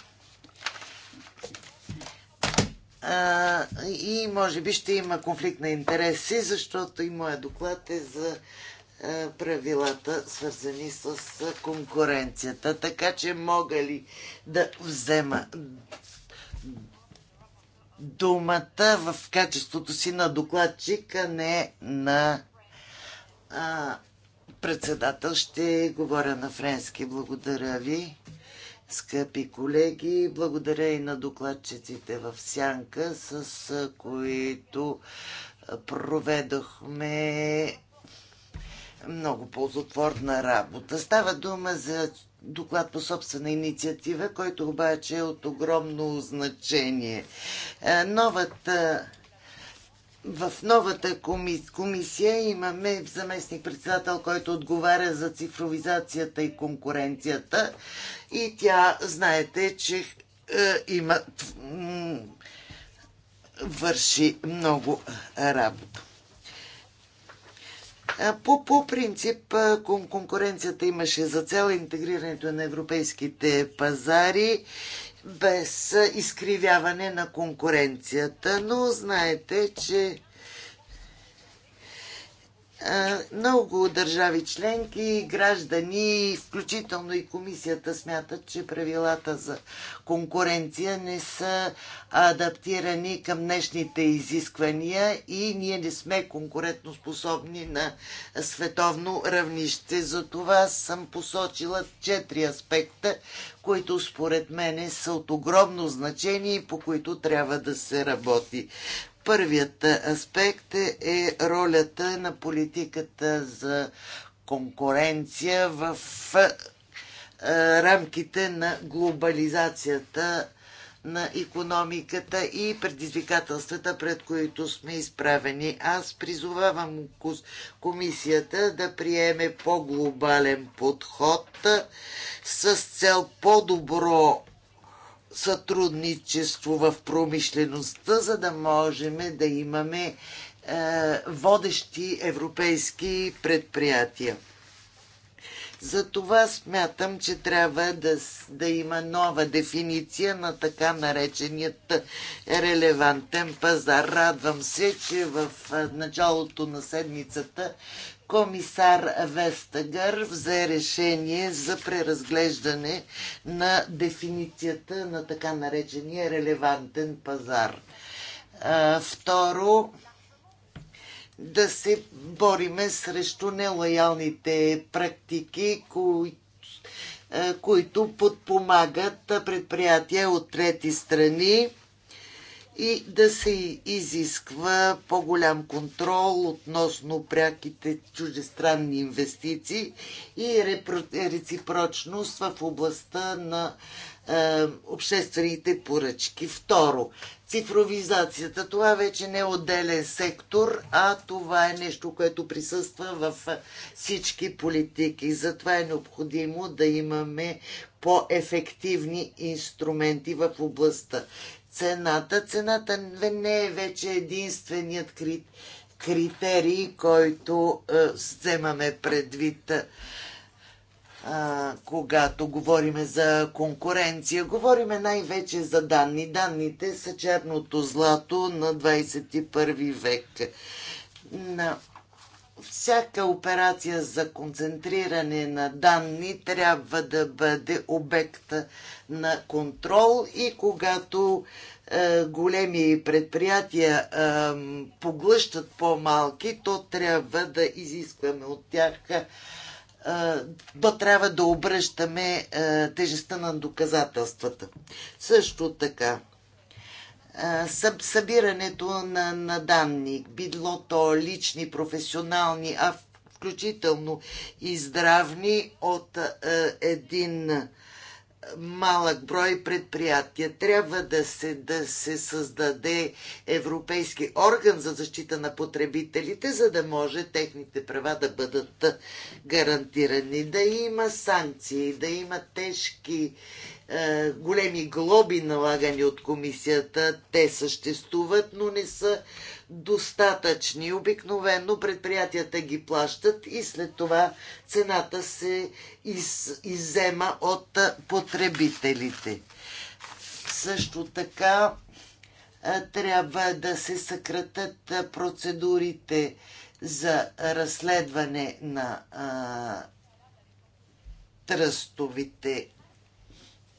Speaker 3: А, и може би ще има конфликт на интереси, защото и моя доклад е за е, правилата, свързани с е, конкуренцията. Така че мога ли да взема думата в качеството си на докладчик, а не на а, председател. Ще говоря на френски. Благодаря ви, скъпи колеги. Благодаря и на докладчиците в Сянка, с е, които проведохме много ползотворна работа. Става дума за доклад по собствена инициатива, който обаче е от огромно значение. Е, новата в новата комисия имаме заместник-председател, който отговаря за цифровизацията и конкуренцията. И тя, знаете, че е, има върши много работа. По, по принцип конкуренцията имаше за цел интегрирането на европейските пазари без изкривяване на конкуренцията, но знаете, че много държави членки, граждани, включително и комисията смятат, че правилата за конкуренция не са адаптирани към днешните изисквания и ние не сме конкурентоспособни на световно равнище. За това съм посочила четири аспекта, които според мене са от огромно значение и по които трябва да се работи. Първият аспект е, е ролята на политиката за конкуренция в е, рамките на глобализацията на економиката и предизвикателствата, пред които сме изправени. Аз призовавам комисията да приеме по-глобален подход с цел по-добро сътрудничество в промишлеността, за да можем да имаме е, водещи европейски предприятия. Затова смятам, че трябва да, да има нова дефиниция на така нареченият е, релевантен пазар. Радвам се, че в е, началото на седмицата комисар Вестагър взе решение за преразглеждане на дефиницията на така наречения релевантен пазар. Второ, да се бориме срещу нелоялните практики, които които подпомагат предприятия от трети страни и да се изисква по-голям контрол относно пряките чуждестранни инвестиции и реципрочност в областта на е, обществените поръчки. Второ, цифровизацията. Това вече не е отделен сектор, а това е нещо, което присъства в всички политики. Затова е необходимо да имаме по-ефективни инструменти в областта цената. Цената не е вече единственият крит, критерий, който е, вземаме предвид, е, когато говориме за конкуренция. Говориме най-вече за данни. Данните са черното злато на 21 век. На всяка операция за концентриране на данни трябва да бъде обект на контрол и когато е, големи предприятия е, поглъщат по-малки, то трябва да изискваме от тях е, то трябва да обръщаме е, тежестта на доказателствата. Също така, събирането на, на данни, било то лични, професионални, а включително и здравни от а, един малък брой предприятия. Трябва да се, да се създаде европейски орган за защита на потребителите, за да може техните права да бъдат гарантирани, да има санкции, да има тежки е, големи глоби налагани от комисията. Те съществуват, но не са достатъчни. Обикновено предприятията ги плащат и след това цената се из, иззема от потребителите. Също така е, трябва да се съкратат процедурите за разследване на а, е, тръстовите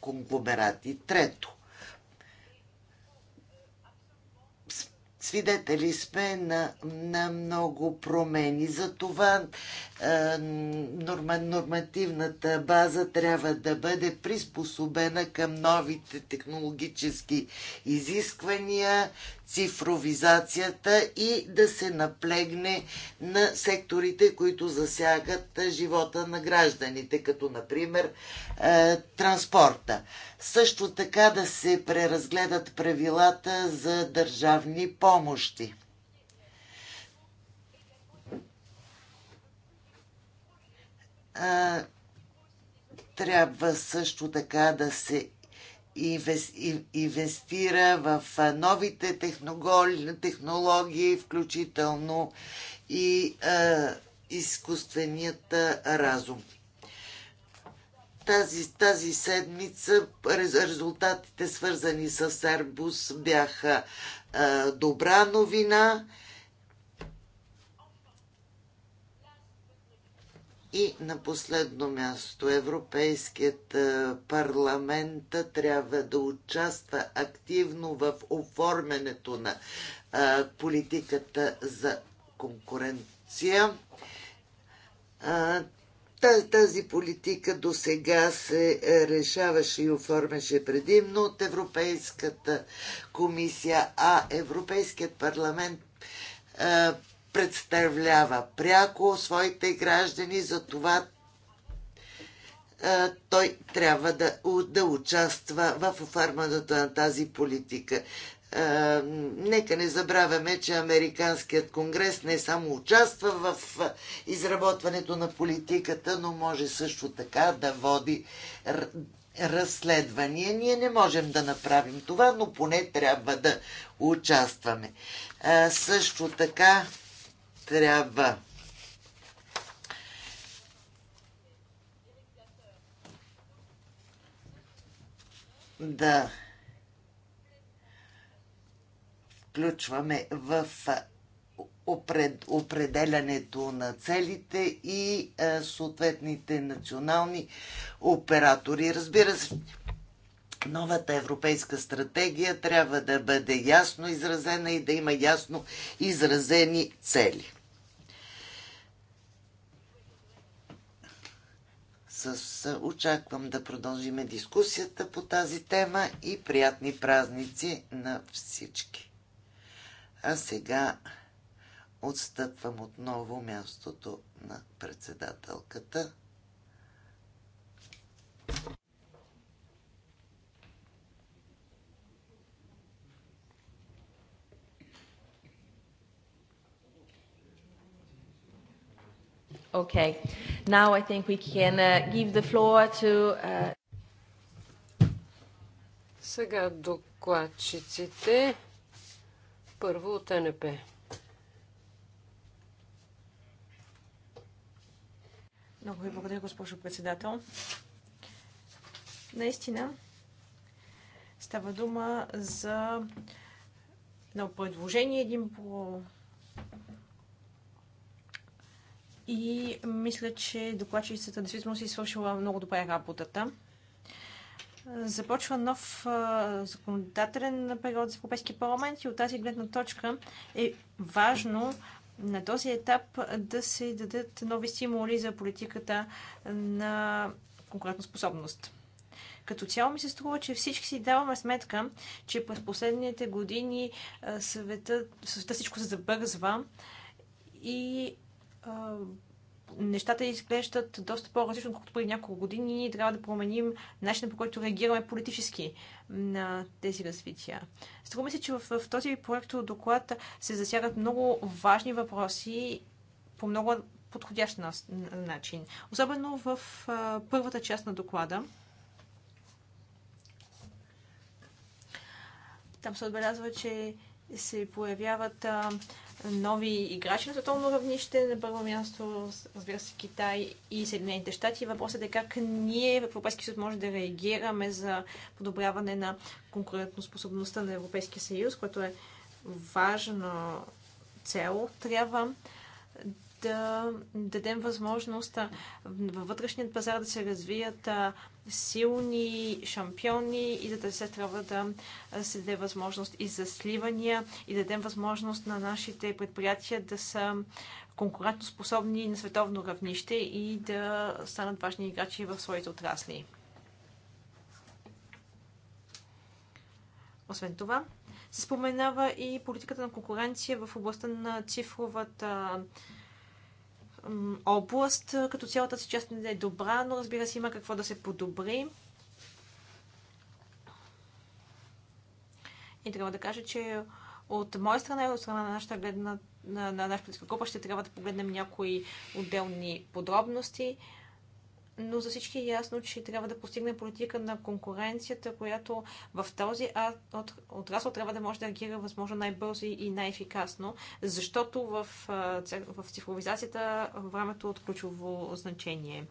Speaker 3: конгломерати. Трето, свидетели сме на, на много промени. Затова е, норма, нормативната база трябва да бъде приспособена към новите технологически изисквания, цифровизацията и да се наплегне на секторите, които засягат живота на гражданите, като например е, транспорта. Също така да се преразгледат правилата за държавни помощи. Е, трябва също така да се инвестира в новите технологии, включително и изкуственият разум тази, тази седмица резултатите свързани с Airbus бяха а, добра новина И на последно място Европейският е, парламент трябва да участва активно в оформянето на е, политиката за конкуренция. Е, тази политика до сега се решаваше и оформяше предимно от Европейската комисия, а Европейският парламент представлява пряко своите граждани, затова той трябва да, да участва в оформянето на тази политика. Нека не забравяме, че Американският конгрес не само участва в изработването на политиката, но може също така да води разследвания. Ние не можем да направим това, но поне трябва да участваме. Също така трябва да включваме в определянето на целите и съответните национални оператори. Разбира се, новата европейска стратегия трябва да бъде ясно изразена и да има ясно изразени цели. с, очаквам да продължиме дискусията по тази тема и приятни празници на всички. А сега отстъпвам отново мястото на председателката.
Speaker 1: Okay. Now I think we can uh, give the floor to... Uh...
Speaker 2: Сега докладчиците. Първо от НП. Много ви благодаря, госпожо председател.
Speaker 1: Наистина, става дума за едно предложение, един по и мисля, че докладчицата действително си е свършила много добре работата. Започва нов законодателен период за Европейския парламент и от тази гледна точка е важно на този етап да се дадат нови стимули за политиката на конкретна способност. Като цяло ми се струва, че всички си даваме сметка, че през последните години света, света всичко се забързва и нещата изглеждат доста по-различно, колкото преди няколко години. и трябва да променим начина по който реагираме политически на тези развития. Струва ми се, че в, в този проект доклад се засягат много важни въпроси по много подходящ на, начин. Особено в а, първата част на доклада. Там се отбелязва, че се появяват а, нови играчи на световно равнище. На първо място, разбира се, Китай и Съединените щати. Въпросът е как ние в Европейския съюз може да реагираме за подобряване на конкурентоспособността на Европейския съюз, което е важно цел. Трябва да дадем възможност във вътрешният пазар да се развият силни шампиони и за да се трябва да се даде възможност и за сливания и да дадем възможност на нашите предприятия да са способни на световно равнище и да станат важни играчи в своите отрасли. Освен това, се споменава и политиката на конкуренция в областта на цифровата област. Като цялата си част не е добра, но разбира се има какво да се подобри. И трябва да кажа, че от моя страна и от страна на нашата гледна на, на нашата група ще трябва да погледнем някои отделни подробности но за всички е ясно, че трябва да постигне политика на конкуренцията, която в този отрасъл трябва да може да реагира възможно най-бързо и най-ефикасно, защото в, в цифровизацията времето е от ключово значение.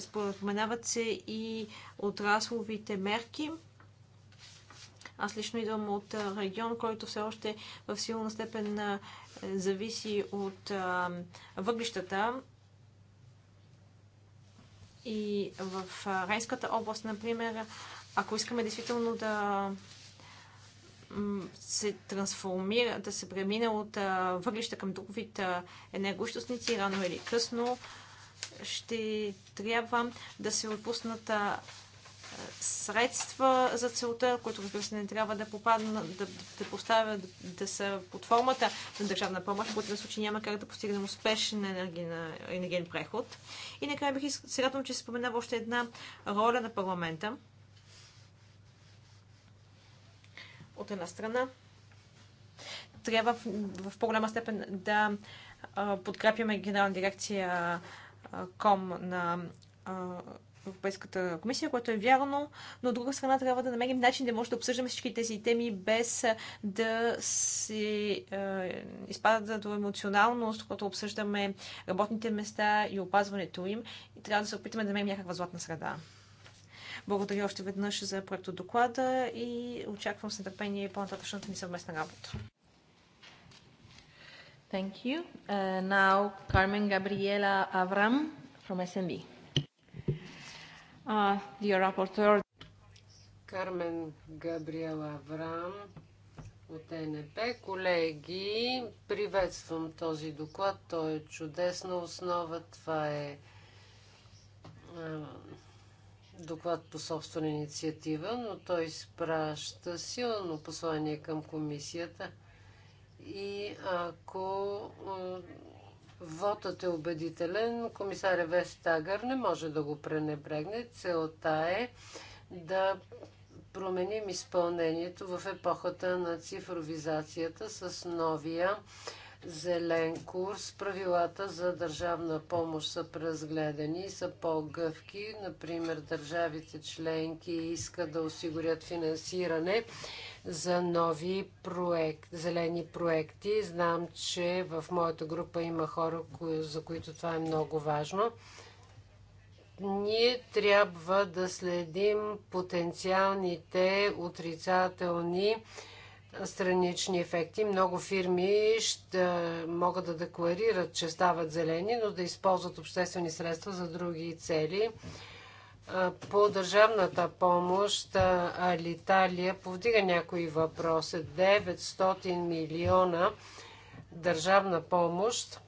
Speaker 1: Споменават се и отрасловите мерки, аз лично идвам от регион, който все още в силна степен зависи от въглищата и в Райската област, например, ако искаме действително да се трансформира, да се премине от въглища към друг вид енергоисточници, рано или късно, ще трябва да се отпуснат средства за целта, които разбира се не трябва да попаднат, да, да поставят, да, да са под формата на държавна помощ, в който случай няма как да постигнем успешен енергиен, енергиен преход. И накрая бих иск... се радвам, че се споменава още една роля на парламента. От една страна, трябва в, в по-голяма степен да подкрепяме генерална дирекция ком на Европейската комисия, което е вярно, но от друга страна трябва да намерим начин да може да обсъждаме всички тези теми без да се е, изпадат до емоционалност, когато обсъждаме работните места и опазването им. И трябва да се опитаме да намерим някаква златна среда. Благодаря още веднъж за проекто доклада и очаквам с нетърпение по-нататъчната ни съвместна работа. Thank you. Uh, now Carmen Gabriela Avram from SMB. Uh, dear
Speaker 2: rapporteur. Кармен Габриела Аврам от НП. Колеги, приветствам този доклад. Той е чудесна основа. Това е доклад по собствена инициатива, но той изпраща силно послание към комисията. И ако Вотът е убедителен. Комисаря Вестагър не може да го пренебрегне. Целта е да променим изпълнението в епохата на цифровизацията с новия зелен курс. Правилата за държавна помощ са преразгледани и са по-гъвки. Например, държавите членки искат да осигурят финансиране за нови проект, зелени проекти. Знам, че в моята група има хора, за които това е много важно. Ние трябва да следим потенциалните отрицателни странични ефекти. Много фирми ще могат да декларират, че стават зелени, но да използват обществени средства за други цели. По държавната помощ Алиталия повдига някои въпроси. 900 милиона държавна помощ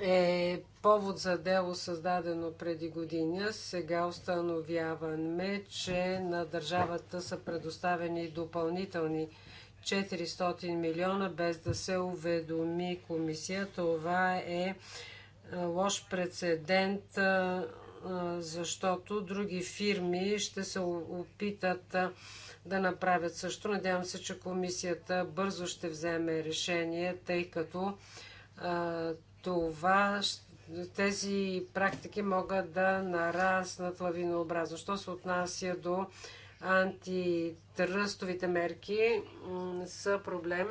Speaker 2: е повод за дело създадено преди година. Сега установяваме, че на държавата са предоставени допълнителни 400 милиона, без да се уведоми комисия. Това е лош прецедент защото други фирми ще се опитат да направят също. Надявам се, че комисията бързо ще вземе решение, тъй като това, тези практики могат да нараснат лавинообразно. Що се отнася до антитръстовите мерки, са проблем.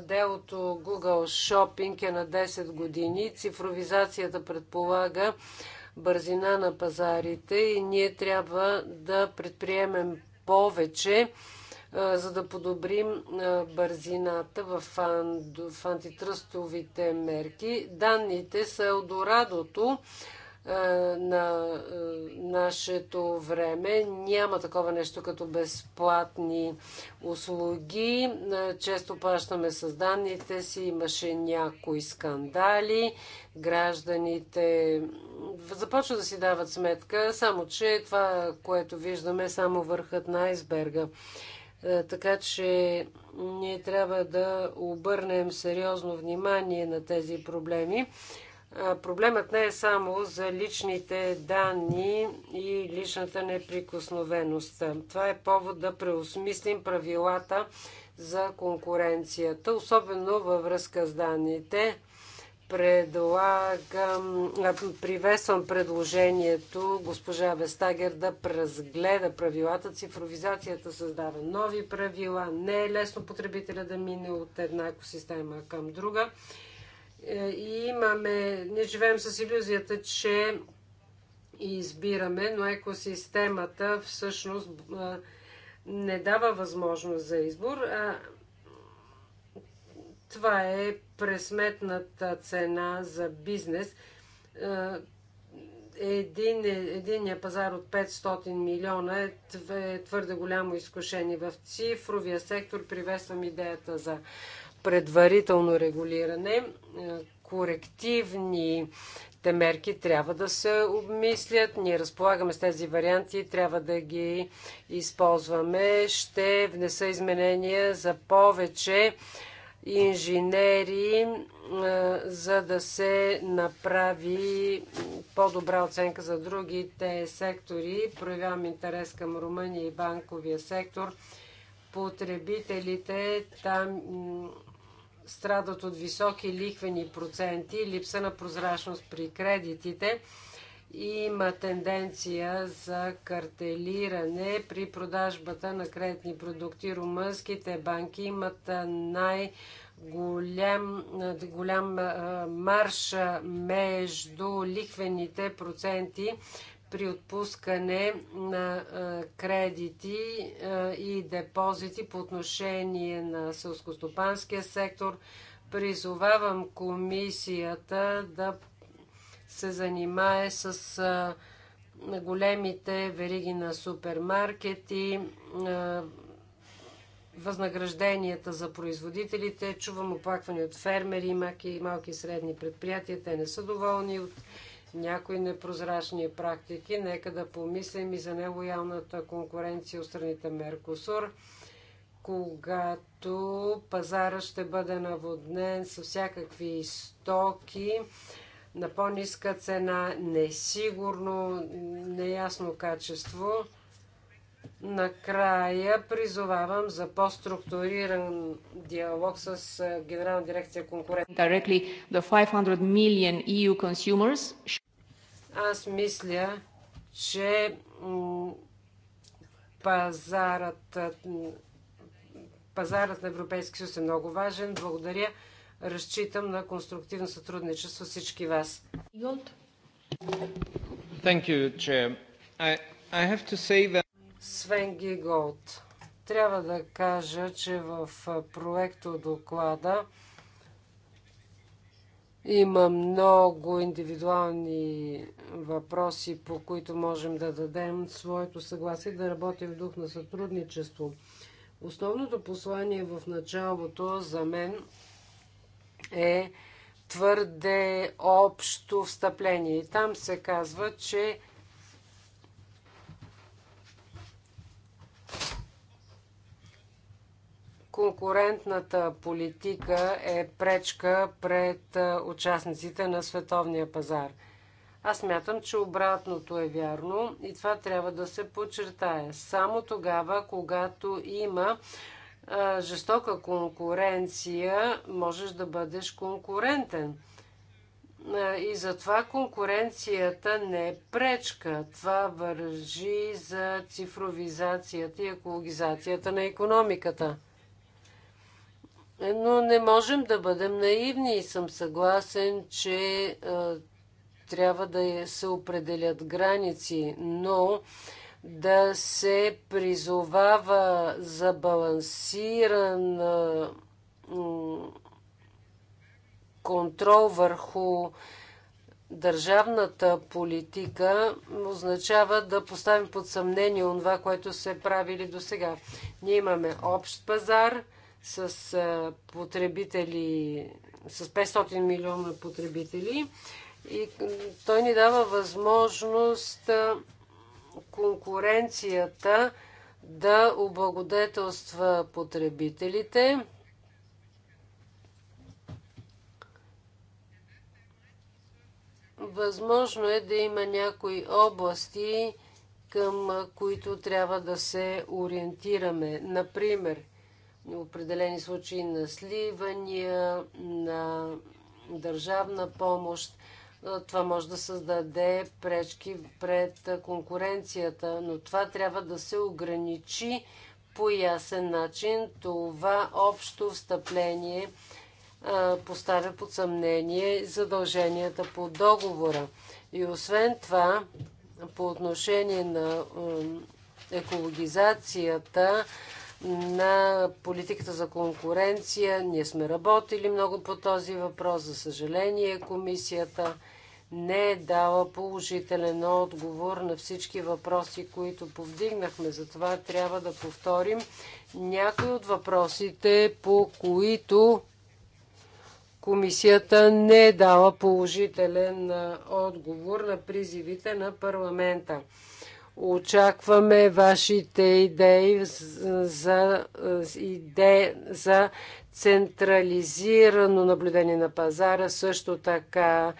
Speaker 2: Делото Google Shopping е на 10 години. Цифровизацията предполага бързина на пазарите и ние трябва да предприемем повече, за да подобрим бързината в, антитръстовите мерки. Данните са Елдорадото на нашето време. Няма такова нещо като безплатни услуги. Често плащаме с данните си. Имаше някои скандали. Гражданите започват да си дават сметка, само че това, което виждаме, е само върхът на айсберга. Така че ние трябва да обърнем сериозно внимание на тези проблеми. Проблемът не е само за личните данни и личната неприкосновеност. Това е повод да преосмислим правилата за конкуренцията, особено във връзка с данните. Предлагам, приветствам предложението госпожа Вестагер да разгледа правилата. Цифровизацията създава нови правила. Не е лесно потребителя да мине от една екосистема към друга. Е, и имаме, не живеем с иллюзията, че избираме, но екосистемата всъщност не дава възможност за избор. Това е пресметната цена за бизнес. Един, единия пазар от 500 милиона е, е твърде голямо изкушение. В цифровия сектор приветствам идеята за предварително регулиране, е, корективни те мерки трябва да се обмислят. Ние разполагаме с тези варианти, трябва да ги използваме. Ще внеса изменения за повече инженери, е, за да се направи по-добра оценка за другите сектори. Проявявам интерес към Румъния и банковия сектор. Потребителите там страдат от високи лихвени проценти, липса на прозрачност при кредитите. Има тенденция за картелиране при продажбата на кредитни продукти. Румънските банки имат най- голям, голям марш между лихвените проценти при отпускане на кредити и депозити по отношение на селскостопанския сектор. Призовавам комисията да се занимае с големите вериги на супермаркети, възнагражденията за производителите. Чувам оплакване от фермери, малки и средни предприятия. Те не са доволни от някои непрозрачни практики. Нека да помислим и за нелоялната конкуренция от страните Меркосур, когато пазара ще бъде наводнен с всякакви стоки на по-ниска цена, несигурно, неясно качество – Накрая призовавам за по-структуриран диалог с е, Генерална дирекция конкуренция. E Аз мисля, че пазарът, е, пазарът на Европейски съюз е много важен. Благодаря. Разчитам на конструктивно сътрудничество с всички вас.
Speaker 1: Thank you, Chair. I, I have to say
Speaker 2: that... Свен Гиголд. Трябва да кажа, че в проекто доклада има много индивидуални въпроси, по които можем да дадем своето съгласие да работим в дух на сътрудничество. Основното послание в началото за мен е твърде общо встъпление. И там се казва, че конкурентната политика е пречка пред участниците на световния пазар. Аз мятам, че обратното е вярно и това трябва да се подчертае. Само тогава, когато има жестока конкуренция, можеш да бъдеш конкурентен. и затова конкуренцията не е пречка. Това вържи за цифровизацията и екологизацията на економиката. Но не можем да бъдем наивни и съм съгласен, че трябва да е, се определят граници, но да се призовава за балансиран контрол върху държавната политика означава да поставим под съмнение това, което се е правили до сега. Ние имаме общ пазар – с потребители, с 500 милиона потребители и той ни дава възможност конкуренцията да облагодетелства потребителите. Възможно е да има някои области, към които трябва да се ориентираме. Например, определени случаи на сливания, на държавна помощ. Това може да създаде пречки пред конкуренцията, но това трябва да се ограничи по ясен начин. Това общо встъпление поставя под съмнение задълженията по договора. И освен това, по отношение на екологизацията, на политиката за конкуренция. Ние сме работили много по този въпрос. За съжаление, комисията не е дала положителен отговор на всички въпроси, които повдигнахме. Затова трябва да повторим някои от въпросите, по които комисията не е дала положителен отговор на призивите на парламента. Очакваме вашите идеи за, идеи за централизирано наблюдение на пазара, също така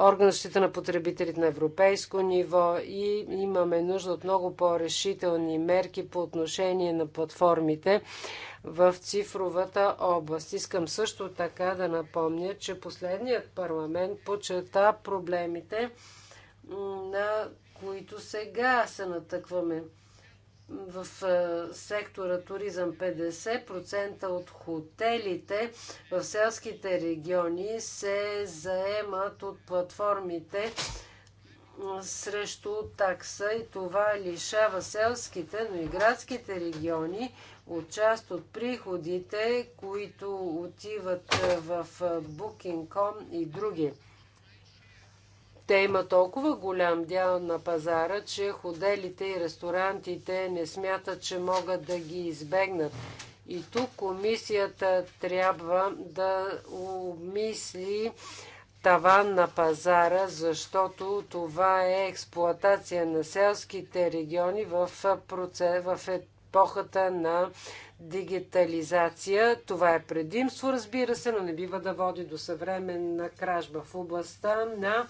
Speaker 2: орган защита на потребителите на европейско ниво и имаме нужда от много по-решителни мерки по отношение на платформите в цифровата област. Искам също така да напомня, че последният парламент почета проблемите на които сега се натъкваме. В е, сектора туризъм 50% от хотелите в селските региони се заемат от платформите е, срещу такса и това лишава селските, но и градските региони от част от приходите, които отиват е, в Booking.com и други. Те има толкова голям дял на пазара, че ходелите и ресторантите не смятат, че могат да ги избегнат. И тук комисията трябва да обмисли таван на пазара, защото това е експлоатация на селските региони в, процес, в епохата на дигитализация. Това е предимство, разбира се, но не бива да води до съвременна кражба в областта на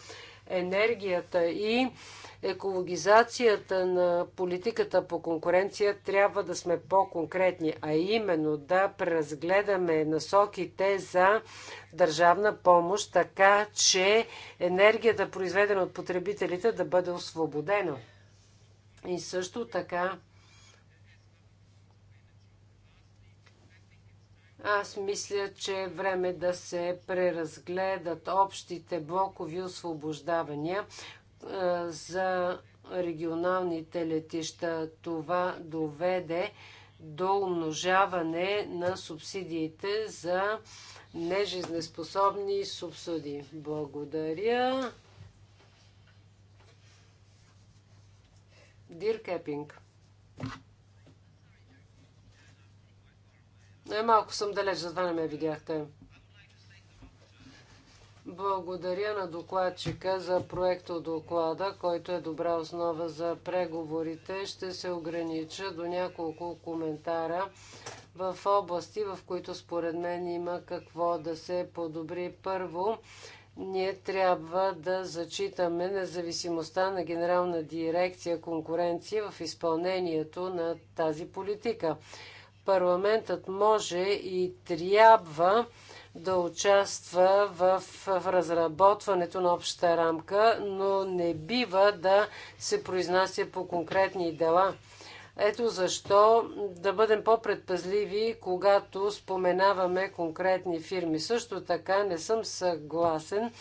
Speaker 2: енергията и екологизацията на политиката по конкуренция трябва да сме по-конкретни, а именно да преразгледаме насоките за държавна помощ, така че енергията, произведена от потребителите, да бъде освободена. И също така Аз мисля, че е време да се преразгледат общите блокови освобождавания е, за регионалните летища. Това доведе до умножаване на субсидиите за нежизнеспособни субсидии. Благодаря. Дир Кепинг. най е, малко съм далеч, затова не ме видяхте. Благодаря на докладчика за проекто доклада, който е добра основа за преговорите. Ще се огранича до няколко коментара в области, в които според мен има какво да се подобри. Първо, ние трябва да зачитаме независимостта на Генерална дирекция конкуренция в изпълнението на тази политика парламентът може и трябва да участва в разработването на обща рамка, но не бива да се произнася по конкретни дела. Ето защо да бъдем по-предпазливи, когато споменаваме конкретни фирми. Също така не съм съгласен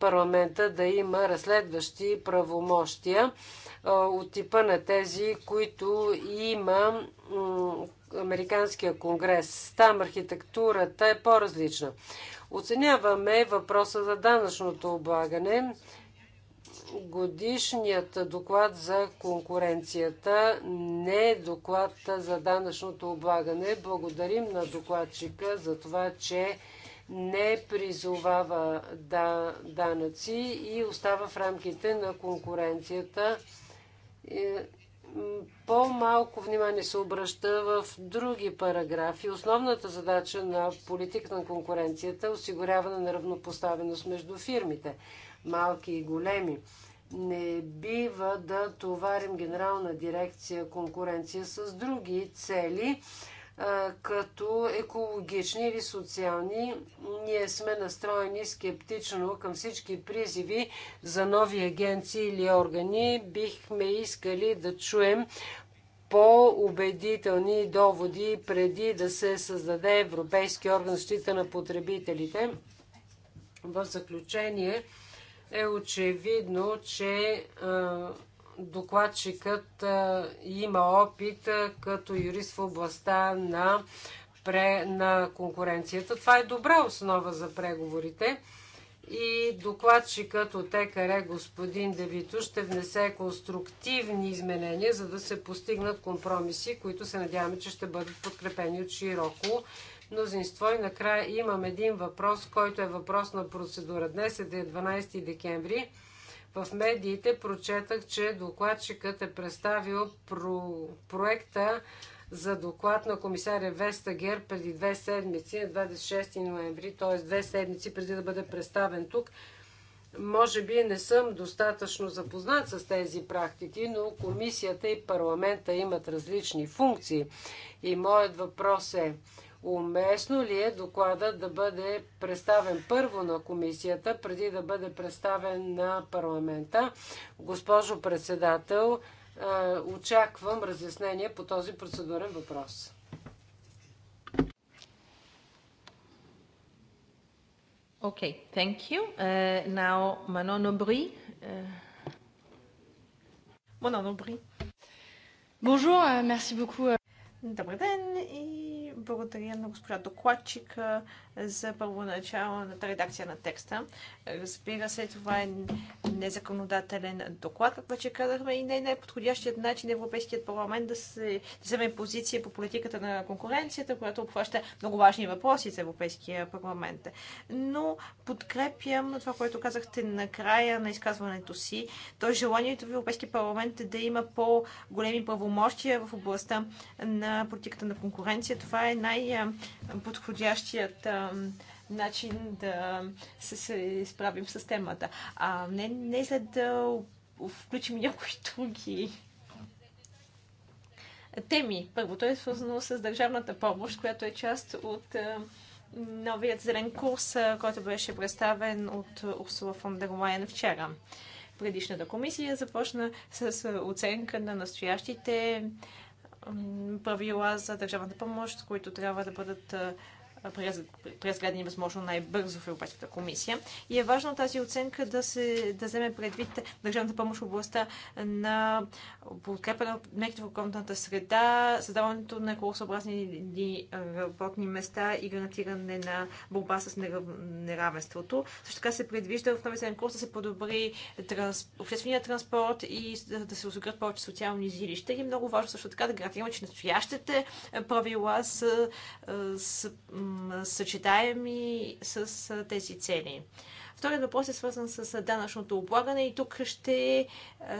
Speaker 2: парламента да има разследващи правомощия от типа на тези, които има Американския конгрес. Там архитектурата е по-различна. Оценяваме въпроса за данъчното облагане. Годишният доклад за конкуренцията не е доклад за данъчното облагане. Благодарим на докладчика за това, че не призовава да, данъци и остава в рамките на конкуренцията е, по-малко внимание се обръща в други параграфи. Основната задача на политика на конкуренцията е осигуряване на равнопоставеност между фирмите, малки и големи. Не бива да товарим генерална дирекция конкуренция с други цели като екологични или социални. Ние сме настроени скептично към всички призиви за нови агенции или органи. Бихме искали да чуем по-убедителни доводи преди да се създаде Европейски орган защита на потребителите. В заключение е очевидно, че докладчикът има опит като юрист в областта на, пре, на конкуренцията. Това е добра основа за преговорите. И докладчикът от ЕКР, господин Девито, ще внесе конструктивни изменения, за да се постигнат компромиси, които се надяваме, че ще бъдат подкрепени от широко мнозинство. И накрая имам един въпрос, който е въпрос на процедура. Днес е 12 декември в медиите прочетах, че докладчикът е представил про... проекта за доклад на комисаря Вестагер преди две седмици, на 26 ноември, т.е. две седмици преди да бъде представен тук. Може би не съм достатъчно запознат с тези практики, но комисията и парламента имат различни функции. И моят въпрос е, Уместно ли е доклада да бъде представен първо на комисията, преди да бъде представен на парламента? Госпожо председател, е, очаквам разяснение по този процедурен въпрос.
Speaker 1: Okay, thank you. Uh, now, Manon Aubry. Uh... Manon Aubry. Bonjour, euh, merci beaucoup. Euh, Добър ден и благодаря на госпожа докладчика за първоначалната редакция на текста. Разбира се, това е незаконодателен доклад, както вече казахме, и не е най-подходящият начин Европейският парламент да се вземе позиция по политиката на конкуренцията, която обхваща много важни въпроси за Европейския парламент. Но подкрепям това, което казахте на края на изказването си. То е желанието в Европейския парламент да има по-големи правомощия в областта на на политиката на конкуренция. Това е най-подходящият начин да се, справим с темата. А не, не е след да включим някои други теми. Първото е свързано с държавната помощ, която е част от новият зелен курс, който беше представен от Урсула фон дер Лайен вчера. Предишната комисия започна с оценка на настоящите правила за държавната помощ, които трябва да бъдат преразгледани възможно най-бързо в Европейската комисия. И е важно тази оценка да се да вземе предвид държавната помощ в областта на подкрепа на мерките в околната среда, създаването на екологосъобразни работни места и гарантиране на борба с неравенството. Също така се предвижда в новия курс да се подобри транс... обществения транспорт и да се осигурят повече социални жилища. И е много важно също така да гарантираме, че настоящите правила са, са съчетаеми с тези цели. Вторият въпрос е свързан с данъчното облагане и тук ще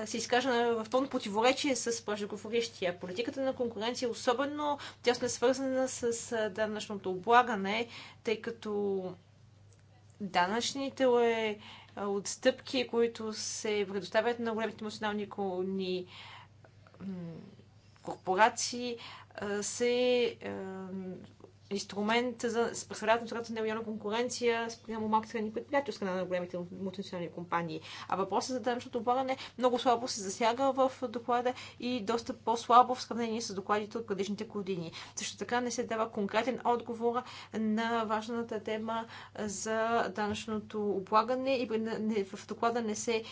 Speaker 1: се изкажа в пълно противоречие с преждеговорещия. Политиката на конкуренция е особено тясно е свързана с данъчното облагане, тъй като данъчните е, отстъпки, които се предоставят на големите национални колони корпорации, се инструмент за представляват на нелоялна конкуренция спрямо малките страни предприятия от на големите мултинационални компании. А въпросът за данъчното облагане много слабо се засяга в доклада и доста по-слабо в сравнение с докладите от предишните години. Също така не се дава конкретен отговор на важната тема за данъчното облагане и в доклада не се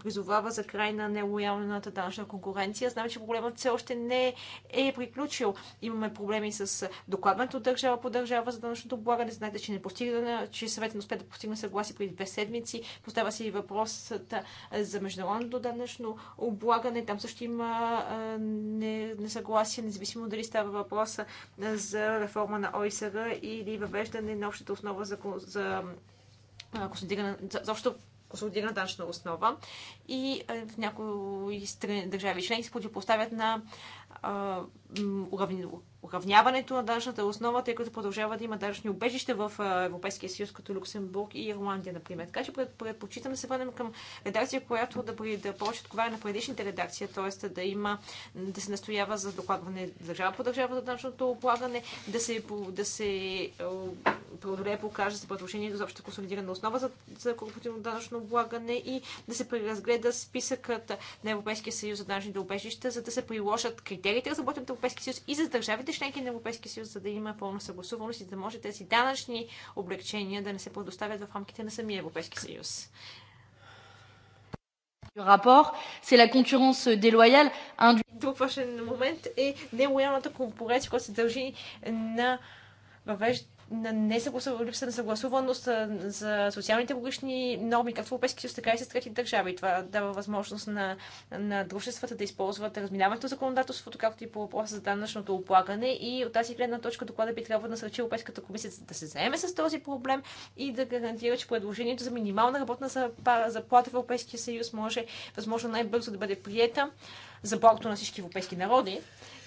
Speaker 1: призовава за край на нелоялната данъчна конкуренция. Знам, че проблемът все още не е приключил. Имаме проблеми с докладването от държава по държава за данъчното облагане. Знаете, че не постигна, че съветът не успе да постигне съгласие преди две седмици. Поставя се и въпросът за международното данъчно облагане. Там също има несъгласие, независимо дали става въпроса за реформа на ОИСР или въвеждане на общата основа за, за, за, за консолидирана данъчна основа и в някои държави членки се противопоставят на уравняването на данъчната основа, тъй като продължава да има данъчни убежища в Европейския съюз, като Люксембург и Ирландия, например. Така че предпочитам да се върнем към редакция, която да, бъде, да повече отговаря на предишните редакции, т.е. да има, да се настоява за докладване държава по държава за данъчното облагане, да се, да се преодолее каже за предложението за общата консолидирана основа за, за корпоративно данъчно облагане и да се преразгледа списъкът на Европейския съюз за данъчните убежища, за да се приложат критерии критериите, разработени от Европейския съюз и за държавите членки на Европейския съюз, за да има пълна съгласуваност и да може тези данъчни облегчения да не се предоставят в рамките на самия Европейски съюз.
Speaker 2: Rapport, c'est la concurrence déloyale.
Speaker 1: Друг важен момент е нелоялната конкуренция, която се дължи на въвеждането на несъгласуваност, липса на съгласуваност за социалните логични норми, както в Европейския съюз, така и с трети държави. Това дава възможност на, на дружествата да използват разминаването законодателството, както и по въпроса за данъчното облагане. И от тази гледна точка доклада би трябвало да насърчи Европейската комисия да се заеме с този проблем и да гарантира, че предложението за минимална работна заплата в Европейския съюз може възможно най-бързо да бъде приета за благото на всички европейски народи.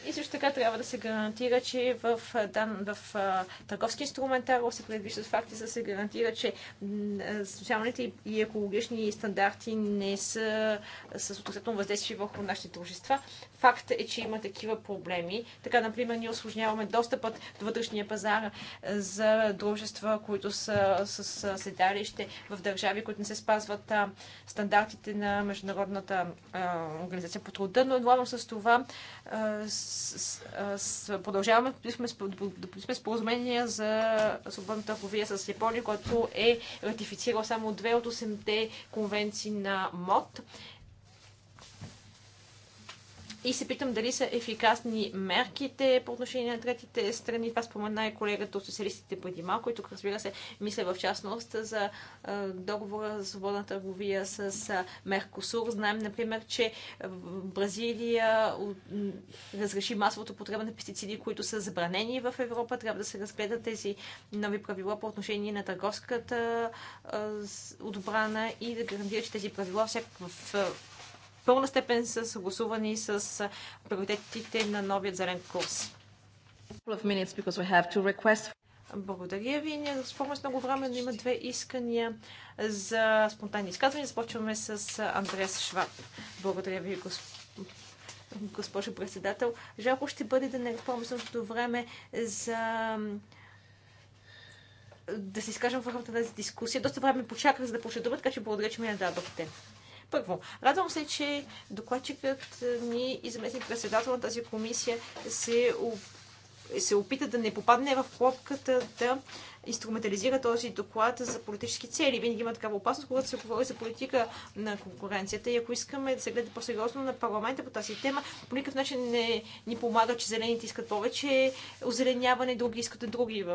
Speaker 1: И също така трябва да се гарантира, че в, дан, в търговски инструментар се предвиждат факти, да се гарантира, че социалните и екологични стандарти не са с отрицателно въздействие върху нашите дружества. Факт е, че има такива проблеми. Така, например, ние осложняваме достъпът до вътрешния пазар е, за дружества, които са с седалище в държави, които не се спазват стандартите на Международната организация по труда, но едновременно с това продължаваме да подписваме споразумения за свободна търговия с Япония, който е ратифицирал само две от 8-те конвенции на МОД и се питам дали са ефикасни мерките по отношение на третите страни. Това спомена и колегата от социалистите преди малко и тук разбира се мисля в частност за договора за свободна търговия с Меркосур. Знаем, например, че Бразилия разреши масовото потреба на пестициди, които са забранени в Европа. Трябва да се разгледат тези нови правила по отношение на търговската отбрана и да гарантира, че тези правила всяк в пълна степен са съгласувани с приоритетите на новият зелен курс. Благодаря ви. Ние разполагаме с много време, но има две искания за спонтанни изказвания. Започваме с Андреас Шваб. Благодаря ви, госпожо председател. Жалко ще бъде да не разполагаме е същото време за да се изкажем в рамките на тази дискусия. Доста време почаках, за да почна така че благодаря, че ми я дадохте. Първо, радвам се, че докладчикът ни и заместник председател на тази комисия се, се опита да не попадне в клопката да инструментализира този доклад за политически цели. Винаги има такава опасност, когато се говори за политика на конкуренцията. И ако искаме да се гледа по-сериозно на парламента по тази тема, по никакъв начин не ни помага, че зелените искат повече озеленяване, други искат други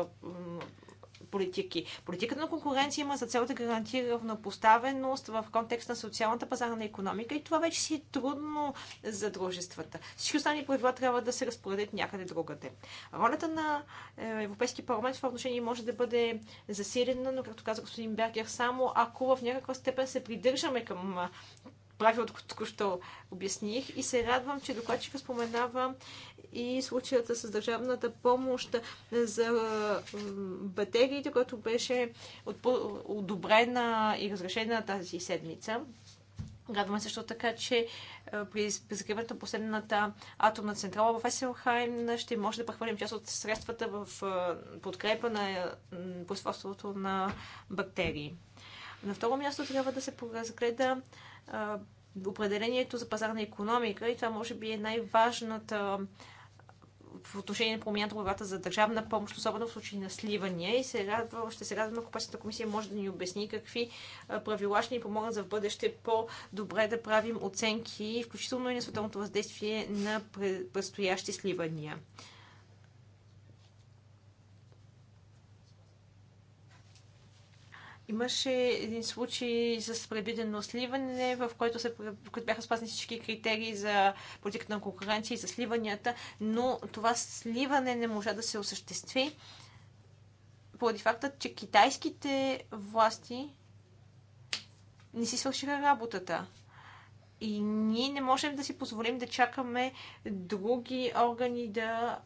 Speaker 1: политики. Политиката на конкуренция има за цел да гарантира равнопоставеност в контекст на социалната пазарна економика и това вече си е трудно за дружествата. Всички останали правила трябва да се разпоредят някъде другаде. Ролята на е, Европейския парламент в това отношение може да бъде засилена, но както каза господин Бергер, само ако в някаква степен се придържаме към правил, току-що обясних. И се радвам, че докладчика споменава и случаята с държавната помощ за батериите, която беше одобрена и разрешена тази седмица. Радваме също така, че е, при закриването на последната атомна централа в Еселхайм ще може да прехвърлим част от средствата в е, подкрепа на производството на бактерии. На второ място трябва да се разгледа определението за пазарна економика и това може би е най-важната в отношение на промяната главата за държавна помощ, особено в случай на сливания. И се радва, ще се радвам, ако Пасната комисия може да ни обясни какви правила ще ни помогнат за в бъдеще по-добре да правим оценки, включително и на световното въздействие на предстоящи сливания. Имаше един случай с предвидено сливане, в който, се, в който бяха спазни всички критерии за политиката на конкуренция и за сливанията, но това сливане не можа да се осъществи поради факта, че китайските власти не си свършиха работата. И ние не можем да си позволим да чакаме други органи да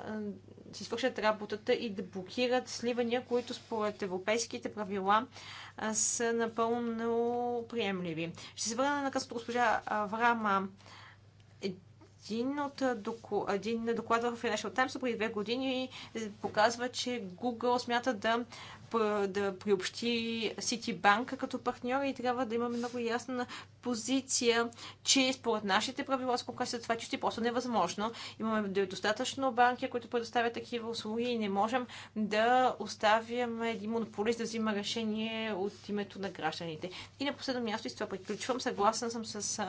Speaker 1: си свършат работата и да блокират сливания, които според европейските правила са напълно приемливи. Ще се върна на късното госпожа Аврама. Един, от доку... един доклад в Financial Times преди две години показва, че Google смята да да приобщи Ситибанка като партньори и трябва да имаме много ясна позиция, че според нашите правила, се това чисти, просто невъзможно. Имаме достатъчно банки, които предоставят такива услуги и не можем да оставяме един монополист да взима решение от името на гражданите. И на последно място, и с това приключвам, съгласен съм с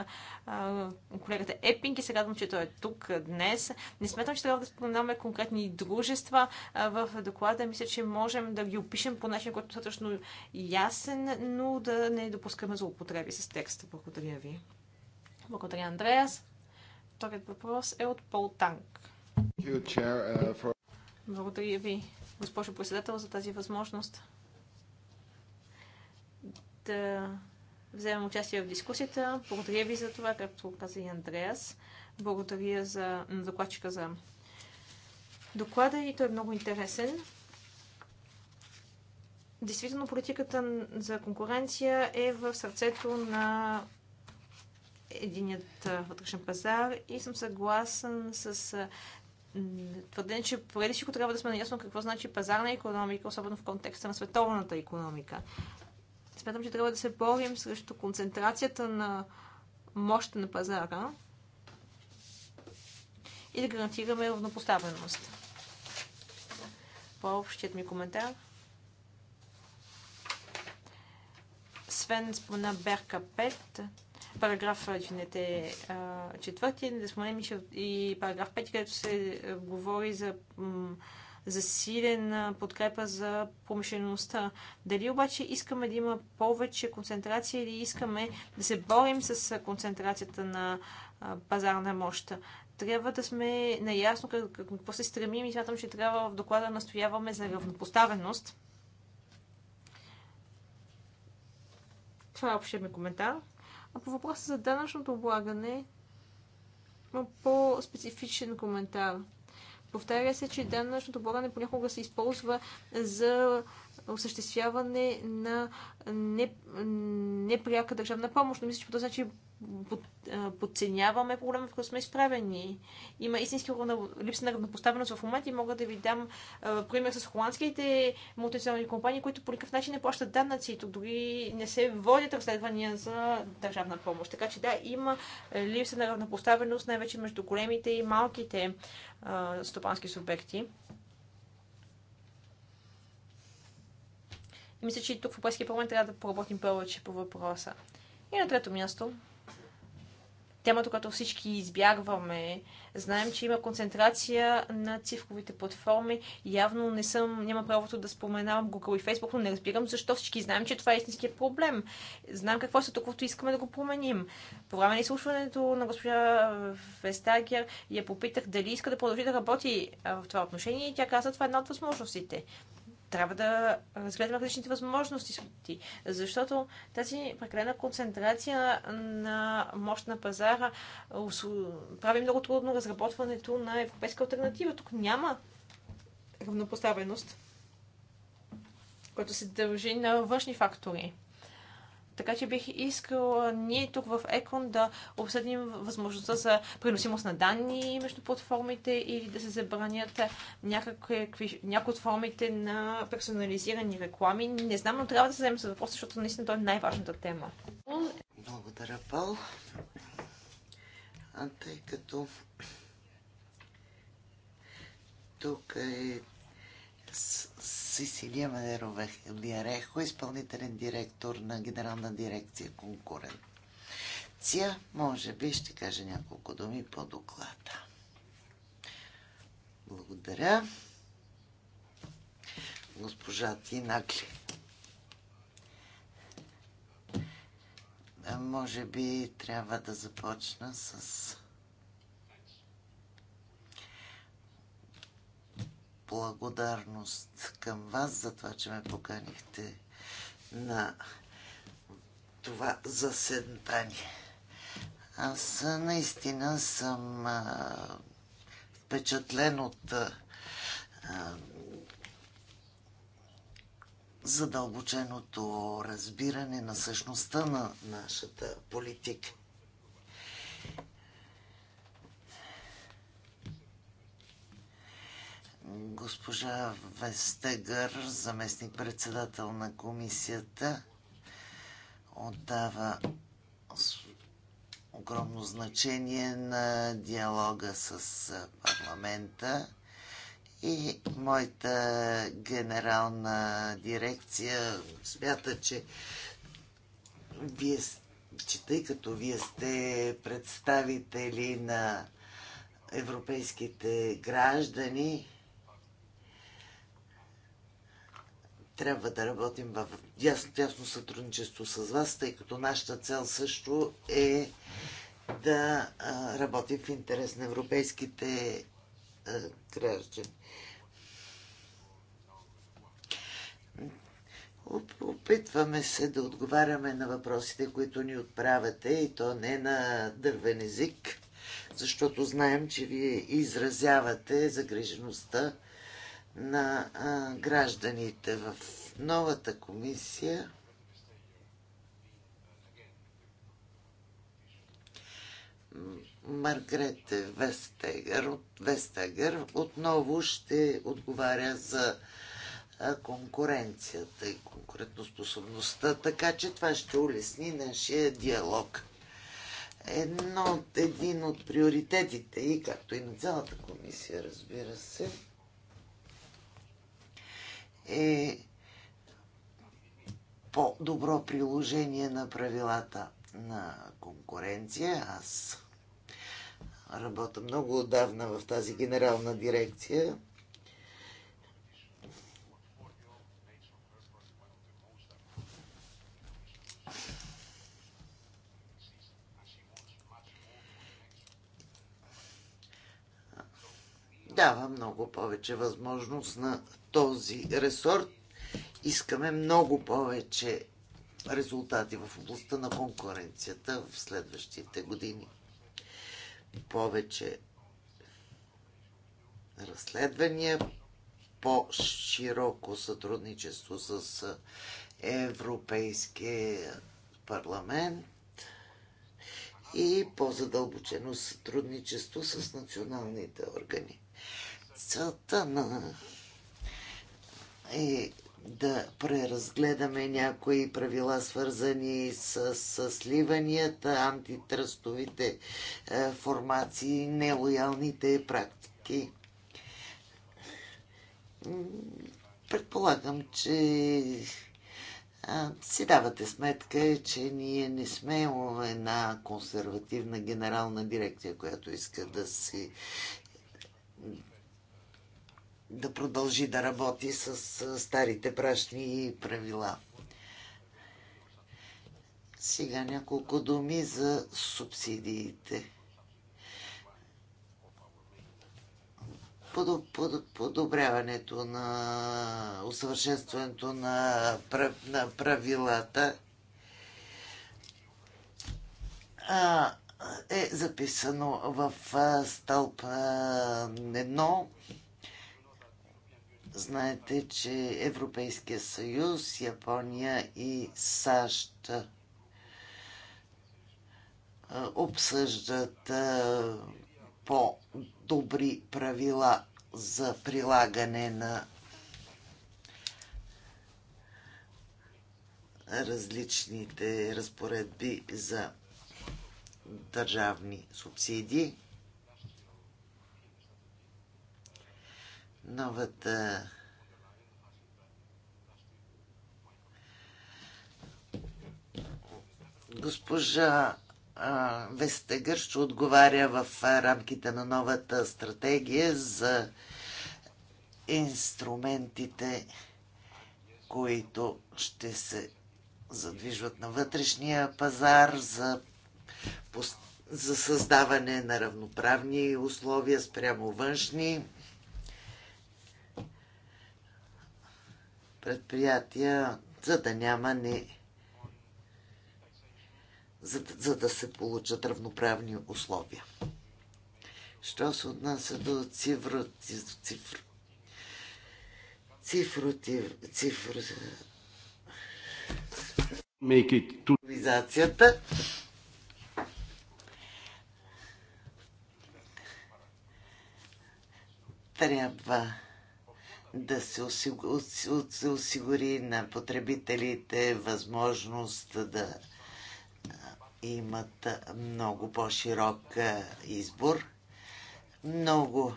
Speaker 1: а, колегата Епинг и се радвам, че той е тук днес. Не смятам, че трябва да споменаваме конкретни дружества а, в доклада. Мисля, че можем да ги опишем пишем по начин, който е достатъчно ясен, но да не допускаме злоупотреби с текста. Благодаря ви. Благодаря, Андреас. Вторият въпрос е от Пол Танк. Благодаря ви, госпожо председател, за тази възможност да вземем участие в дискусията. Благодаря ви за това, както каза и Андреас. Благодаря за докладчика за доклада и той е много интересен. Действително политиката за конкуренция е в сърцето на единият вътрешен пазар и съм съгласен с твърден, че преди всичко трябва да сме наясно какво значи пазарна економика, особено в контекста на световната економика. Смятам, че трябва да се борим срещу концентрацията на мощ на пазара и да гарантираме равнопоставеност. По-общият ми коментар – освен спомена Берка 5, параграф, извинете, четвърти, да споменем и параграф 5, където се говори за засилена подкрепа за промишлеността. Дали обаче искаме да има повече концентрация или искаме да се борим с концентрацията на пазарна мощ? Трябва да сме наясно какво се стремим и смятам, че трябва в доклада настояваме за равнопоставеност Това е общия ми коментар. А по въпроса за данъчното облагане, има по-специфичен коментар. Повтаря се, че данъчното облагане понякога се използва за осъществяване на непряка не държавна помощ. Но мисля, че по този начин под, подценяваме проблема, в който сме изправени. Има истински липса на равнопоставеност в момента и мога да ви дам а, пример с холандските мултинационални компании, които по никакъв начин не плащат данъци. Тук дори не се водят разследвания за държавна помощ. Така че да, има липса на равнопоставеност най-вече между големите и малките а, стопански субекти. И мисля, че и тук в Европейския парламент трябва да поработим повече по въпроса. И на трето място, темата, която всички избягваме. Знаем, че има концентрация на цифровите платформи. Явно не съм, няма правото да споменавам Google и Facebook, но не разбирам защо всички знаем, че това е истинският проблем. Знам какво са, токовото искаме да го променим. По време на изслушването на госпожа Вестагер я попитах дали иска да продължи да работи в това отношение и тя каза, това е една от възможностите трябва да разгледаме различните възможности, защото тази прекалена концентрация на мощ на пазара прави много трудно разработването на европейска альтернатива. Тук няма равнопоставеност, която се дължи на външни фактори. Така че бих искал ние тук в ЕКОН да обсъдим възможността за преносимост на данни между платформите или да се забранят някакви, някои от формите на персонализирани реклами. Не знам, но трябва да се вземем с въпроса, защото наистина той е най-важната тема.
Speaker 3: Благодаря, Пал. А тъй като тук е Сесилия Мадерове Виарехо, изпълнителен директор на Генерална дирекция конкуренция. Може би ще каже няколко думи по доклада. Благодаря. Госпожа Тинакли. Може би трябва да започна с благодарност към вас за това, че ме поканихте на това заседание. Аз наистина съм а, впечатлен от а, задълбоченото разбиране на същността на нашата политика. госпожа Вестегър, заместник-председател на комисията, отдава огромно значение на диалога с парламента и моята генерална дирекция смята, че вие че тъй като вие сте представители на европейските граждани, трябва да работим в тясно сътрудничество с вас, тъй като нашата цел също е да работим в интерес на европейските граждани. Опитваме се да отговаряме на въпросите, които ни отправяте, и то не на дървен език, защото знаем, че вие изразявате загрижеността на а, гражданите в новата комисия. Маргрете Вестегър, Вестегър отново ще отговаря за конкуренцията и конкурентоспособността, така че това ще улесни нашия диалог. Едно, от един от приоритетите и както и на цялата комисия, разбира се, е по-добро приложение на правилата на конкуренция. Аз работя много отдавна в тази генерална дирекция дава много повече възможност на този ресорт. Искаме много повече резултати в областта на конкуренцията в следващите години. Повече разследвания, по-широко сътрудничество с Европейския парламент и по-задълбочено сътрудничество с националните органи. Целта на е да преразгледаме някои правила, свързани с, с сливанията, антитръстовите е, формации, нелоялните практики. Предполагам, че а, си давате сметка, че ние не сме една консервативна генерална дирекция, която иска да си да продължи да работи с старите прашни правила. Сега няколко думи за субсидиите. подобряването на усъвършенстването на, на правилата е записано в стълб 1 Знаете, че Европейския съюз, Япония и САЩ обсъждат по-добри правила за прилагане на различните разпоредби за държавни субсидии. новата госпожа Вестегър ще отговаря в рамките на новата стратегия за инструментите, които ще се задвижват на вътрешния пазар за, за създаване на равноправни условия спрямо външни предприятия, за да няма не. За, за да се получат равноправни условия. Що се отнася до цифро, цифро, цифро, цифро, цифровизацията, трябва да се осигури на потребителите възможност да имат много по-широк избор. Много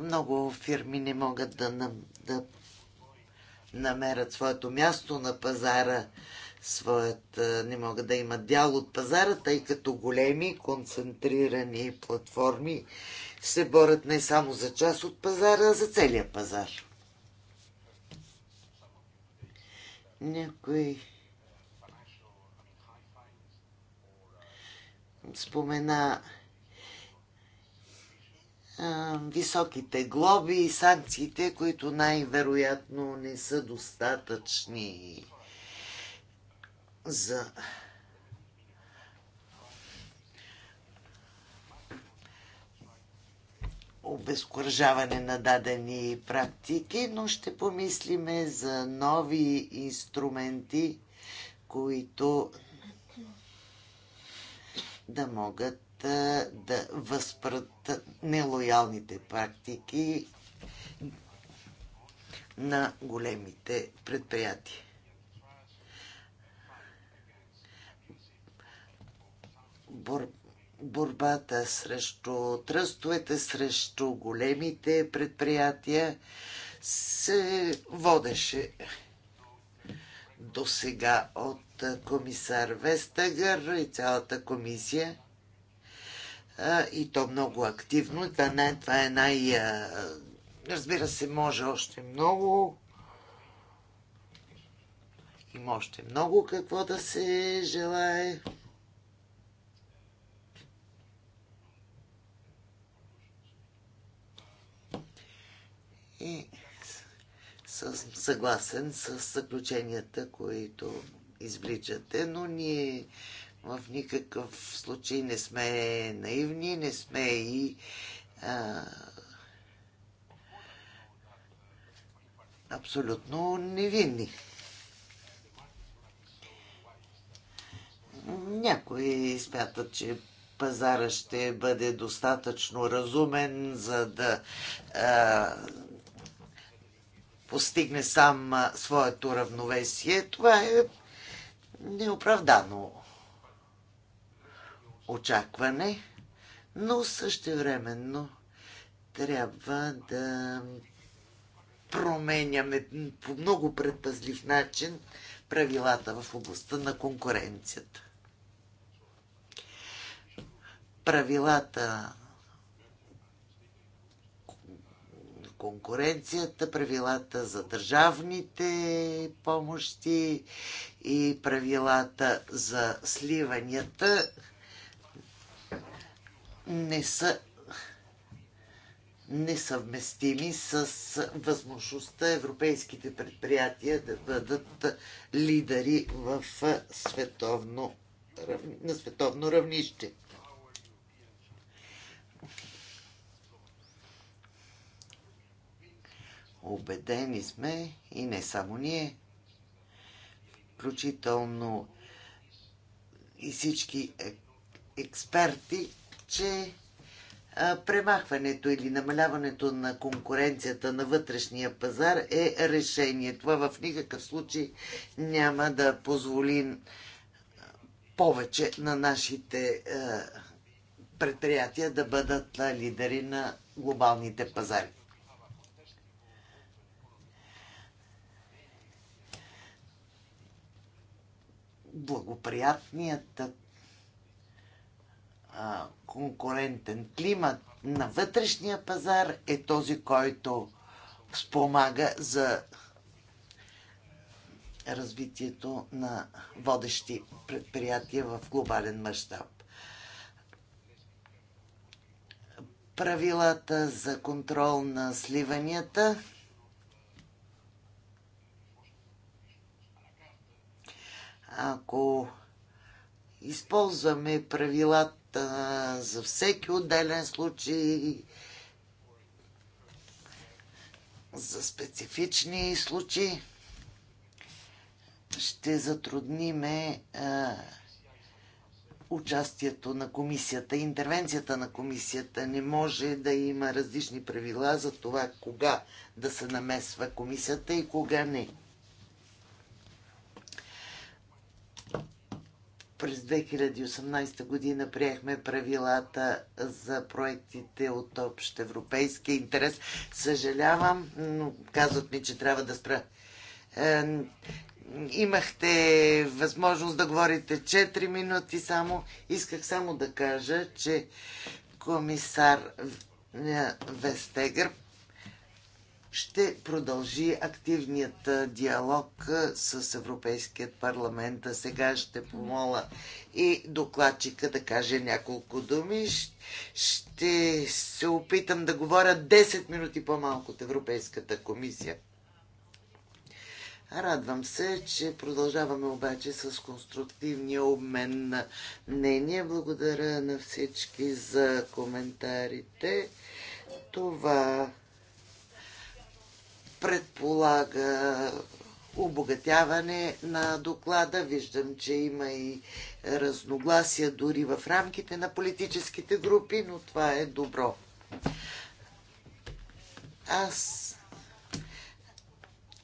Speaker 3: много фирми не могат да, да намерят своето място на пазара своят, не могат да имат дял от пазара, тъй като големи концентрирани платформи се борят не само за част от пазара, а за целия пазар. Някой спомена високите глоби и санкциите, които най-вероятно не са достатъчни за обезкуражаване на дадени практики, но ще помислиме за нови инструменти, които да могат да възпрат нелоялните практики на големите предприятия. бор, борбата срещу тръстовете, срещу големите предприятия се водеше до сега от комисар Вестагър и цялата комисия. И то много активно. Това, не, това е най... Разбира се, може още много. Има още много какво да се желае. и съм съгласен с заключенията, които извличате, но ние в никакъв случай не сме наивни, не сме и а, абсолютно невинни. Някои смятат, че пазара ще бъде достатъчно разумен, за да а, постигне сам своето равновесие, това е неоправдано очакване, но същевременно трябва да променяме по много предпазлив начин правилата в областта на конкуренцията. Правилата конкуренцията, правилата за държавните помощи и правилата за сливанията не са несъвместими с възможността европейските предприятия да бъдат лидери в световно, на световно равнище. Обедени сме и не само ние, включително и всички е, експерти, че премахването или намаляването на конкуренцията на вътрешния пазар е решение. Това в никакъв случай няма да позволи повече на нашите предприятия да бъдат лидери на глобалните пазари. благоприятният а, конкурентен климат на вътрешния пазар е този, който спомага за развитието на водещи предприятия в глобален мащаб. Правилата за контрол на сливанията ако използваме правилата за всеки отделен случай, за специфични случаи, ще затрудниме а, участието на комисията, интервенцията на комисията. Не може да има различни правила за това кога да се намесва комисията и кога не. През 2018 година приехме правилата за проектите от общ европейски интерес. Съжалявам, но казват ми, че трябва да спра. Е, имахте възможност да говорите 4 минути само. Исках само да кажа, че комисар е, Вестегър ще продължи активният диалог с Европейският парламент. А сега ще помоля и докладчика да каже няколко думи. Ще се опитам да говоря 10 минути по-малко от Европейската комисия. Радвам се, че продължаваме обаче с конструктивния обмен на мнение. Благодаря на всички за коментарите. Това предполага обогатяване на доклада. Виждам, че има и разногласия дори в рамките на политическите групи, но това е добро. Аз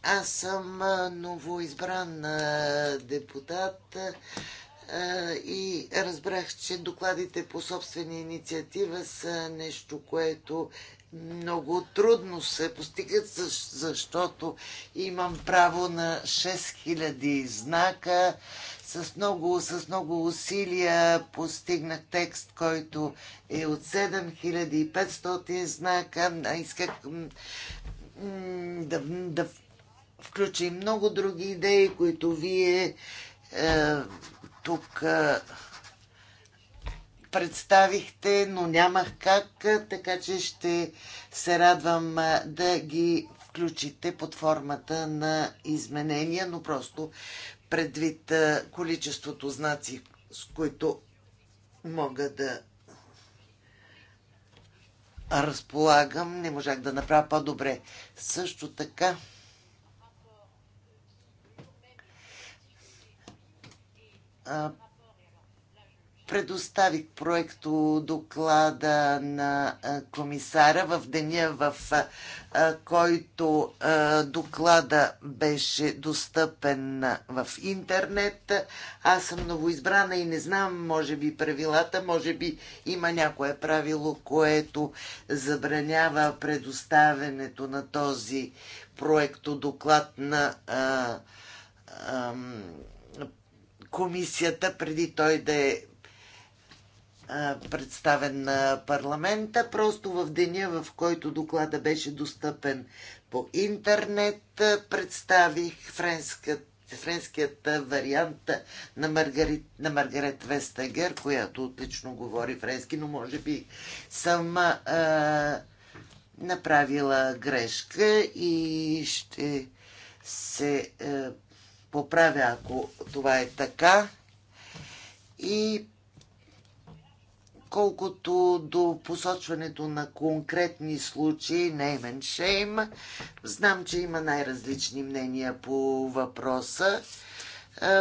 Speaker 3: аз съм новоизбран депутат и разбрах, че докладите по собствена инициатива са нещо, което много трудно се постигат, защото имам право на 6000 знака. С много, с много усилия постигнах текст, който е от 7500 знака. Исках да, да включа и много други идеи, които вие е, тук е, представихте, но нямах как, така че ще се радвам да ги включите под формата на изменения, но просто предвид количеството знаци, с които мога да разполагам, не можах да направя по-добре. Също така, предоставих проекто доклада на комисара в деня, в който доклада беше достъпен в интернет. Аз съм новоизбрана и не знам, може би, правилата, може би има някое правило, което забранява предоставянето на този проекто доклад на комисията преди той да е представен на парламента. Просто в деня, в който доклада беше достъпен по интернет, представих френската френският вариант на, Маргарит, на Маргарет Вестагер, която отлично говори френски, но може би съм а, направила грешка и ще се а, поправя, ако това е така. И Колкото до посочването на конкретни случаи, name and shame, знам, че има най-различни мнения по въпроса. Е,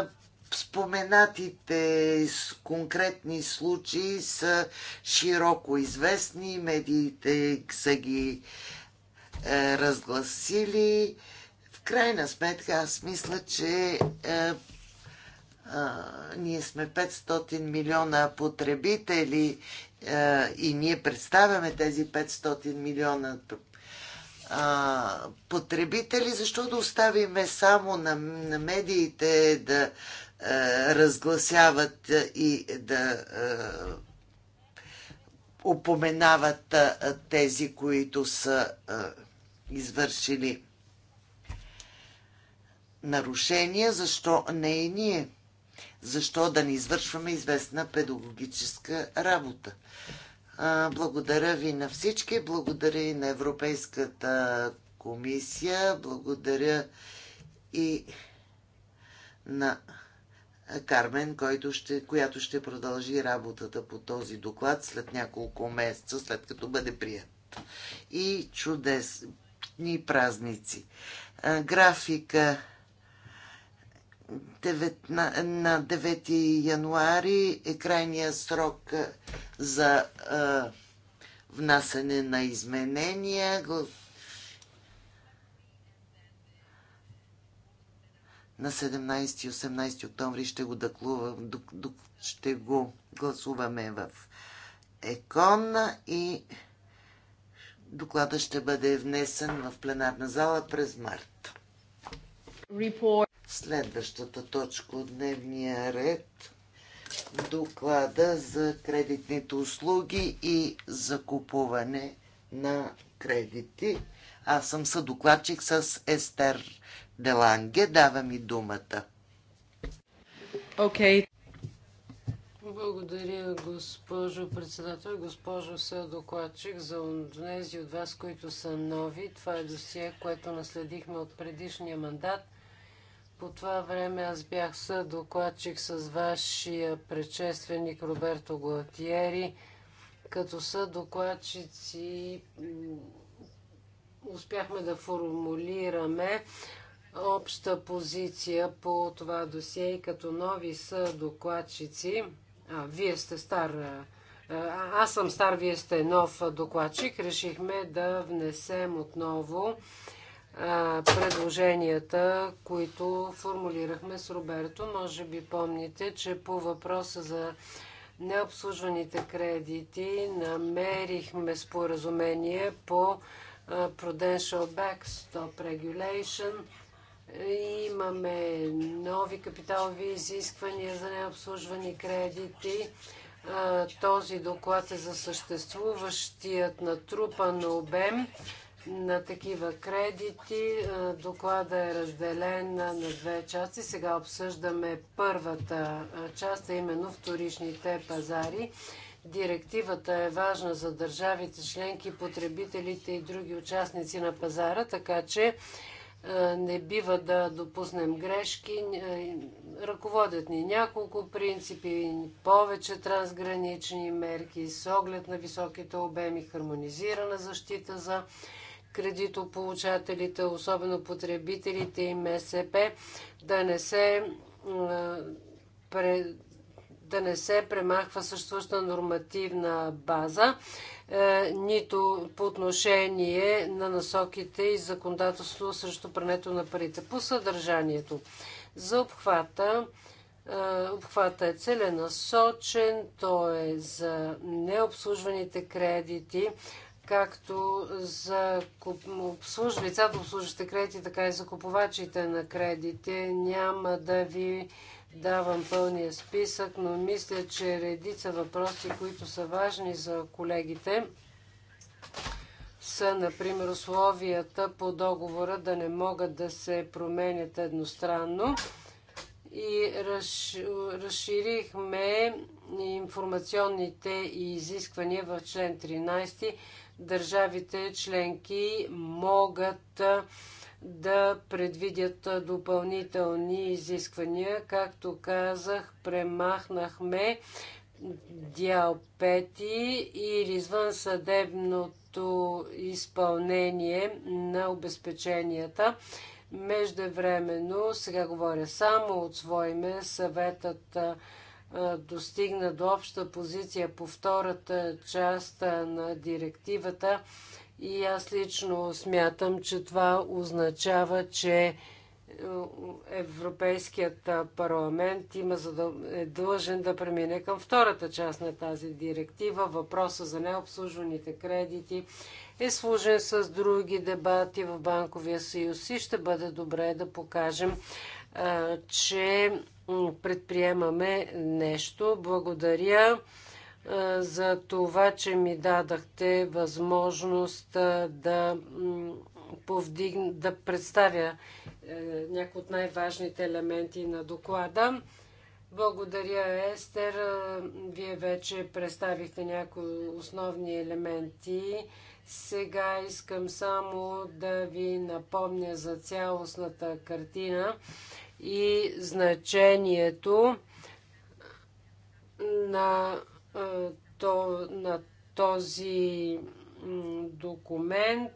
Speaker 3: споменатите конкретни случаи са широко известни, медиите са ги е, разгласили. В крайна сметка аз мисля, че е, а, ние сме 500 милиона потребители а, и ние представяме тези 500 милиона а, потребители, защо да оставиме само на, на медиите да а, разгласяват и да а, упоменават а, тези, които са а, извършили нарушения, защо не и ние? защо да не извършваме известна педагогическа работа. Благодаря ви на всички, благодаря и на Европейската комисия, благодаря и на Кармен, който ще, която ще продължи работата по този доклад след няколко месеца, след като бъде прият. И чудесни празници. Графика 9, на, на 9 януари е крайния срок за а, внасене на изменения. На 17 и 18 октомври ще го, док, ще го гласуваме в ЕКОН и доклада ще бъде внесен в пленарна зала през март. Report следващата точка от дневния ред доклада за кредитните услуги и закупуване на кредити. Аз съм съдокладчик с Естер Деланге. Дава ми думата.
Speaker 2: Окей. Okay. Благодаря, госпожо председател, госпожо съдокладчик, за тези от вас, които са нови. Това е досие, което наследихме от предишния мандат – по това време аз бях съдокладчик с вашия предшественик Роберто Глатиери. Като съдокладчици успяхме да формулираме обща позиция по това досие и като нови са докладчици. А, вие сте стар. А, аз съм стар, вие сте нов докладчик. Решихме да внесем отново предложенията, които формулирахме с Роберто. Може би помните, че по въпроса за необслужваните кредити намерихме споразумение по Prudential Backstop Regulation. Имаме нови капиталови изисквания за необслужвани кредити. Този доклад е за съществуващият натрупан обем на такива кредити. Доклада е разделен на две части. Сега обсъждаме първата част, а именно вторичните пазари. Директивата е важна за държавите, членки, потребителите и други участници на пазара, така че не бива да допуснем грешки. Ръководят ни няколко принципи, повече трансгранични мерки с оглед на високите обеми, хармонизирана защита за кредитополучателите, особено потребителите и МСП, да не се, да не се премахва съществуваща нормативна база, е, нито по отношение на насоките и законодателство срещу прането на парите. По съдържанието за обхвата, е, обхвата е целенасочен, то е за необслужваните кредити, както за обслужва, обслуж... лицата, обслужващи кредити, така и за купувачите на кредити. Няма да ви давам пълния списък, но мисля, че редица въпроси, които са важни за колегите, са, например, условията по договора да не могат да се променят едностранно. И разширихме информационните изисквания в член 13 държавите членки могат да предвидят допълнителни изисквания. Както казах, премахнахме дял 5 или извън съдебното изпълнение на обезпеченията. Междувременно, сега говоря само от име, съветът достигна до обща позиция по втората част на директивата и аз лично смятам, че това означава, че Европейският парламент има е длъжен да премине към втората част на тази директива. Въпроса за необслужваните кредити е служен с други дебати в Банковия съюз и ще бъде добре да покажем, че предприемаме нещо. Благодаря за това, че ми дадахте възможност да, повдигна, да представя е, някои от най-важните елементи на доклада. Благодаря, Естер. Вие вече представихте някои основни елементи. Сега искам само да ви напомня за цялостната картина и значението на, то, на този документ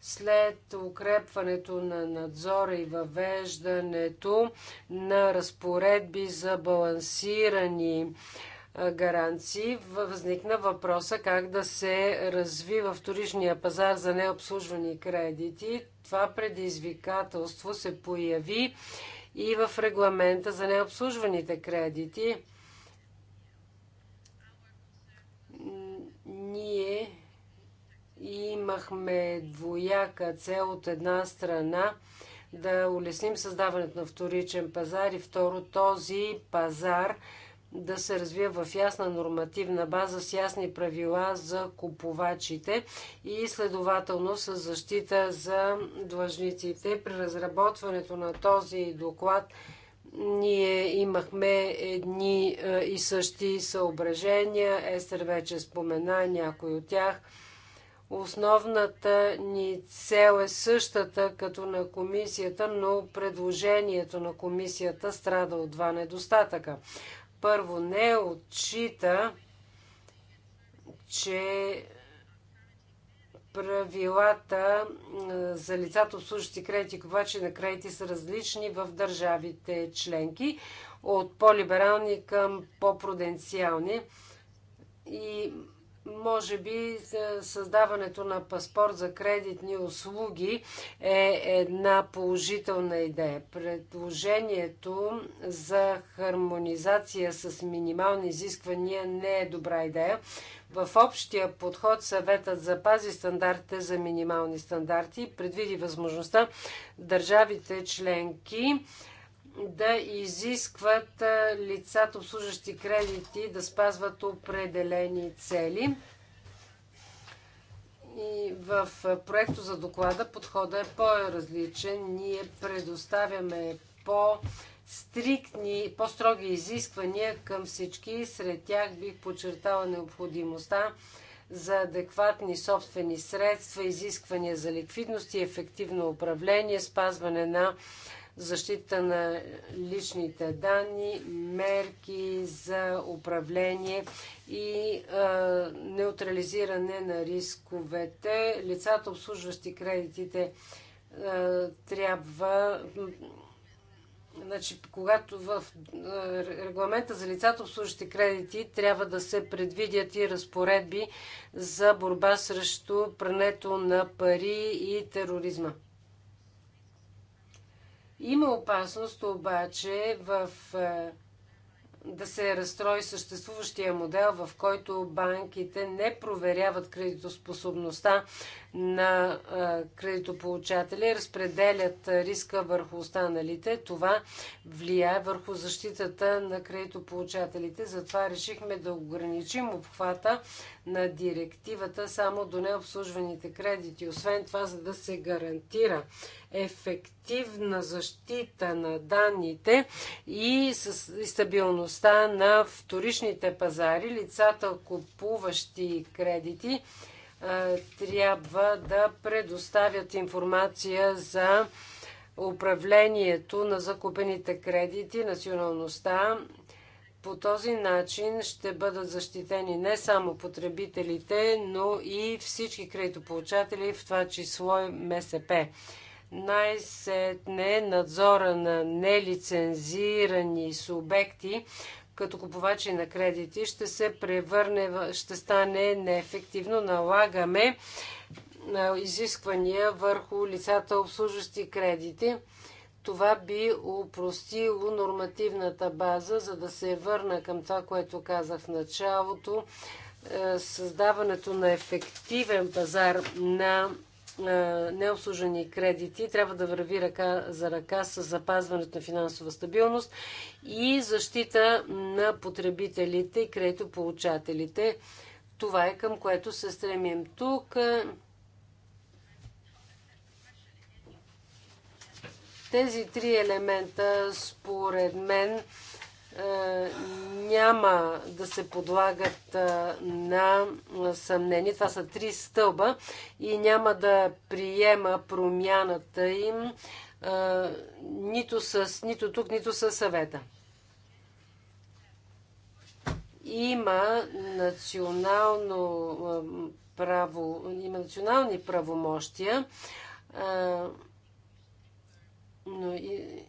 Speaker 2: след укрепването на надзора и въвеждането на разпоредби за балансирани гаранции, възникна въпроса как да се развива вторичния пазар за необслужвани кредити. Това предизвикателство се появи и в регламента за необслужваните кредити. Ние имахме двояка цел от една страна да улесним създаването на вторичен пазар и второ този пазар да се развие в ясна нормативна база с ясни правила за купувачите и следователно с защита за длъжниците. При разработването на този доклад ние имахме едни е, и същи съображения. Естер вече спомена някой от тях. Основната ни цел е същата като на комисията, но предложението на комисията страда от два недостатъка. Първо, не отчита, че правилата за лицата, обслужващи кредити, и купувачи на кредити са различни в държавите членки, от по-либерални към по-пруденциални. И може би е, създаването на паспорт за кредитни услуги е една положителна идея. Предложението за хармонизация с минимални изисквания не е добра идея. В общия подход съветът запази стандартите за минимални стандарти и предвиди възможността държавите членки да изискват лицата, обслужващи кредити, да спазват определени цели. И в проекто за доклада подхода е по-различен. Ние предоставяме по-стриктни, по-строги изисквания към всички. Сред тях бих подчертала необходимостта за адекватни собствени средства, изисквания за ликвидност и ефективно управление, спазване на защита на личните данни, мерки за управление и а, неутрализиране на рисковете. Лицата, обслужващи кредитите, а, трябва. Значи, когато в регламента за лицата, обслужващи кредити, трябва да се предвидят и разпоредби за борба срещу прането на пари и тероризма. Има опасност обаче в, е, да се разстрои съществуващия модел, в който банките не проверяват кредитоспособността на кредитополучателя и разпределят риска върху останалите. Това влияе върху защитата на кредитополучателите. Затова решихме да ограничим обхвата на директивата само до необслужваните кредити. Освен това, за да се гарантира ефективна защита на данните и, и стабилността на вторичните пазари, лицата купуващи кредити, трябва да предоставят информация за управлението на закупените кредити, националността. По този начин ще бъдат защитени не само потребителите, но и всички кредитополучатели, в това число и МСП. Най-сетне надзора на нелицензирани субекти като купувачи на кредити ще се превърне, ще стане неефективно. Налагаме изисквания върху лицата, обслужващи кредити. Това би упростило нормативната база, за да се върна към това, което казах в началото. Е, създаването на ефективен пазар на е, необслужени кредити трябва да върви ръка за ръка с запазването на финансова стабилност и защита на потребителите и кредитополучателите. Това е към което се стремим тук. Е, тези три елемента, според мен, е, няма да се подлагат е, на съмнение. Това са три стълба и няма да приема промяната им е, нито, с, нито тук, нито със съвета. Има национално право, има национални правомощия, но и,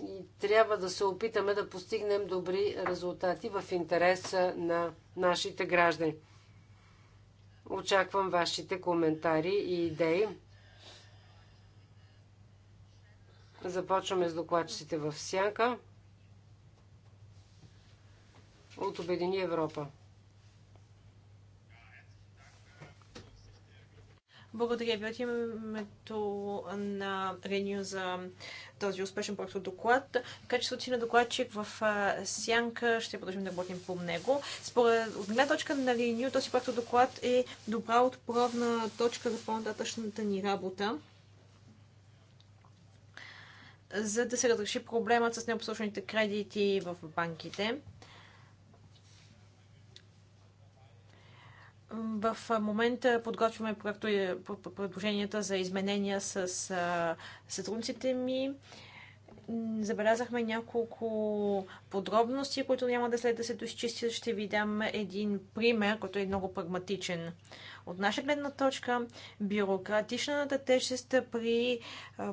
Speaker 2: и трябва да се опитаме да постигнем добри резултати в интереса на нашите граждани. Очаквам вашите коментари и идеи. Започваме с докладчиците в Сянка от Обедини Европа. Благодаря ви
Speaker 1: от името на Реню за този успешен проект от доклад. Така качеството си на докладчик в Сянка ще продължим да работим по него. Според от гледна точка на линию, този проект от доклад е добра отправна точка за по-нататъчната ни работа за да се разреши проблемът с необслужените кредити в банките. В момента подготвяме проекто предложенията за изменения с сътрудниците ми. Забелязахме няколко подробности, които няма да след да се доизчистят. Ще ви дам един пример, който е много прагматичен. От наша гледна точка, бюрократичната тежест при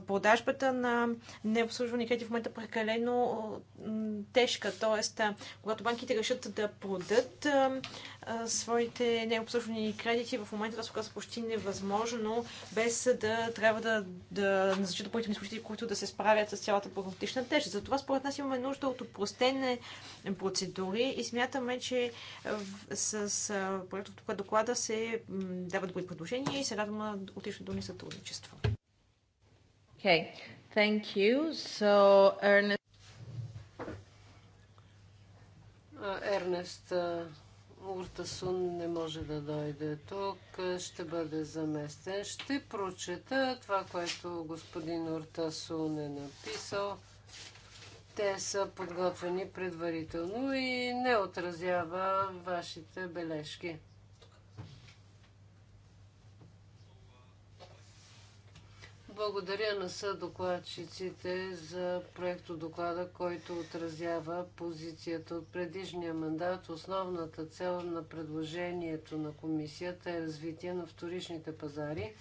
Speaker 1: продажбата на необслужвани кредити в момента е прекалено тежка. Тоест, когато банките решат да продадат своите необслужвани кредити. В момента това се оказва почти невъзможно, без да трябва да, да назначат допълнителни служители, които да се справят с цялата бюрократична тежест. Затова според нас имаме нужда от упростене процедури и смятаме, че с тук доклада се дават добри предложения и се радвам на отличното ни сътрудничество. Okay. Thank you. So, Ernest...
Speaker 2: Ернест Уртасун не може да дойде тук, ще бъде заместен. Ще прочета това, което господин Уртасун е написал. Те са подготвени предварително и не отразява вашите бележки. Благодаря на съдокладчиците за проекто доклада, който отразява позицията от предишния мандат. Основната цел на предложението на комисията е развитие на вторичните пазари,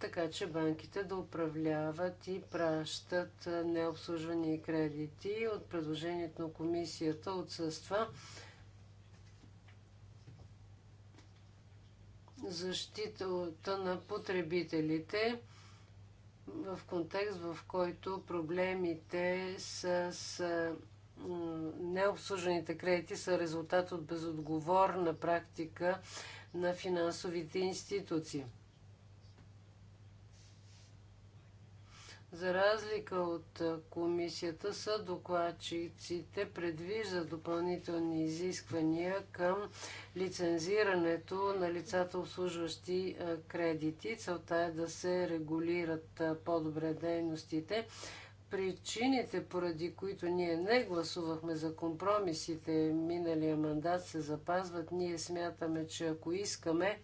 Speaker 2: така че банките да управляват и пращат необслужвани кредити. От предложението на комисията отсъства защитата на потребителите – в контекст, в който проблемите с необслужените кредити са резултат от безотговорна практика на финансовите институции. За разлика от комисията, са докладчиците предвиждат допълнителни изисквания към лицензирането на лицата обслужващи кредити. Целта е да се регулират по-добре дейностите. Причините, поради които ние не гласувахме за компромисите миналия мандат, се запазват. Ние смятаме, че ако искаме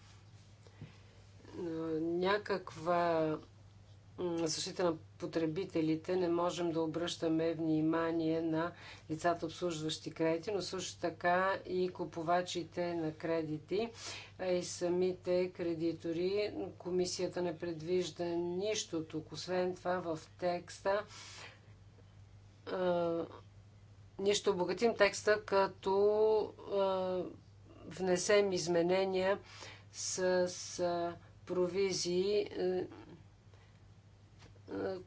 Speaker 2: някаква защита на потребителите не можем да обръщаме внимание на лицата обслужващи кредити, но също така и купувачите на кредити и самите кредитори. Комисията не предвижда нищо тук. Освен това в текста ние ще обогатим текста, като внесем изменения с провизии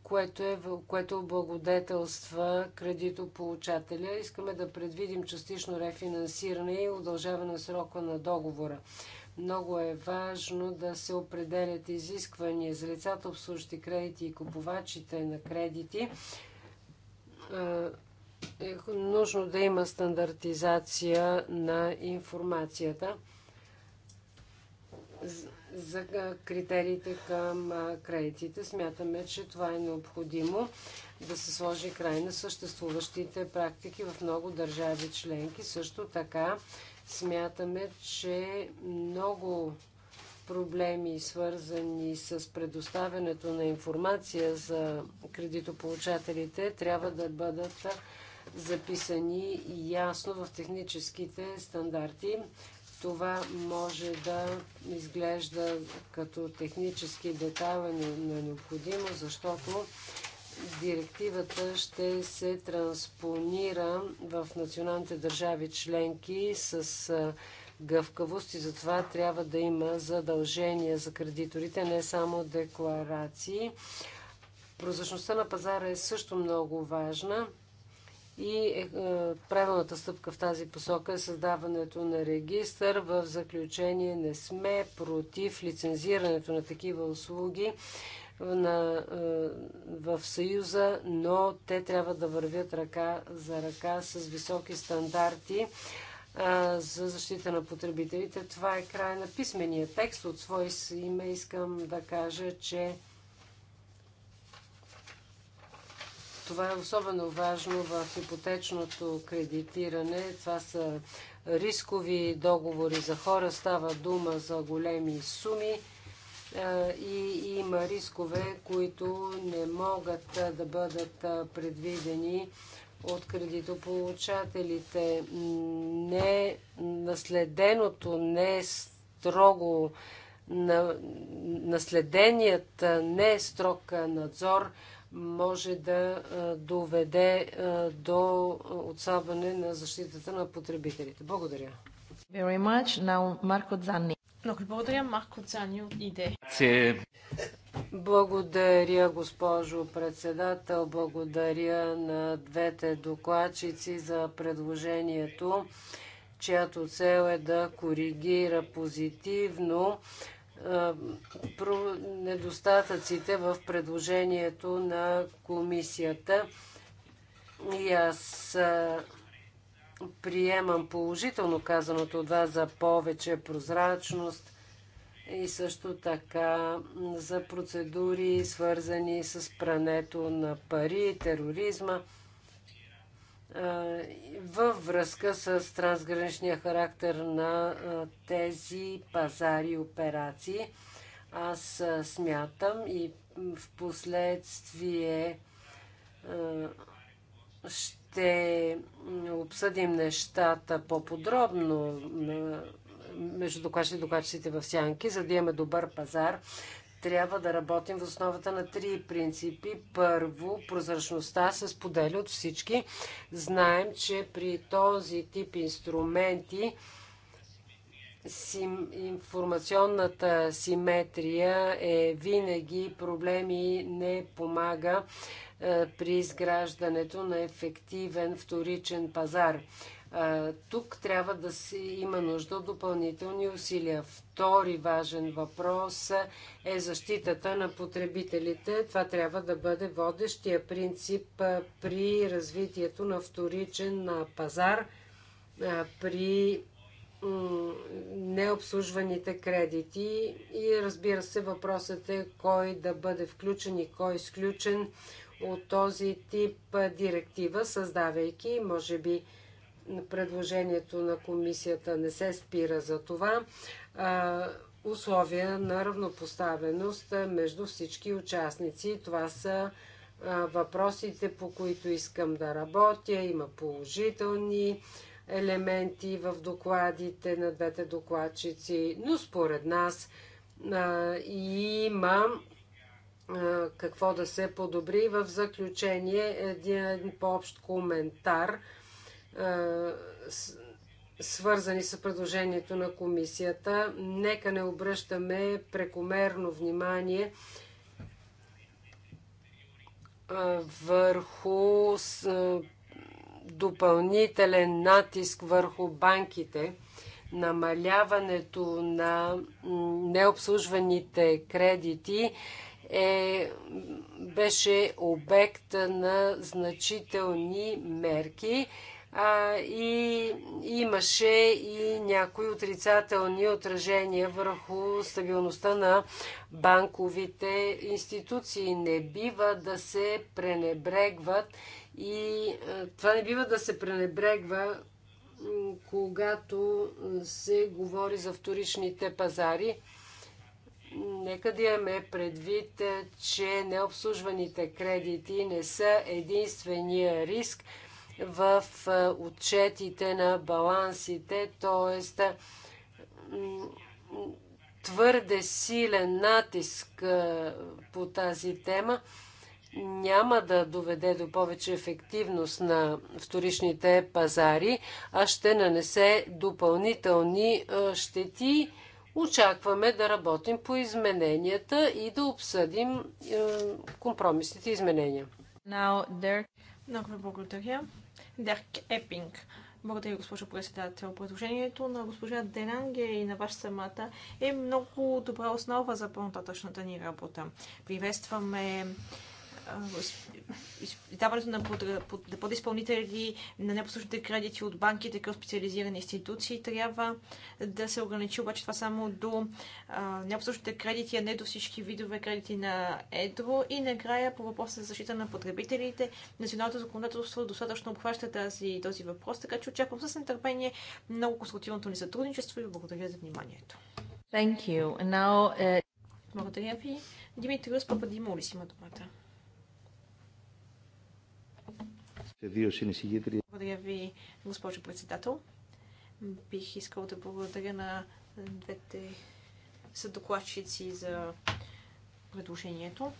Speaker 2: което, е, което благодетелства кредитополучателя. Искаме да предвидим частично рефинансиране и удължаване на срока на договора. Много е важно да се определят изисквания за лицата, обслужващи кредити и купувачите на кредити. Е нужно да има стандартизация на информацията за критериите към кредитите. Смятаме, че това е необходимо да се сложи край на съществуващите практики в много държави членки. Също така смятаме, че много проблеми, свързани с предоставянето на информация за кредитополучателите, трябва да бъдат записани ясно в техническите стандарти. Това може да изглежда като технически детайл е необходимо, защото директивата ще се транспонира в националните държави членки с гъвкавост и затова трябва да има задължения за кредиторите, не само декларации. Прозрачността на пазара е също много важна. И е, е, правилната стъпка в тази посока е създаването на регистър. В заключение не сме против лицензирането на такива услуги на, е, в Съюза, но те трябва да вървят ръка за ръка с високи стандарти е, за защита на потребителите. Това е край на писмения текст. От свой име искам да кажа, че Това е особено важно в ипотечното кредитиране. Това са рискови договори за хора. Става дума за големи суми и има рискове, които не могат да бъдат предвидени от кредитополучателите. Не наследеното, не строго наследеният не строг надзор – може да доведе до отслабване на защитата на потребителите. Благодаря. Very
Speaker 1: much. Now, Марко Много благодаря, Марко Дзанни от ИДЕ.
Speaker 2: Благодаря, госпожо председател. Благодаря на двете докладчици за предложението, чиято цел е да коригира позитивно недостатъците в предложението на комисията. И аз приемам положително казаното от вас за повече прозрачност и също така за процедури, свързани с прането на пари, тероризма – във връзка с трансграничния характер на тези пазари и операции. Аз смятам и в последствие ще обсъдим нещата по-подробно между докачите и докачите в сянки, за да имаме добър пазар трябва да работим в основата на три принципи. Първо, прозрачността се споделя от всички. Знаем, че при този тип инструменти информационната симетрия е винаги проблем и не помага е, при изграждането на ефективен вторичен пазар. Тук трябва да си, има нужда от допълнителни усилия. Втори важен въпрос е защитата на потребителите. Това трябва да бъде водещия принцип при развитието на вторичен пазар, при необслужваните кредити и разбира се въпросът е кой да бъде включен и кой изключен от този тип директива, създавайки, може би, предложението на комисията не се спира за това. условия на равнопоставеност между всички участници. Това са въпросите, по които искам да работя. Има положителни елементи в докладите на двете докладчици, но според нас има какво да се подобри. В заключение един по-общ коментар – свързани с предложението на комисията. Нека не обръщаме прекомерно внимание върху допълнителен натиск върху банките, намаляването на необслужваните кредити е, беше обект на значителни мерки а, и имаше и някои отрицателни отражения върху стабилността на банковите институции. Не бива да се пренебрегват и а, това не бива да се пренебрегва когато се говори за вторичните пазари. Нека да имаме предвид, че необслужваните кредити не са единствения риск, в е, отчетите на балансите, т.е. твърде силен натиск е, по тази тема няма да доведе до повече ефективност на вторичните пазари, а ще нанесе допълнителни е, щети. Очакваме да работим по измененията и да обсъдим компромисните изменения.
Speaker 1: Now, there... Много ви благодаря. Дерк Епинг. Благодаря, госпожо председател. Предложението на госпожа Деранге и на ваша самата е много добра основа за по-нататъчната ни работа. Приветстваме издаването на подизпълнители на непослушните кредити от банките към специализирани институции. Трябва да се ограничи обаче това само до непослушните кредити, а не до всички видове кредити на едро. И накрая по въпроса за защита на потребителите. Националното законодателство достатъчно обхваща тази, този въпрос, така че очаквам с нетърпение много конструктивното ни сътрудничество и благодаря за вниманието. Thank you. And now, uh... Благодаря ви. Димитриус ли си има думата.
Speaker 3: Благодаря
Speaker 1: ви, госпожо председател. Бих искал да благодаря на двете съдокладчици за предложението.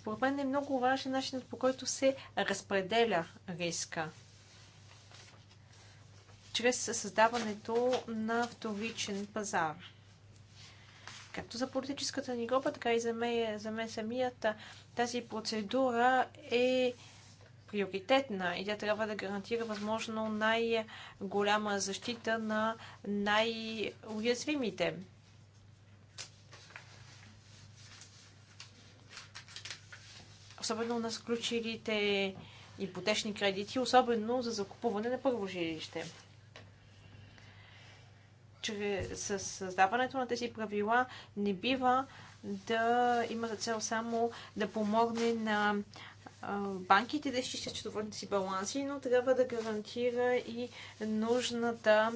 Speaker 1: Според мен е много важен начинът по който се разпределя риска. Чрез създаването на вторичен пазар както за политическата ни група, така и за мен, за мен самият, тази процедура е приоритетна и тя трябва да гарантира възможно най-голяма защита на най-уязвимите. Особено на сключилите ипотечни кредити, особено за закупуване на първо жилище че с създаването на тези правила не бива да има за цел само да помогне на банките да изчистят счетоводните си баланси, но трябва да гарантира и нужната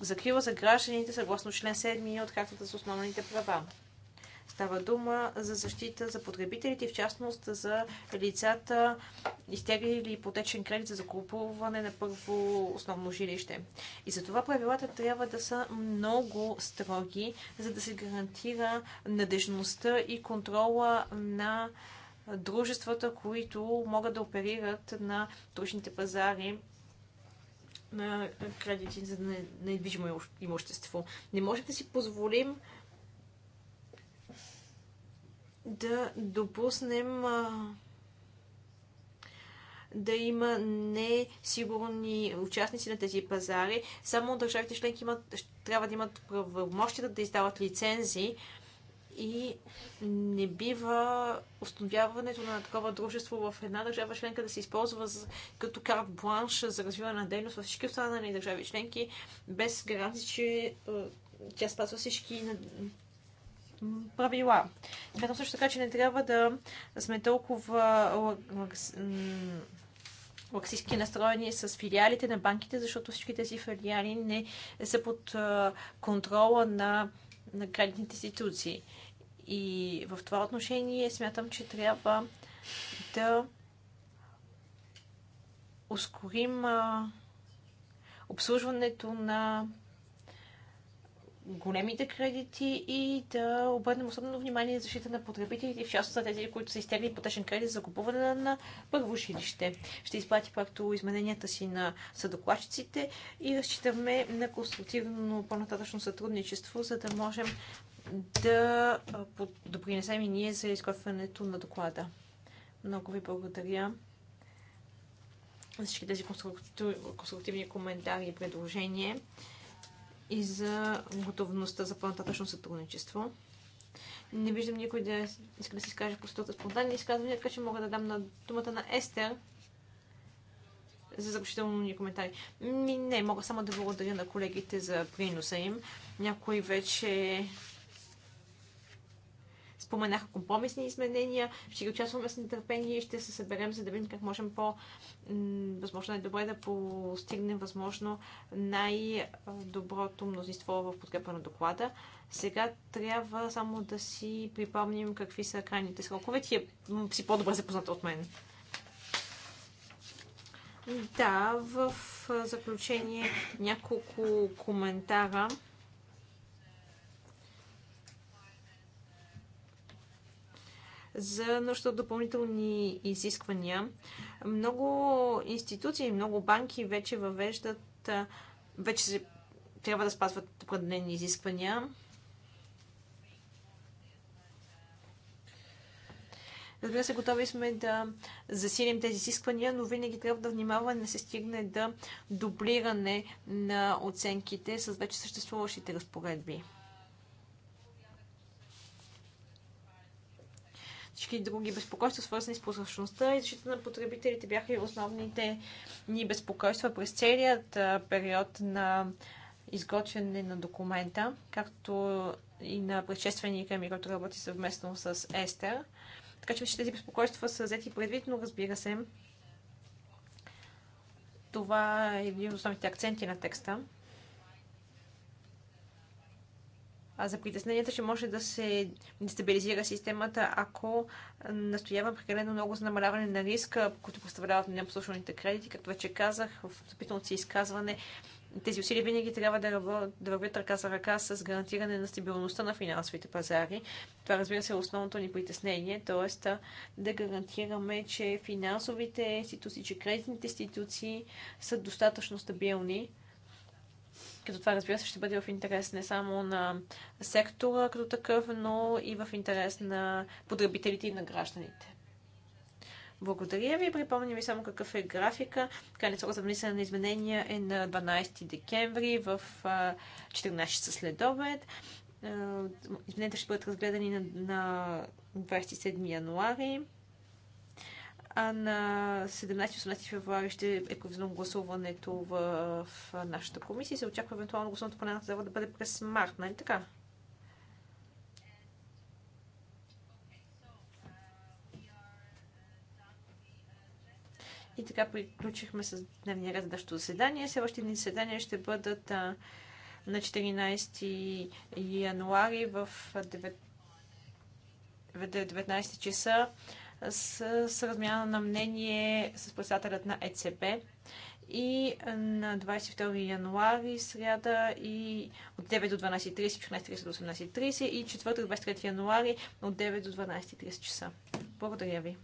Speaker 1: закрива за гражданите съгласно член 7 от картата за основните права. Става дума за защита за потребителите и в частност за лицата, изтеглили ипотечен кредит за закупуване на първо основно жилище. И за това правилата трябва да са много строги, за да се гарантира надежността и контрола на дружествата, които могат да оперират на точните пазари на кредити за недвижимо имущество. Не можем да си позволим да допуснем да има несигурни участници на тези пазари. Само държавите членки имат, трябва да имат правомощията да издават лицензии и не бива установяването на такова дружество в една държава членка да се използва като карт бланш за развиване на дейност във всички останали държави членки, без гаранция, че тя спазва всички правила. Смятам също така, че не трябва да сме толкова лаксистски настроени с филиалите на банките, защото всички тези филиали не са под контрола на, на кредитните институции. И в това отношение смятам, че трябва да ускорим обслужването на големите кредити и да обърнем особено внимание на защита на потребителите, в частност на тези, които са изтегли потешен кредит за купуване на първо жилище. Ще изплати както измененията си на съдокладчиците и разчитаме на конструктивно по-нататъчно сътрудничество, за да можем да допринесем и ние за изготвянето на доклада. Много ви благодаря за всички тези конструктивни коментари и предложения и за готовността за по-нататъчно сътрудничество. Не виждам никой да иска да си изкаже просто стата спонтанни изказвания, така че мога да дам на думата на Естер за ни коментари. не, мога само да благодаря на колегите за приноса им. Някой вече споменаха компромисни изменения, ще ги участваме с нетърпение и ще се съберем, за да видим как можем по възможно е добре да постигнем възможно най-доброто мнозинство в подкрепа на доклада. Сега трябва само да си припомним какви са крайните срокове. Ти си по-добре запозната от мен. Да, в заключение няколко коментара за нужда от допълнителни изисквания. Много институции, много банки вече въвеждат, вече трябва да спазват определени изисквания. Разбира се, готови сме да засилим тези изисквания, но винаги трябва да внимаваме да се стигне до дублиране на оценките с вече съществуващите разпоредби. всички други безпокойства, свързани с прозрачността и защита на потребителите бяха и основните ни безпокойства през целият период на изготвяне на документа, както и на предшественика ми, който работи съвместно с Естер. Така че тези безпокойства са взети предвид, но разбира се, това е един от основните акценти на текста. за притесненията, че може да се дестабилизира системата, ако настоява прекалено много за намаляване на риска, който представляват необслужваните кредити. Както вече казах в запитаното си изказване, тези усилия винаги трябва да, ръбо, да вървят ръка за ръка с гарантиране на стабилността на финансовите пазари. Това, разбира се, е основното ни притеснение, т.е. да гарантираме, че финансовите институции, че кредитните институции са достатъчно стабилни, като това, разбира се, ще бъде в интерес не само на сектора като такъв, но и в интерес на потребителите и на гражданите. Благодаря ви. Припомня ви само какъв е графика. Крайният срок за внесене на изменения е на 12 декември в 14 часа след обед. Измененията ще бъдат разгледани на 27 януари а на 17-18 февруари ще е ковзно гласуването в, в нашата комисия и се очаква евентуално гласуването по пленарната зала да бъде през март, нали така? И така приключихме с дневния ред нашето заседание. Следващите ни заседания ще бъдат а, на 14 януари в 9, 19 часа с, с размяна на мнение с председателят на ЕЦБ и на 22 януари, сряда и от 9 до 12.30, 14.30 до 18.30 и четвъртък, 23 януари от 9 до 12.30 часа. Благодаря ви.